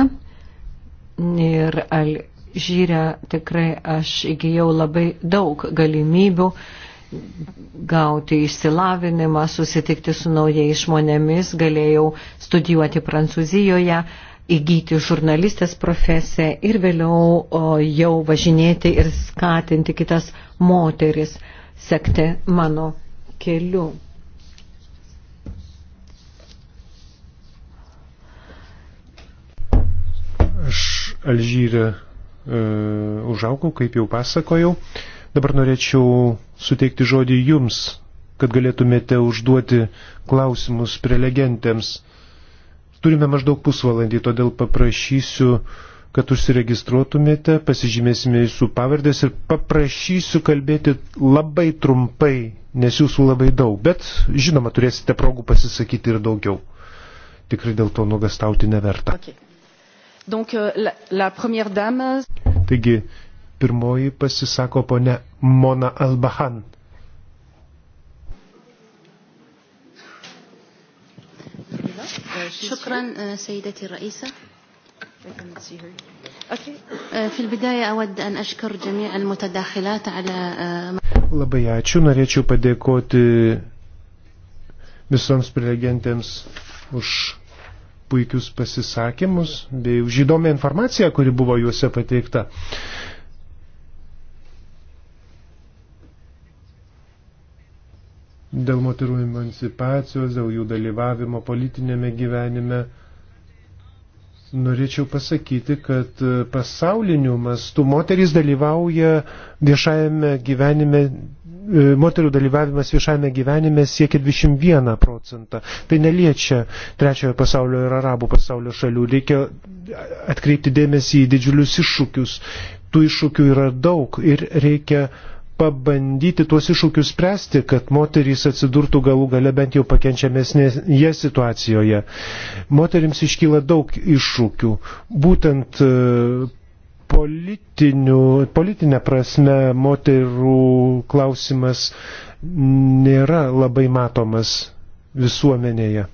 ir Alžyre tikrai aš įgyjau labai daug galimybių gauti išsilavinimą, susitikti su naujais žmonėmis, galėjau studijuoti Prancūzijoje, įgyti žurnalistės profesiją ir vėliau o, jau važinėti ir skatinti kitas moteris sekti mano keliu. Aš Alžyre e, užaugau, kaip jau pasakojau. Dabar norėčiau suteikti žodį jums, kad galėtumėte užduoti klausimus prelegentėms. Turime maždaug pusvalandį, todėl paprašysiu, kad užsiregistruotumėte, pasižymėsime jūsų pavardės ir paprašysiu kalbėti labai trumpai, nes jūsų labai daug, bet žinoma turėsite progų pasisakyti ir daugiau. Tikrai dėl to nuogastauti neverta. Okay. Donc, euh, la, la première dame... Taigi, pirmoji pasisako ponia Mona Albahan. شكرا سيدتي الرئيسة في البداية أود أن أشكر جميع المتداخلات على uh, Labai ačiū, norėčiau padėkoti visoms prelegentėms už puikius pasisakymus bei už įdomią informaciją, kuri buvo juose pateikta. Dėl moterų emancipacijos, dėl jų dalyvavimo politinėme gyvenime. Norėčiau pasakyti, kad pasauliniu mastu moterys dalyvauja viešajame gyvenime E, moterų dalyvavimas viešame gyvenime siekia 21 procentą. Tai neliečia trečiojo pasaulio ir arabų pasaulio šalių. Reikia atkreipti dėmesį į didžiulius iššūkius. Tų iššūkių yra daug ir reikia pabandyti tuos iššūkius spręsti, kad moterys atsidurtų galų gale bent jau pakenčiamesnėje situacijoje. Moterims iškyla daug iššūkių. Būtent e, politinių, politinė prasme moterų klausimas nėra labai matomas visuomenėje.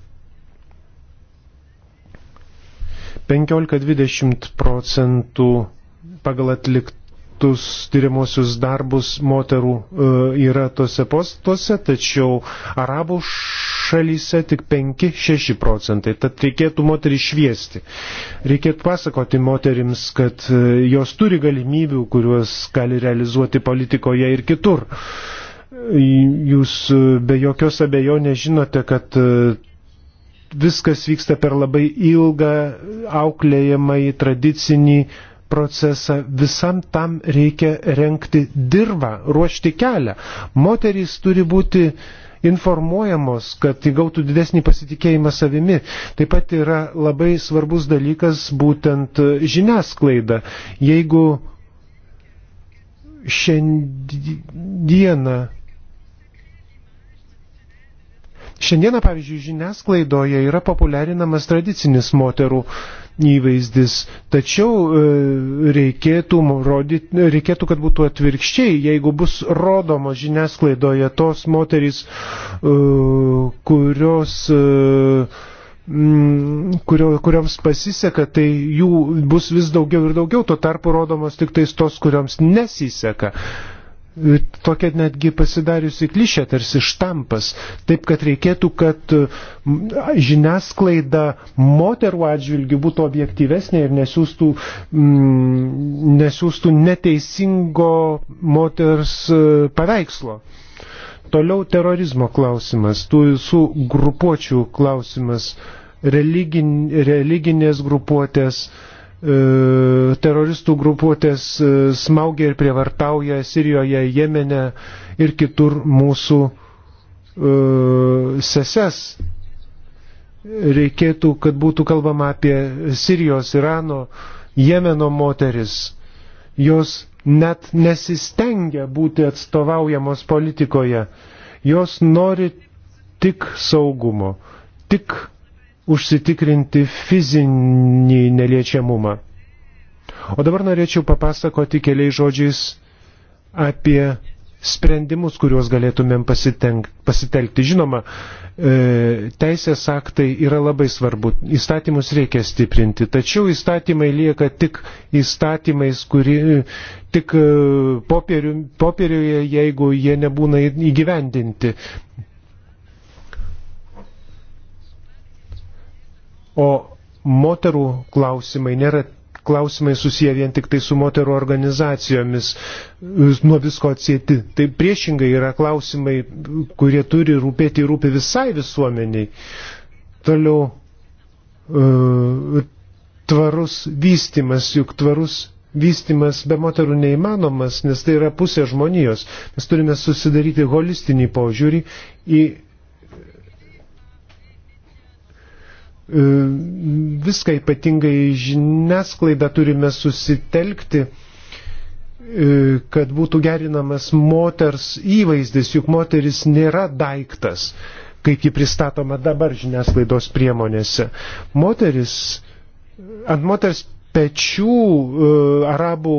15-20 procentų pagal atliktus tyriamosius darbus moterų e, yra tose postuose, tačiau arabų šalyse tik 5-6 procentai. Tad reikėtų moterį šviesti. Reikėtų pasakoti moterims, kad e, jos turi galimybių, kuriuos gali realizuoti politikoje ir kitur. Jūs e, be jokios abejonės žinote, kad e, viskas vyksta per labai ilgą auklėjimą į tradicinį procesą, visam tam reikia renkti dirbą, ruošti kelią. Moterys turi būti uh, informuojamos, kad įgautų didesnį pasitikėjimą savimi. Taip pat yra labai svarbus dalykas būtent žiniasklaida. Jeigu šiandieną Šiandieną, pavyzdžiui, žiniasklaidoje yra populiarinamas tradicinis moterų įvaizdis. Tačiau e, reikėtų, rodyti, reikėtų, kad būtų atvirkščiai, jeigu bus rodomos žiniasklaidoje tos moterys, e, kurios e, kurio, kurioms pasiseka, tai jų bus vis daugiau ir daugiau, tuo tarpu rodomos tik tais tos, kurioms nesiseka tokia netgi pasidariusi klišė, tarsi štampas, taip kad reikėtų, kad žiniasklaida moterų atžvilgių būtų objektyvesnė ir nesiūstų, mm, nesiūstų neteisingo moters e, paveikslo. Toliau terorizmo klausimas, tų visų grupuočių klausimas, religin, religinės grupuotės, uh, E, teroristų grupuotės e, smaugia ir prievartauja Sirijoje, Jemene ir kitur mūsų e, seses. Reikėtų, kad būtų kalbama apie Sirijos, Irano, Jemeno moteris. Jos net nesistengia būti atstovaujamos politikoje. Jos nori tik saugumo, tik užsitikrinti fizinį neliečiamumą. O dabar norėčiau papasakoti keliais žodžiais apie sprendimus, kuriuos galėtumėm pasitelkti. Žinoma, e, teisės aktai yra labai svarbu, įstatymus reikia stiprinti, tačiau įstatymai lieka tik įstatymais, kuri, tik e, popieriu, popieriuje, jeigu jie nebūna įgyvendinti. O moterų klausimai nėra klausimai susiję vien tik tai su moterų organizacijomis, nuo visko atsėti. Tai priešingai yra klausimai, kurie turi rūpėti ir rūpi visai visuomeniai. Toliau e, tvarus vystimas, juk tvarus vystimas be moterų neįmanomas, nes tai yra pusė žmonijos. Mes turime susidaryti holistinį požiūrį į E, viską ypatingai žiniasklaidą turime susitelkti, e, kad būtų gerinamas moters įvaizdis, juk moteris nėra daiktas, kaip ji pristatoma dabar žiniasklaidos priemonėse. Moteris, ant moters pečių e, arabų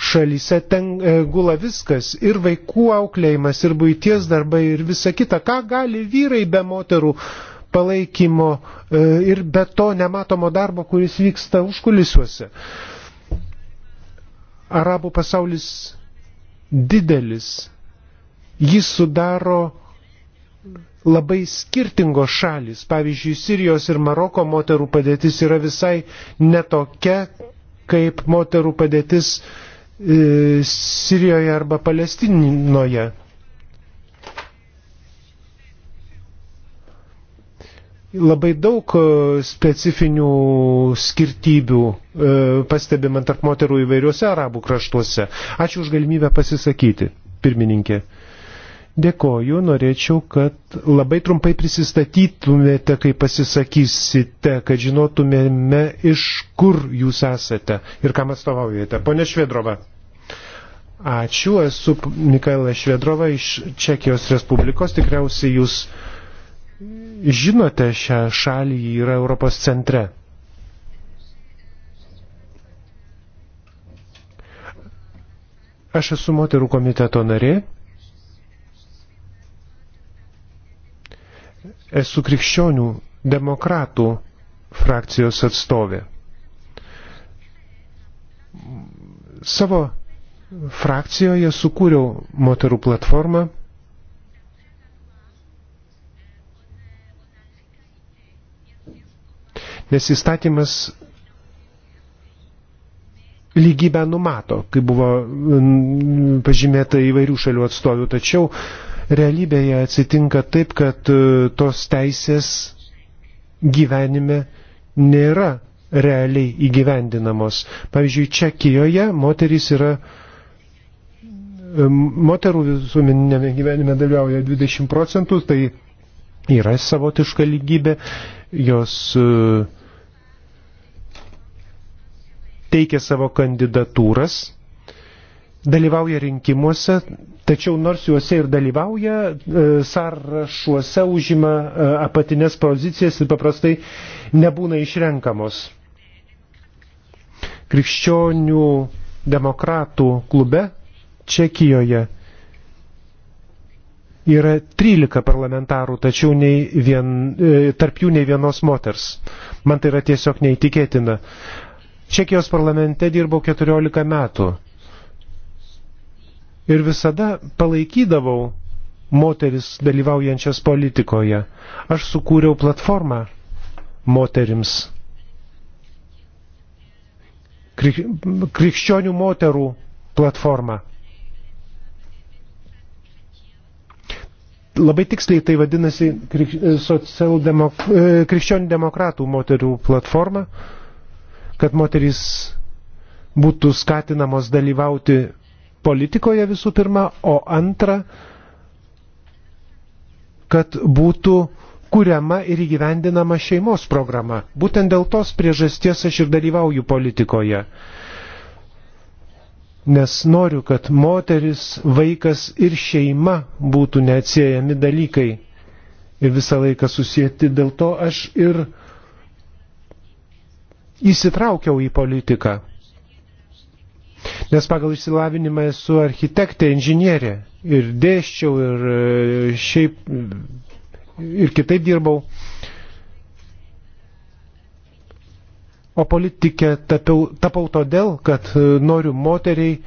šalyse ten gula viskas ir vaikų auklėjimas, ir būties darbai, ir visa kita. Ką gali vyrai be moterų uh, palaikymo e, ir be to nematomo darbo, kuris vyksta užkulisiuose. Arabų pasaulis didelis, jis sudaro labai skirtingos šalis. Pavyzdžiui, Sirijos ir Maroko moterų padėtis yra visai netokia, kaip moterų padėtis e, Sirijoje arba Palestinoje. labai daug e, specifinių skirtybių e, pastebima tarp moterų įvairiuose arabų kraštuose. Ačiū už galimybę pasisakyti, pirmininkė. Dėkoju, norėčiau, kad labai trumpai prisistatytumėte, kai pasisakysite, kad žinotumėme, iš kur jūs esate ir kam atstovaujate. Pone Švedrova. Ačiū, esu Mikaela Švedrova iš Čekijos Respublikos, tikriausiai jūs uh, žinote šią šalį, ji yra Europos centre. Aš esu moterų komiteto narė. Esu krikščionių demokratų frakcijos atstovė. Savo frakcijoje sukūriau moterų platformą nes įstatymas lygybę numato, kai buvo pažymėta įvairių šalių atstovių, tačiau realybėje atsitinka taip, kad e, tos teisės gyvenime nėra realiai įgyvendinamos. Pavyzdžiui, Čekijoje moterys yra, e, moterų visuomeninėme gyvenime dalyvauja 20 procentų, tai yra savotiška lygybė, jos uh, teikia savo kandidatūras, dalyvauja rinkimuose, tačiau nors juose ir dalyvauja, e, sąrašuose užima e, apatinės pozicijas ir paprastai nebūna išrenkamos. Krikščionių demokratų klube Čekijoje yra 13 parlamentarų, tačiau nei vien, e, tarp jų nei vienos moters. Man tai yra tiesiog neįtikėtina. Čekijos parlamente dirbau 14 metų ir visada palaikydavau moteris dalyvaujančias politikoje. Aš sukūriau platformą moterims, krikščionių moterų platformą. Labai tiksliai tai vadinasi e, krikščionių demokratų moterų platforma kad moterys būtų skatinamos dalyvauti politikoje visų pirma, o antra, kad būtų kuriama ir įgyvendinama šeimos programa. Būtent dėl tos priežasties aš ir dalyvauju politikoje. Nes noriu, kad moteris, vaikas ir šeima būtų neatsiejami dalykai ir visą laiką susijęti. Dėl to aš ir įsitraukiau į politiką. Nes pagal išsilavinimą esu architektė, inžinierė ir dėščiau ir e, šiaip e, ir kitaip dirbau. O politikė tapiau, tapau todėl, kad e, noriu moteriai,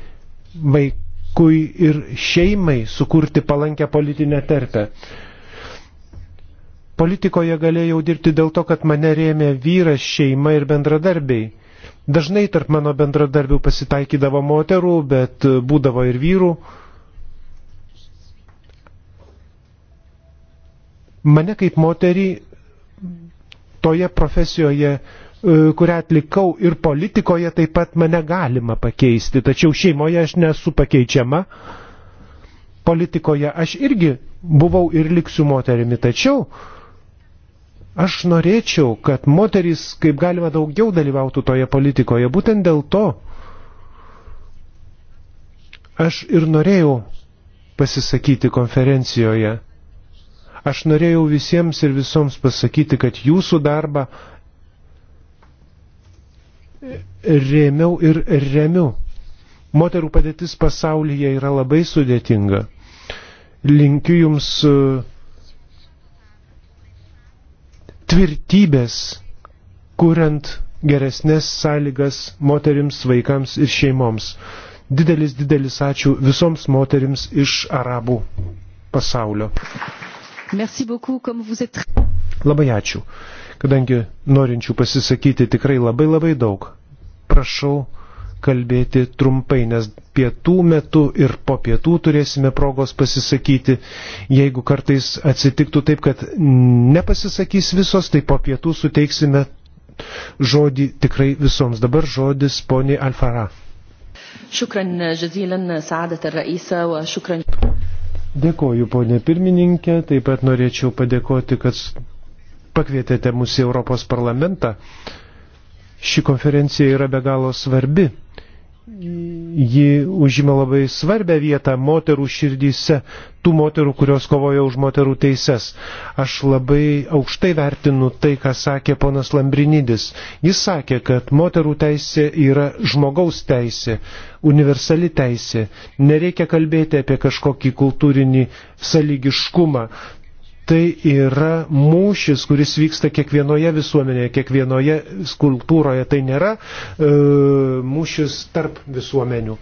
vaikui ir šeimai sukurti palankę politinę terpę. Politikoje galėjau dirbti dėl to, kad mane rėmė vyras, šeima ir bendradarbiai. Dažnai tarp mano bendradarbių pasitaikydavo moterų, bet e, būdavo ir vyrų. Mane kaip moterį toje profesijoje, e, kurią atlikau ir politikoje, taip pat mane galima pakeisti, tačiau šeimoje aš nesu pakeičiama. Politikoje aš irgi buvau ir liksiu moterimi, tačiau uh, Aš norėčiau, kad moterys kaip galima daugiau dalyvautų toje politikoje. Būtent dėl to aš ir norėjau pasisakyti konferencijoje. Aš norėjau visiems ir visoms pasakyti, kad jūsų darbą rėmiau ir remiu. Moterų padėtis pasaulyje yra labai sudėtinga. Linkiu jums uh, tvirtybės, kuriant geresnės sąlygas moterims, vaikams ir šeimoms. Didelis, didelis ačiū visoms moterims iš arabų pasaulio. Merci beaucoup, comme vous êtes... Labai ačiū, kadangi norinčių pasisakyti tikrai labai labai daug. Prašau kalbėti trumpai, nes pietų metu ir po pietų turėsime progos pasisakyti. Jeigu kartais atsitiktų taip, kad nepasisakys visos, tai po pietų suteiksime žodį tikrai visoms. Dabar žodis poniai Alfara. E, e, Dėkoju, ponė pirmininkė, taip pat norėčiau padėkoti, kad pakvietėte mus į Europos parlamentą. Ši konferencija yra be galo svarbi ji užima labai svarbę vietą moterų širdyse, tų moterų, kurios kovoja už moterų teises. Aš labai aukštai vertinu tai, ką sakė ponas Lambrinidis. Jis sakė, kad moterų teisė yra žmogaus teisė, universali teisė. Nereikia kalbėti apie kažkokį kultūrinį saligiškumą tai yra mūšis, kuris vyksta kiekvienoje visuomenėje, kiekvienoje skulptūroje. Tai nėra e, mūšis tarp visuomenių.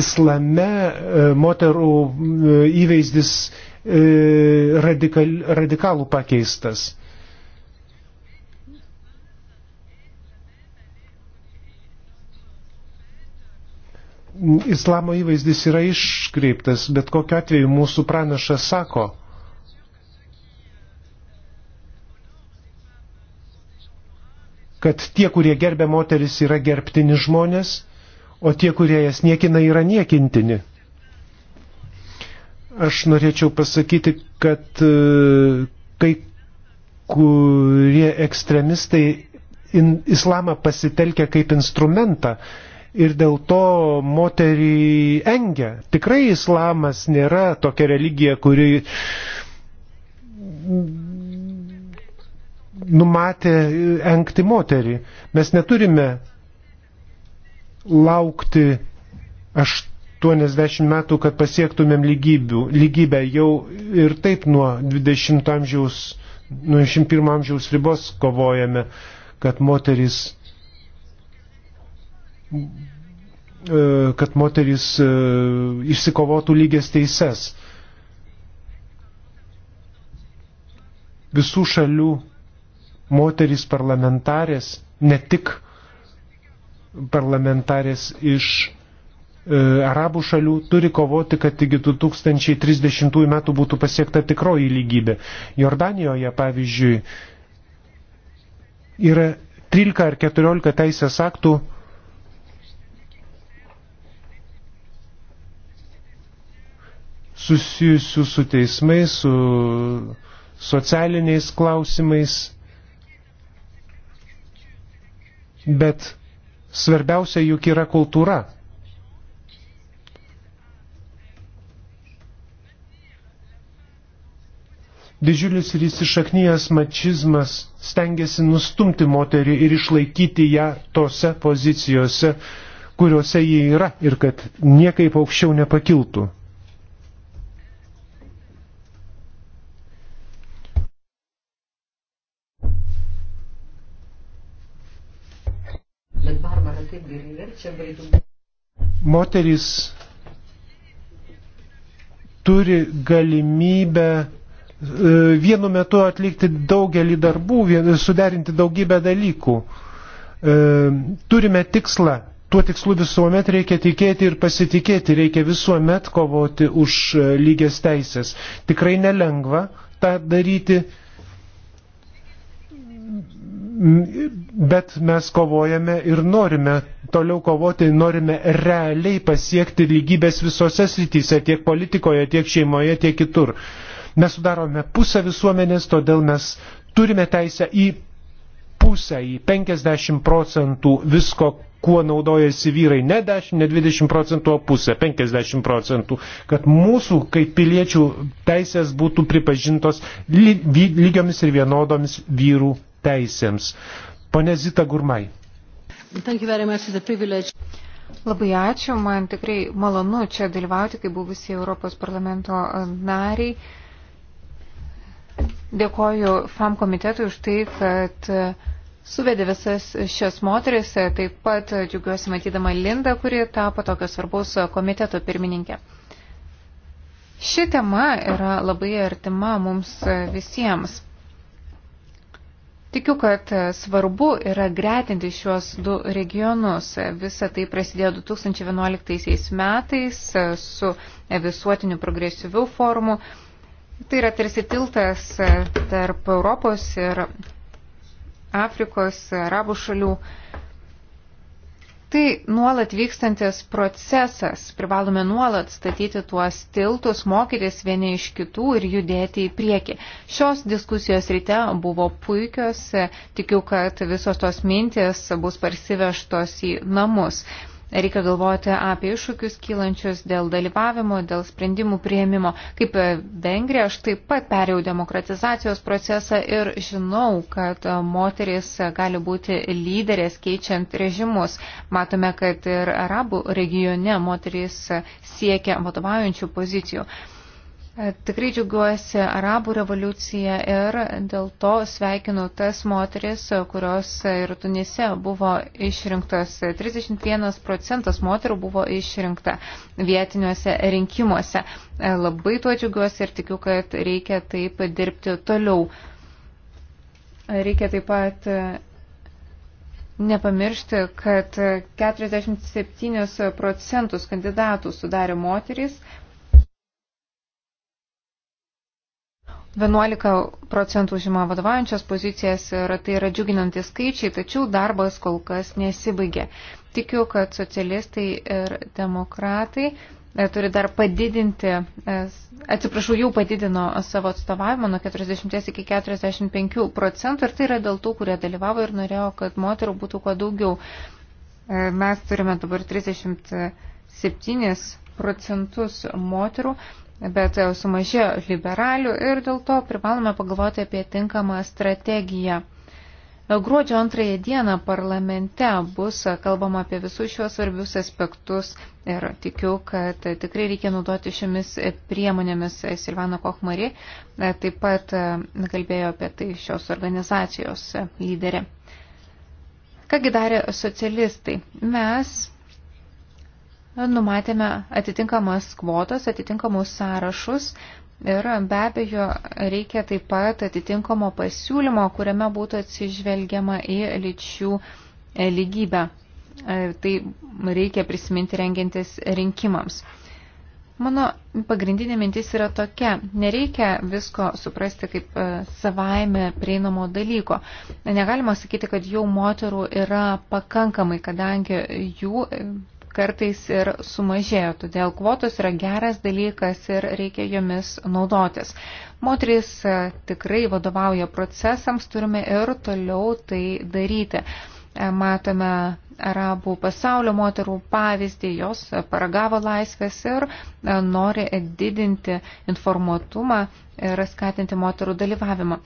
Islame e, moterų e, įvaizdis e, radikal, radikalų pakeistas. Islamo įvaizdis yra iškreiptas, bet kokiu atveju mūsų pranašas sako, kad tie, kurie gerbė moteris, yra gerbtini žmonės, o tie, kurie jas niekina, yra niekintini. Aš norėčiau pasakyti, kad e, kai kurie ekstremistai in, islamą pasitelkia kaip instrumentą ir dėl to moterį engia. Tikrai islamas nėra tokia religija, kuri numatę e, enkti moterį. Mes neturime laukti 80 metų, kad pasiektumėm lygybių, lygybę. Jau ir taip nuo 20 amžiaus, nuo 21 amžiaus ribos kovojame, kad moteris e, kad moteris e, išsikovotų lygias teises. Visų šalių moterys parlamentarės, ne tik parlamentarės iš e, arabų šalių, turi kovoti, kad iki 2030 metų būtų pasiekta tikroji lygybė. Jordanijoje, pavyzdžiui, yra 13 ar 14 teisės aktų, susijusių su teismais, su socialiniais klausimais, bet svarbiausia juk yra kultūra. Didžiulis ir įsišaknyjas mačizmas stengiasi nustumti moterį ir išlaikyti ją tose pozicijose, kuriuose ji yra ir kad niekaip aukščiau nepakiltų. Bet Barbara taip gerai verčia baidų. Moteris turi galimybę e, vienu metu atlikti daugelį darbų, suderinti daugybę dalykų. E, turime tikslą. Tuo tikslu visuomet reikia tikėti ir pasitikėti, reikia visuomet kovoti už e, lygias teisės. Tikrai nelengva tą daryti, Mm, bet mes kovojame ir norime toliau kovoti, norime realiai pasiekti lygybės visose srityse, tiek politikoje, tiek šeimoje, tiek kitur. Mes sudarome pusę visuomenės, todėl mes turime teisę į pusę, į 50 procentų visko, kuo naudojasi vyrai, ne 10, ne 20 procentų, o pusę, 50 procentų, kad mūsų kaip piliečių teisės būtų pripažintos lygiomis ir vienodomis vyrų teisėms. Pone Zita Gurmai. Labai ačiū, man tikrai malonu čia dalyvauti, kai buvusi Europos parlamento nariai. Dėkoju FAM komitetui už tai, kad suvedė visas šias moteris. Taip pat džiugiuosi matydama Lindą, kuri tapo tokio svarbaus komiteto pirmininkė. Ši tema yra labai artima mums visiems. Tikiu, kad e, svarbu yra gretinti šiuos du regionus. Visa tai prasidėjo 2011 metais e, su e, visuotiniu progresyviu forumu. Tai yra tarsi tiltas tarp Europos ir Afrikos, arabų šalių. Tai nuolat vykstantis procesas. Privalome nuolat statyti tuos tiltus, mokytis vieni iš kitų ir judėti į priekį. Šios diskusijos ryte buvo puikios. Tikiu, kad visos tos mintis bus parsivežtos į namus. Reikia galvoti apie iššūkius kylančius dėl dalyvavimo, dėl sprendimų prieimimo. Kaip e, Vengrija, aš taip pat perėjau demokratizacijos procesą ir žinau, kad e, moteris gali būti lyderės keičiant režimus. Matome, kad ir arabų regione moteris siekia vadovaujančių pozicijų. E, tikrai džiugiuosi Arabų revoliucija ir dėl to sveikinu tas moteris, kurios ir Tunise buvo išrinktos. 31 procentas moterų buvo išrinkta vietiniuose rinkimuose. E, labai tuo džiugiuosi ir tikiu, kad reikia taip dirbti toliau. E, reikia taip pat nepamiršti, kad 47 procentus kandidatų sudarė moteris 11 procentų žima vadovaujančias pozicijas ir tai yra džiuginantis skaičiai, tačiau darbas kol kas nesibaigė. Tikiu, kad socialistai ir demokratai e, turi dar padidinti, e, atsiprašau, jau padidino savo atstovavimą nuo 40 iki 45 procentų ir tai yra dėl tų, kurie dalyvavo ir norėjo, kad moterų būtų kuo daugiau. E, mes turime dabar 37 procentus moterų bet e, sumažėjo liberalių ir dėl to privalome pagalvoti apie tinkamą strategiją. E, gruodžio antrąją dieną parlamente bus e, kalbama apie visus šios svarbius aspektus ir tikiu, kad tikrai reikia naudoti šiomis priemonėmis. Silvana Kochmari taip pat kalbėjo apie tai šios organizacijos lyderė. Kągi darė socialistai? Mes numatėme atitinkamas kvotas, atitinkamus sąrašus ir be abejo reikia taip pat atitinkamo pasiūlymo, kuriame būtų atsižvelgiama į lyčių lygybę. E, tai reikia prisiminti rengiantis rinkimams. Mano pagrindinė mintis yra tokia, nereikia visko suprasti kaip e, savaime prieinamo dalyko. Negalima sakyti, kad jau moterų yra pakankamai, kadangi jų kartais ir sumažėjo. Todėl kvotos yra geras dalykas ir reikia jomis naudotis. Moterys e, tikrai vadovauja procesams, turime ir toliau tai daryti. E, matome arabų pasaulio moterų pavyzdį, jos paragavo laisvės ir e, nori didinti informuotumą ir skatinti moterų dalyvavimą.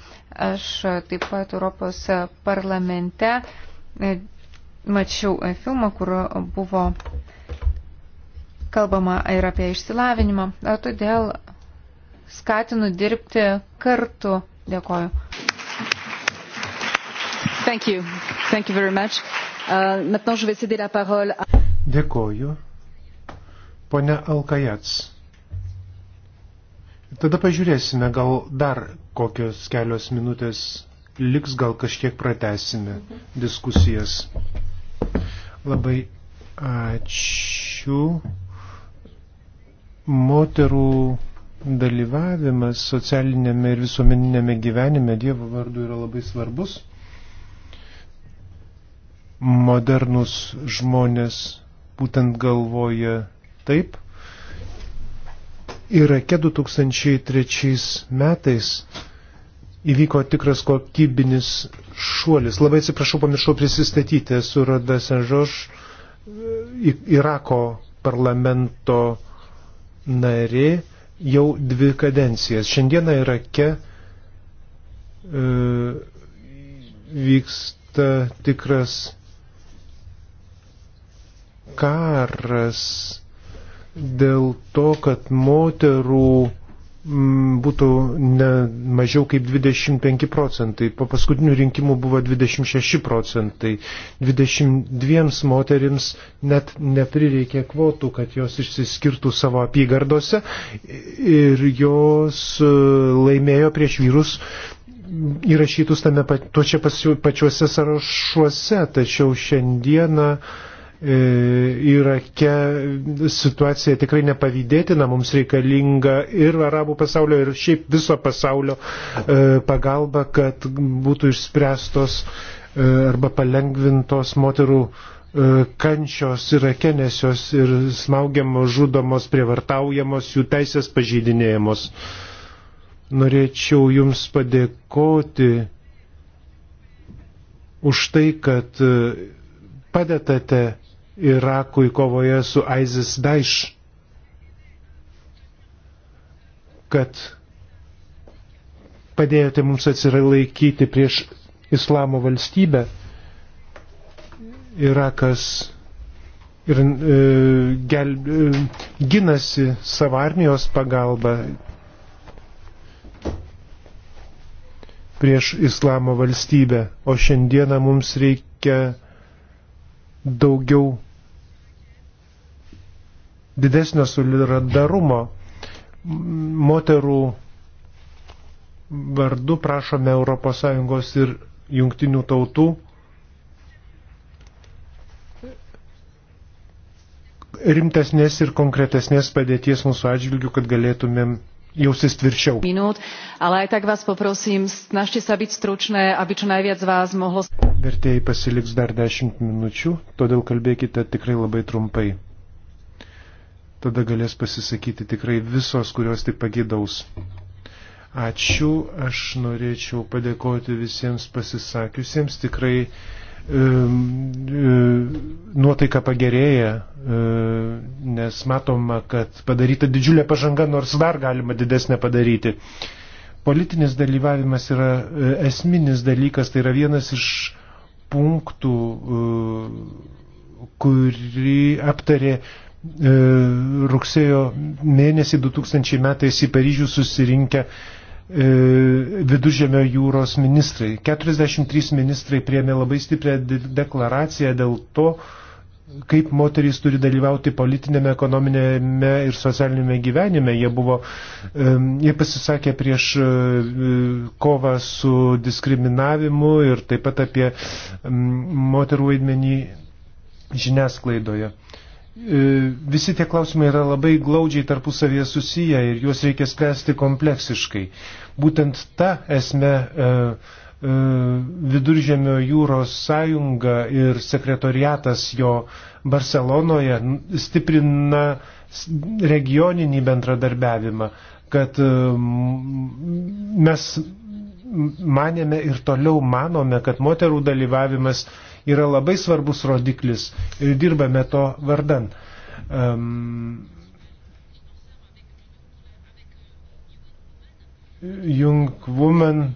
Aš taip pat Europos parlamente mačiau e, filmą, kur buvo kalbama ir apie išsilavinimą. Todėl skatinu dirbti kartu. Dėkoju. Thank you. Thank you very much. Uh, maintenant, je vais céder la parole à... Dėkoju. Pone Alkajats. Tada pažiūrėsime, gal dar kokios kelios minutės liks, gal kažkiek pratesime diskusijas. Labai ačiū. Moterų dalyvavimas socialinėme ir visuomeninėme gyvenime Dievo vardu yra labai svarbus. Modernus žmonės būtent galvoja taip. Irake 2003 metais įvyko tikras kokybinis šuolis. Labai atsiprašau, pamiršau prisistatyti, esu Rada Senžoš, Irako parlamento narė jau dvi kadencijas. Šiandieną Irake e, vyksta tikras karas dėl to, kad moterų būtų ne mažiau kaip 25 procentai. Po paskutinių rinkimų buvo 26 procentai. 22 moterims net neprireikė kvotų, kad jos išsiskirtų savo apygardose ir jos e, laimėjo prieš vyrus įrašytus tame pačiuose sąrašuose. Tačiau šiandieną uh, Irake e, situacija tikrai nepavydėtina, mums reikalinga ir arabų pasaulio, ir šiaip viso pasaulio e, pagalba, kad būtų išspręstos e, arba palengvintos moterų kančios Irake, nes jos ir smaugiamos, žudomos, prievartaujamos, jų teisės pažydinėjamos. Norėčiau Jums padėkoti už tai, kad padedate Irakui kovoje su ISIS Daesh, kad padėjote mums atsiralaikyti prieš islamo valstybę. Irakas ir e, gel, e, ginasi savo armijos pagalba prieš islamo valstybę, o šiandieną mums reikia daugiau didesnio solidarumo. Moterų vardu prašome ES ir jungtinių tautų rimtesnės ir konkretesnės padėties mūsų atžvilgių, kad galėtumėm jaustis tvirčiau. Minut, ale aj tak vás poprosím, snažte sa byť stručné, aby čo najviac vás mohlo... Vertėjai pasiliks dar 10 minučių, todėl kalbėkite tikrai labai trumpai. Tada galės pasisakyti tikrai visos, kurios tik pagėdaus. Ačiū, aš norėčiau padėkoti visiems pasisakiusiems, tikrai e, e, nuotaika pagerėja, e, nes matoma, kad padaryta didžiulė pažanga, nors dar galima didesnę padaryti. Politinis dalyvavimas yra e, esminis dalykas, tai yra vienas iš punktų, e, kurį aptarė E, rugsėjo mėnesį 2000 metais į Paryžių susirinkę e, viduržėmio jūros ministrai. 43 ministrai priemė labai stiprią deklaraciją dėl to, kaip moterys turi dalyvauti politinėme, ekonominėme ir socialinėme gyvenime. Jie, buvo, e, jie pasisakė prieš kovą su diskriminavimu ir taip pat apie moterų vaidmenį žiniasklaidoje. E, visi tie klausimai yra labai glaudžiai tarpusavėje susiję ir juos reikia spręsti kompleksiškai. Būtent ta esme e, e, viduržėmio jūros sąjunga ir sekretoriatas jo Barcelonoje stiprina regioninį bendradarbiavimą, kad e, mes manėme ir toliau manome, kad moterų dalyvavimas e, yra labai svarbus rodiklis ir dirbame to vardan. Um, Jung Woman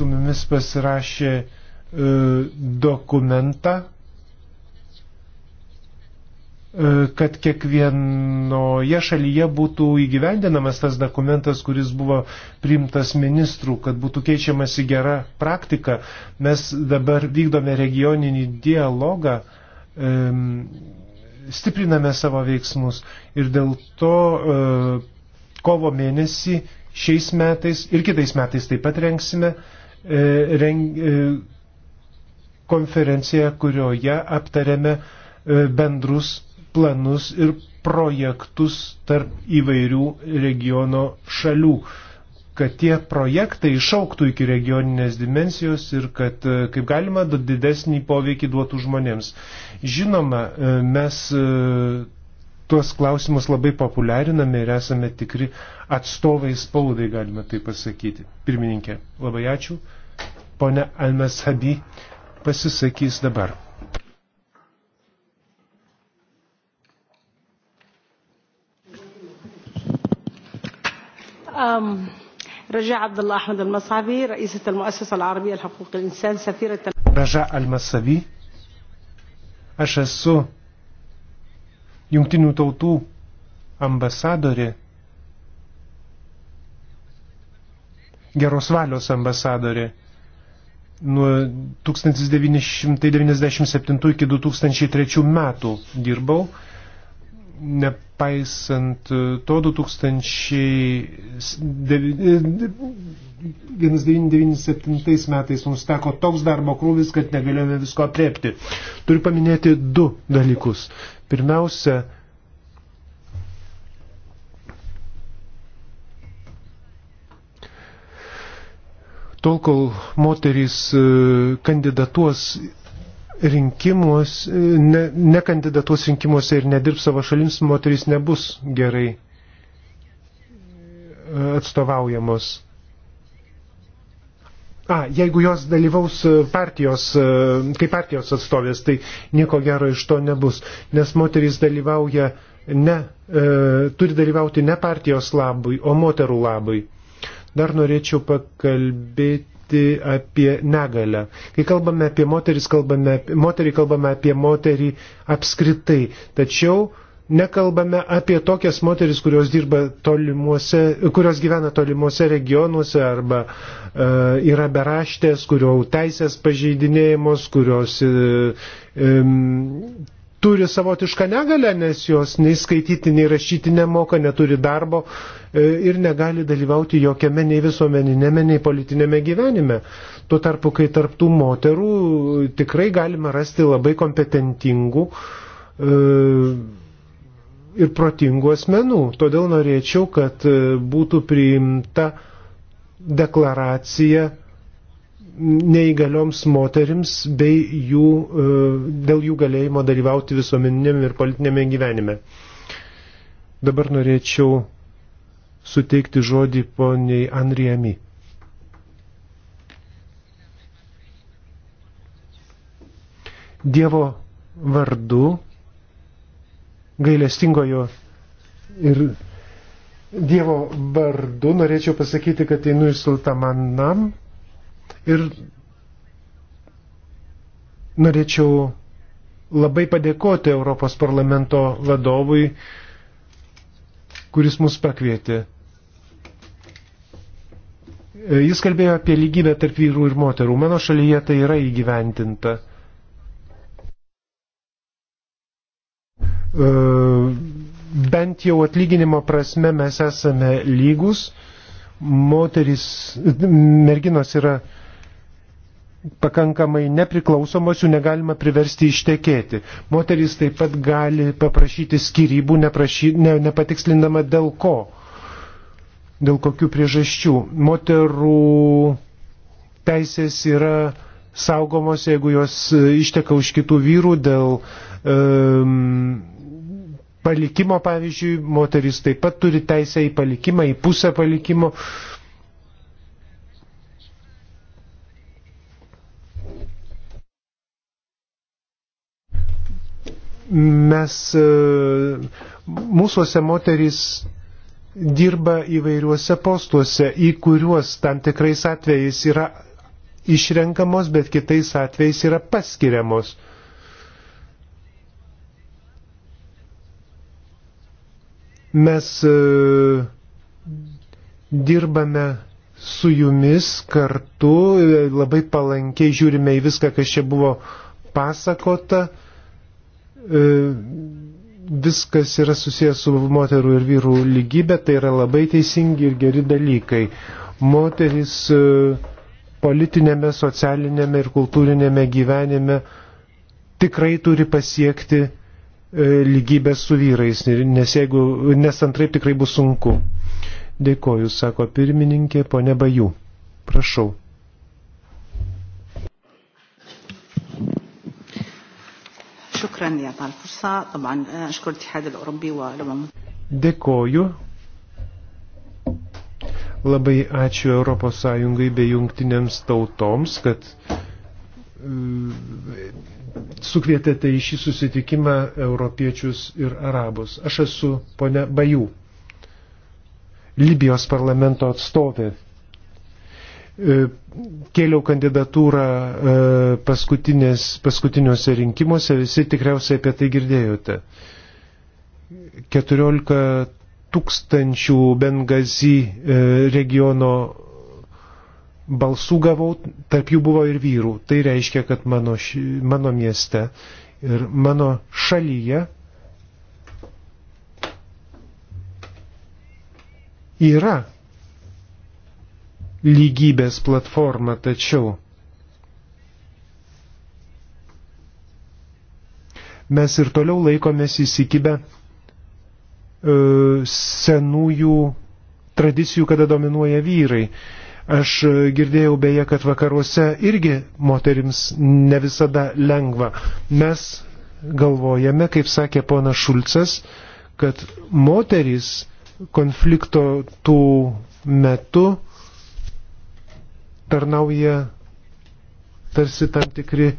su mumis pasirašė e, dokumentą E, kad kiekvienoje šalyje būtų įgyvendinamas tas dokumentas, kuris buvo priimtas ministrų, kad būtų keičiamasi gera praktika. Mes dabar vykdome regioninį dialogą, stipriname savo veiksmus ir dėl to e, kovo mėnesį šiais metais ir kitais metais taip pat rengsime e, reng, konferenciją, kurioje aptarėme bendrus planus ir projektus tarp įvairių regiono šalių, kad tie projektai išauktų iki regioninės dimensijos ir kad e, kaip galima didesnį poveikį duotų žmonėms. Žinoma, e, mes e, tuos klausimus labai populiariname ir esame tikri atstovai spaudai, galime tai pasakyti. Pirmininkė, labai ačiū. Pone Almes Habi pasisakys dabar. رجاء عبد الله أحمد المصعبي رئيسة المؤسسة العربية لحقوق الإنسان سفيرة رجاء المصعبي Aš esu jungtinių tautų ambasadorė, geros valios ambasadorė nuo 1997 iki 2003 metų dirbau Nepaisant to 1997 metais mums teko toks darbo krūvis, kad negalėjome visko apriepti. Turiu paminėti du dalykus. Pirmiausia, tol, kol moterys e, kandidatuos rinkimus, ne, nekandidatuos rinkimuose ir nedirbs savo šalims, moterys nebus gerai e, atstovaujamos. A, jeigu jos dalyvaus partijos, e, kaip partijos atstovės, tai nieko gero iš to nebus, nes moterys dalyvauja ne, e, turi dalyvauti ne partijos labui, o moterų labui. Dar norėčiau pakalbėti kalbėti apie negalę. Kai kalbame apie moteris, kalbame, moterį kalbame apie moterį apskritai. Tačiau nekalbame apie tokias moteris, kurios, tolimuose, kurios gyvena tolimuose regionuose arba e, yra beraštės, kurio teisės pažeidinėjimos, kurios e, e, turi savotišką negalę, nes jos nei skaityti, nei rašyti nemoka, neturi darbo e, ir negali dalyvauti jokiame nei visuomeninėme, nei politinėme gyvenime. Tuo tarpu, kai tarptų moterų e, tikrai galima rasti labai kompetentingų e, ir protingų asmenų. Todėl norėčiau, kad būtų priimta deklaracija neįgalioms moterims bei jų, e, dėl jų galėjimo dalyvauti visuomeniniam ir politinėme gyvenime. Dabar norėčiau suteikti žodį poniai Anriami. Dievo vardu, gailestingojo ir Dievo vardu norėčiau pasakyti, kad einu į Sultamanam Ir norėčiau labai padėkoti Europos parlamento vadovui, kuris mus pakvietė. Jis kalbėjo apie lygybę tarp vyrų ir moterų. Mano šalyje tai yra įgyventinta. E, bent jau atlyginimo prasme mes esame lygus. Moteris, merginos yra uh, pakankamai nepriklausomos, jų negalima priversti ištekėti. Moterys taip pat gali paprašyti skirybų, neprašy, ne, nepatikslindama dėl ko, dėl kokių priežasčių. Moterų teisės yra saugomos, jeigu jos e, išteka už kitų vyrų dėl um, palikimo, pavyzdžiui, moteris taip pat turi teisę į palikimą, į pusę palikimo. Uh, Mes, e, mūsųse moterys dirba įvairiuose postuose, į kuriuos tam tikrais atvejais yra išrenkamos, bet kitais atvejais yra paskiriamos. Mes e, dirbame su jumis kartu, e, labai palankiai žiūrime į viską, kas čia buvo pasakota E, viskas yra susijęs su moterų ir vyrų lygybė, tai yra labai teisingi ir geri dalykai. Moteris e, politinėme, socialinėme ir kultūrinėme gyvenime tikrai turi pasiekti e, lygybės su vyrais, nes, jeigu, nes antraip tikrai bus sunku. Dėkoju, sako pirmininkė, ponė Bajų. Prašau. شكرا يا طال الفرصة طبعا أشكر الاتحاد الأوروبي والأمم Dėkoju. Labai ačiū Europos Sąjungai bei jungtinėms tautoms, kad mm, sukvietėte į šį susitikimą europiečius ir arabus. Aš esu ponia Bajų, Libijos parlamento atstovė. E, kėliau kandidatūrą e, paskutiniuose rinkimuose, visi tikriausiai apie tai girdėjote. 14 tūkstančių Bengazi e, regiono balsų gavau, tarp jų buvo ir vyrų. Tai reiškia, kad mano, ši, mano mieste ir mano šalyje yra lygybės platformą, tačiau mes ir toliau laikomės įsikibę e, senųjų tradicijų, kada dominuoja vyrai. Aš e, girdėjau beje, kad vakaruose irgi moterims ne visada lengva. Mes galvojame, kaip sakė pona Šulcas, kad moterys konflikto tų metu tarnauja tarsi tam tikri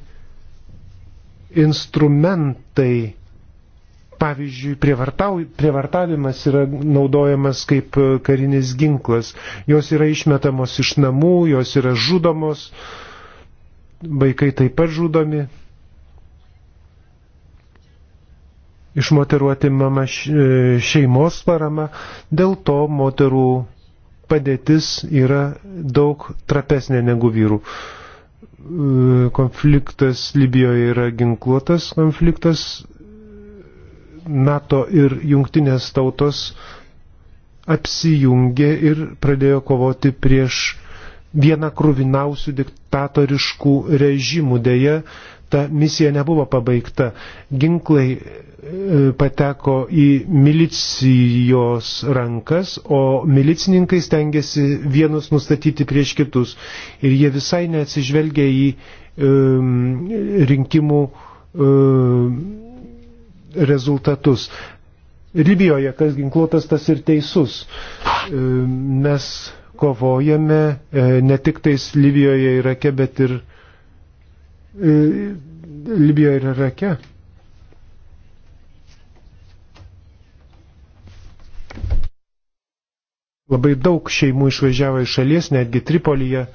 instrumentai. Pavyzdžiui, prievartavimas yra naudojamas kaip e, karinis ginklas. Jos yra išmetamos iš namų, jos yra žudomos, vaikai taip pat žudomi. Išmoteruoti mama e, šeimos parama, dėl to moterų padėtis yra daug trapesnė negu vyrų. E, konfliktas Libijoje yra ginkluotas konfliktas. NATO ir jungtinės tautos apsijungė ir pradėjo kovoti prieš vieną krūvinausių diktatoriškų režimų. Deja, ta misija nebuvo pabaigta. Ginklai e, pateko į milicijos rankas, o milicininkai stengiasi vienus nustatyti prieš kitus ir jie visai neatsižvelgia į um, rinkimų um, rezultatus. Libijoje, kas ginkluotas, tas ir teisus. Um, mes kovojame ne tik tais Libijoje, Irake, bet ir E, Libijoje ir Irake. Labai daug šeimų išvažiavo iš šalies, netgi Tripolyje. E,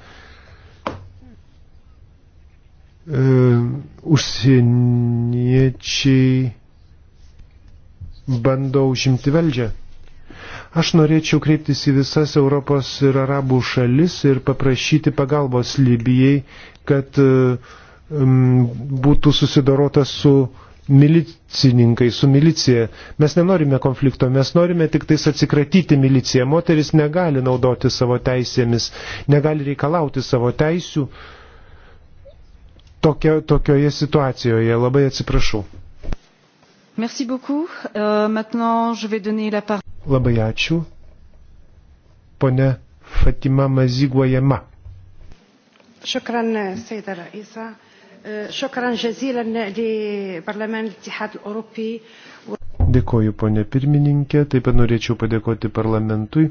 užsieniečiai bando užimti valdžią. Aš norėčiau kreiptis į visas Europos ir Arabų šalis ir paprašyti pagalbos Libijai, kad e, būtų susidorota su milicininkai, su milicija. Mes nenorime konflikto, mes norime tik tais atsikratyti miliciją. Moteris negali naudoti savo teisėmis, negali reikalauti savo teisių tokio, tokioje situacijoje. Labai atsiprašau. Merci beaucoup. Uh, maintenant, je vais donner la parole. Labai ačiū. Pone Fatima Maziguojama. شكرا سيدة رئيسة Šokran žazylan parlament Tihat Europijai. Dėkoju, ponė pirmininkė. Taip pat norėčiau padėkoti parlamentui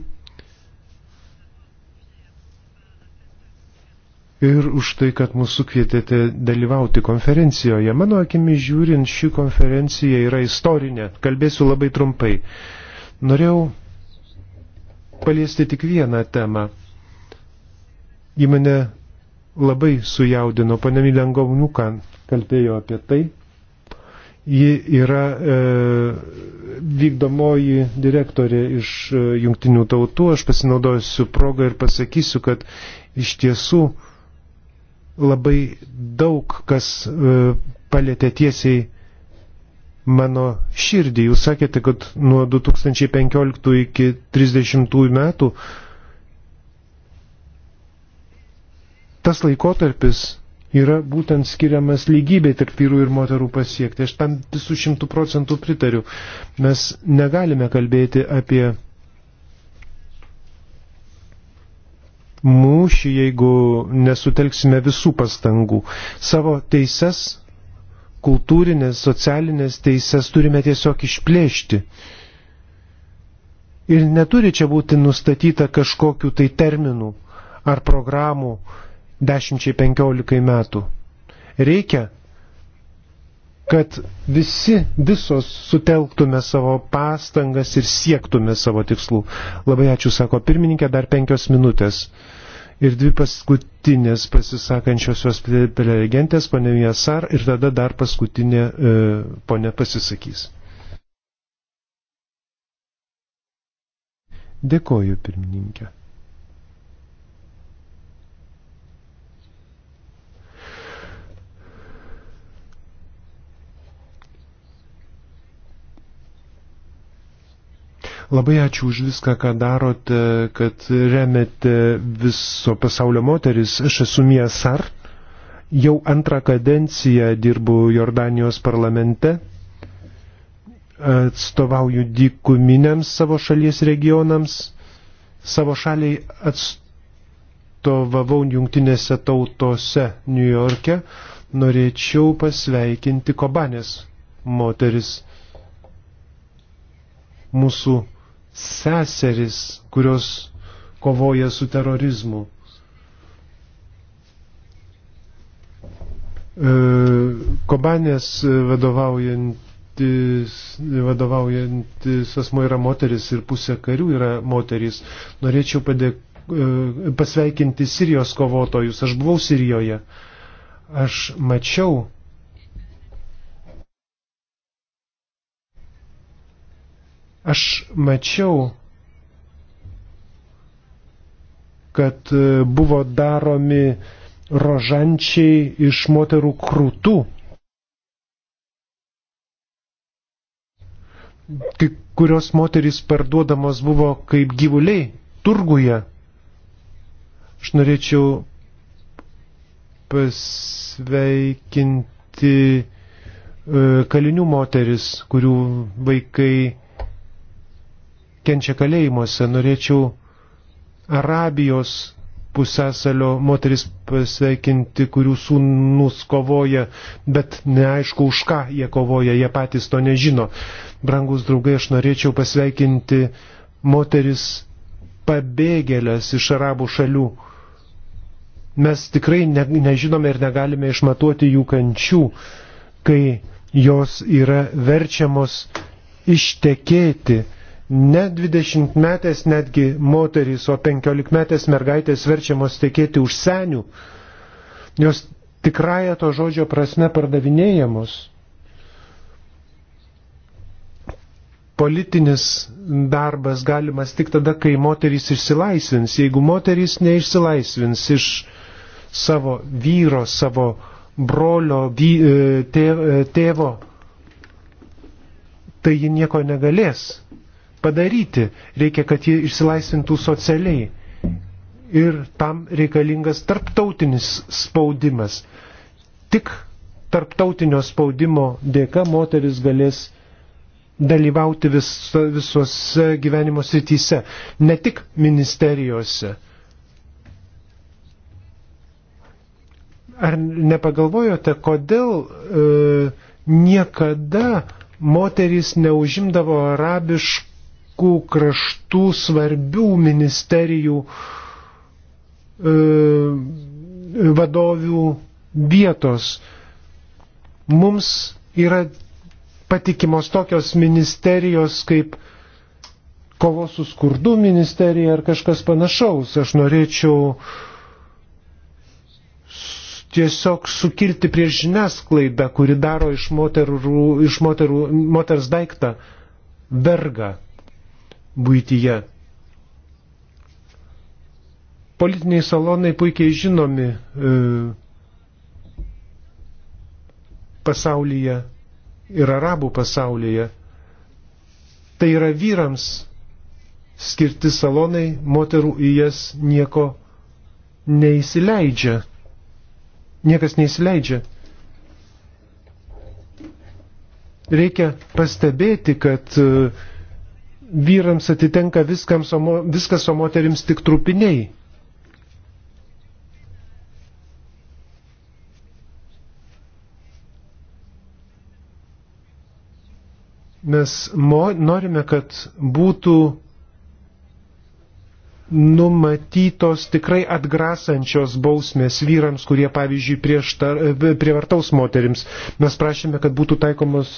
ir už tai, kad mūsų kvietėte dalyvauti konferencijoje. Mano akimi žiūrint, ši konferencija yra istorinė. Kalbėsiu labai trumpai. Norėjau paliesti tik vieną temą. Į mane labai sujaudino. Pane Milengovniukan kalbėjo apie tai. Ji yra e, vykdomoji direktorė iš e, jungtinių tautų. Aš pasinaudosiu progą ir pasakysiu, kad iš tiesų labai daug kas e, palėtė tiesiai mano širdį. Jūs sakėte, kad nuo 2015 iki 30 metų e, tas laikotarpis yra būtent skiriamas lygybei tarp vyrų ir moterų pasiekti. Aš tam visų šimtų procentų pritariu. Mes negalime kalbėti apie mūšį, jeigu nesutelksime visų pastangų. Savo teises, kultūrinės, socialinės teises turime tiesiog išplėšti. Ir neturi čia būti nustatyta kažkokiu tai terminu ar programų 10-15 metų. Reikia, kad visi, visos sutelktume savo pastangas ir siektume savo tikslų. Labai ačiū, sako pirmininkė, dar penkios minutės. Ir dvi paskutinės pasisakančiosios prelegentės, ponė Jasar, ir tada dar paskutinė e, ponė pasisakys. Dėkoju, pirmininkė. Labai ačiū už viską, ką darote, kad remete viso pasaulio moteris. Aš esu Mia Sar, jau antrą kadenciją dirbu Jordanijos parlamente, atstovauju dykuminiams savo šalies regionams, savo šaliai atstovavau jungtinėse tautose New York'e, norėčiau pasveikinti Kobanės moteris mūsų seseris, kurios kovoja su terorizmu. E, Kobanės vadovaujantis, vadovaujantis asmo yra moteris ir pusė karių yra moteris. Norėčiau padėk, e, pasveikinti Sirijos kovotojus. Aš buvau Sirijoje. Aš mačiau, Aš mačiau, kad e, buvo daromi rožančiai iš moterų krūtų. Kai kurios moterys parduodamos buvo kaip gyvuliai turguje. Aš norėčiau pasveikinti e, kalinių moteris, kurių vaikai kenčia kalėjimuose. Norėčiau Arabijos pusęsalio moteris pasveikinti, kurių sūnus kovoja, bet neaišku, už ką jie kovoja, jie patys to nežino. Brangus draugai, aš norėčiau pasveikinti moteris pabėgėlės iš arabų šalių. Mes tikrai ne, nežinome ir negalime išmatuoti jų kančių, kai jos yra verčiamos ištekėti ne 20-metės netgi moterys, o 15-metės mergaitės verčiamos tekėti už senių. Jos tikrąją to žodžio prasme pardavinėjamos. Politinis darbas galimas tik tada, kai moterys išsilaisvins. Jeigu moterys neišsilaisvins iš savo vyro, savo brolio, e, e, tėvo, tai ji nieko negalės padaryti. Reikia, kad ji išsilaisvintų socialiai. Ir tam reikalingas tarptautinis spaudimas. Tik tarptautinio spaudimo dėka moteris galės dalyvauti vis, visuose gyvenimo srityse, ne tik ministerijose. Ar nepagalvojote, kodėl e, niekada moterys neužimdavo arabiškų politikų kraštų svarbių ministerijų e, vadovių vietos. Mums yra patikimos tokios ministerijos kaip kovos su skurdu ministerija ar kažkas panašaus. Aš norėčiau tiesiog sukirti prieš žiniasklaidą, kuri daro iš, moterų, iš moterų, moters daiktą vergą būtyje. Politiniai salonai puikiai žinomi e, pasaulyje ir arabų pasaulyje. Tai yra vyrams skirti salonai, moterų į jas nieko neįsileidžia. Niekas neįsileidžia. Reikia pastebėti, kad e, vyrams atitenka viskams, o, viskas, o moterims tik trupiniai. Mes mo, norime, kad būtų numatytos tikrai atgrasančios bausmės vyrams, kurie, pavyzdžiui, prieštar, e, prievartaus moterims. Mes prašėme, kad būtų taikomos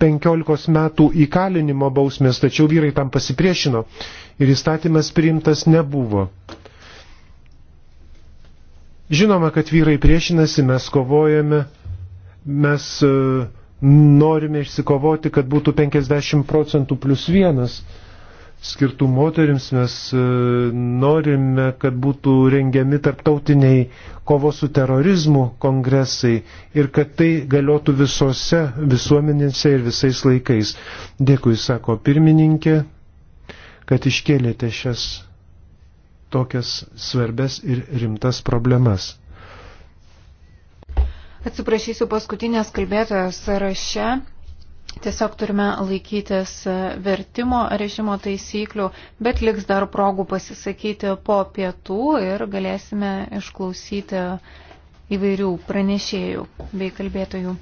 15 metų įkalinimo bausmės, tačiau vyrai tam pasipriešino ir įstatymas priimtas nebuvo. Žinoma, kad vyrai priešinasi, mes kovojame, mes e, norime išsikovoti, kad būtų 50 procentų plus vienas skirtų moteriams, mes e, norime, kad būtų rengiami tarptautiniai kovo su terorizmu kongresai ir kad tai galiotų visose visuomenėse ir visais laikais. Dėkui, sako pirmininkė, kad iškėlėte šias tokias svarbes ir rimtas problemas. Atsiprašysiu paskutinės kalbėtojos sąraše. Tiesiog turime laikytis e, vertimo režimo taisyklių, bet liks dar progų pasisakyti po pietų ir galėsime išklausyti įvairių pranešėjų bei kalbėtojų.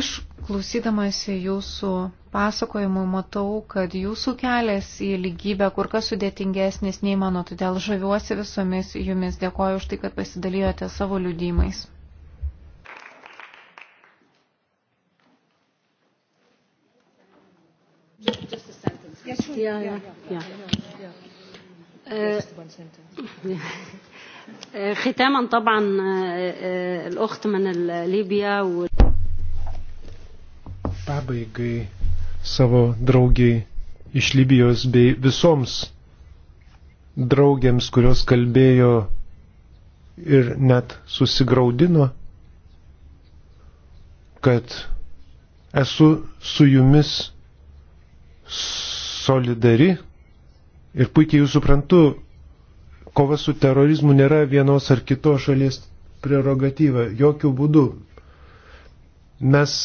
Aš klausydamasi jūsų pasakojimų matau, kad jūsų kelias į lygybę kur kas sudėtingesnis nei mano, todėl žaviuosi visomis jumis, dėkoju už tai, kad pasidalijote savo liudymais. Just a sentence. Yeah, sure. Yeah, yeah. yeah. yeah. yeah. Uh, Just one sentence. Uh, ختاما طبعا uh, الأخت من ليبيا و... Pabaigai savo draugiai iš Libijos bei visoms draugiams, kurios kalbėjo ir net susigaudino, kad esu su jumis solidari ir puikiai jūs suprantu, kova su terorizmu nėra vienos ar kitos šalies prerogatyva, jokių būdų. Mes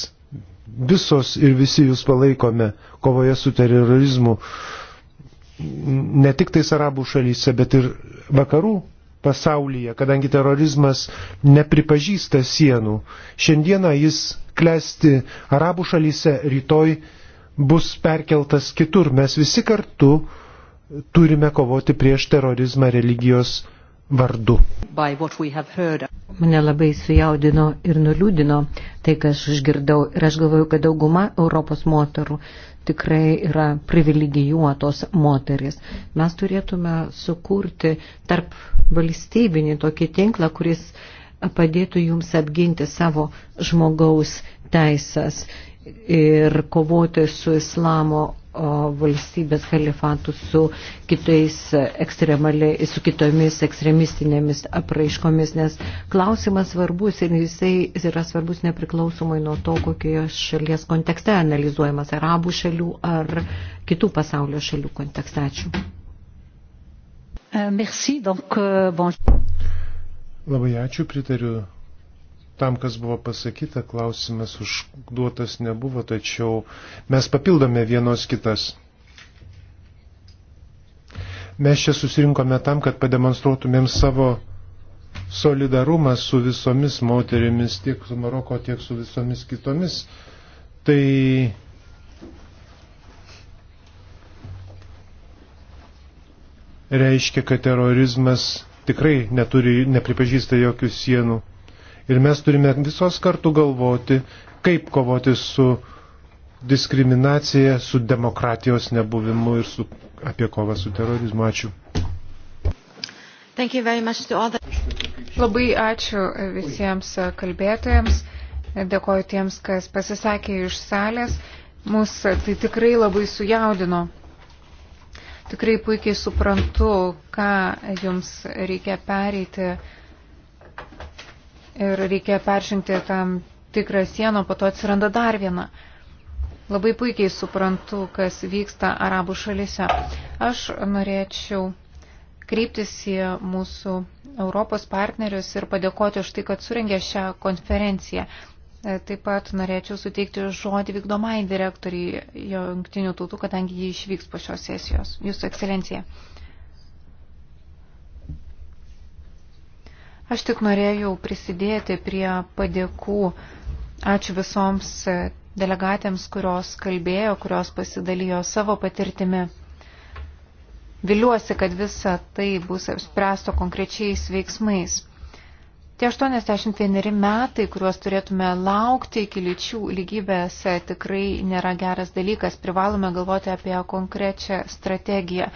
visos ir visi jūs palaikome kovoje su terorizmu, ne tik tais arabų šalyse, bet ir vakarų pasaulyje, kadangi terorizmas nepripažįsta sienų. Šiandieną jis klesti arabų šalyse, rytoj bus perkeltas kitur. Mes visi kartu turime kovoti prieš terorizmą religijos vardu. Mane labai sujaudino ir nuliūdino tai, ką aš išgirdau. Ir aš galvoju, kad dauguma Europos moterų tikrai yra privilegijuotos moteris. Mes turėtume sukurti tarp valstybinį tokį tinklą, kuris padėtų jums apginti savo žmogaus teisės ir kovoti su islamo valstybės kalifatų su, kitais su kitomis ekstremistinėmis apraiškomis, nes klausimas svarbus ir jisai yra svarbus nepriklausomai nuo to, kokioje šalies kontekste analizuojamas, arabų šalių ar kitų pasaulio šalių kontekste. Ačiū. Euh, merci, donc, euh, bon... Labai ačiū, pritariu tam, kas buvo pasakyta, klausimas užduotas nebuvo, tačiau mes papildome vienos kitas. Mes čia susirinkome tam, kad pademonstruotumėm savo solidarumą su visomis moterimis, tiek su Maroko, tiek su visomis kitomis. Tai reiškia, kad terorizmas tikrai neturi, nepripažįsta jokių sienų. Ir mes turime visos kartu galvoti, kaip kovoti su diskriminacija, su demokratijos nebuvimu ir su, apie kovą su terorizmu. Ačiū. Labai ačiū visiems kalbėtojams. Dėkoju tiems, kas pasisakė iš salės. Mūsų tai tikrai labai sujaudino. Tikrai puikiai suprantu, ką jums reikia pereiti ir reikia peržengti tam tikrą sieną, po to atsiranda dar viena. Labai puikiai suprantu, kas vyksta arabų šalise. Aš norėčiau kreiptis į mūsų Europos partnerius ir padėkoti už tai, kad surengė šią konferenciją. E, taip pat norėčiau suteikti žodį vykdomai direktoriai jo jungtinių tautų, kadangi jį išvyks po šios sesijos. Jūsų ekscelencija. Aš tik norėjau prisidėti prie padėkų. Ačiū visoms delegatėms, kurios kalbėjo, kurios pasidalijo savo patirtimi. Viliuosi, kad visa tai bus apspręsto konkrečiais veiksmais. Tie 81 metai, kuriuos turėtume laukti iki lyčių lygybės, tikrai nėra geras dalykas. Privalome galvoti apie konkrečią strategiją.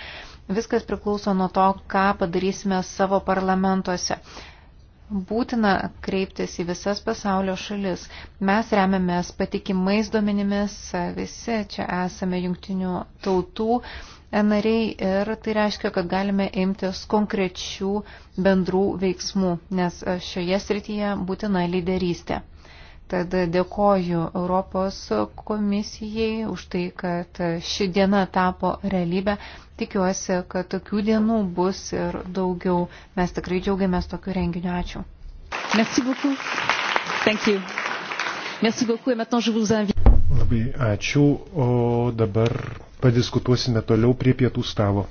Viskas priklauso nuo to, ką padarysime savo parlamentuose būtina kreiptis į visas pasaulio šalis. Mes remiamės patikimais duomenimis, visi čia esame jungtinių tautų e, nariai ir tai reiškia, kad galime imtis konkrečių bendrų veiksmų, nes e, šioje srityje būtina lyderystė. Tad dėkoju Europos komisijai už tai, kad e, ši diena tapo realybę Tikiuosi, kad tokių dienų bus ir daugiau. Mes tikrai džiaugiamės tokiu renginiu. Ačiū. Merci beaucoup. Thank you. Merci beaucoup. Et maintenant, je vous invite. Labai ačiū. O dabar padiskutuosime toliau prie pietų stalo.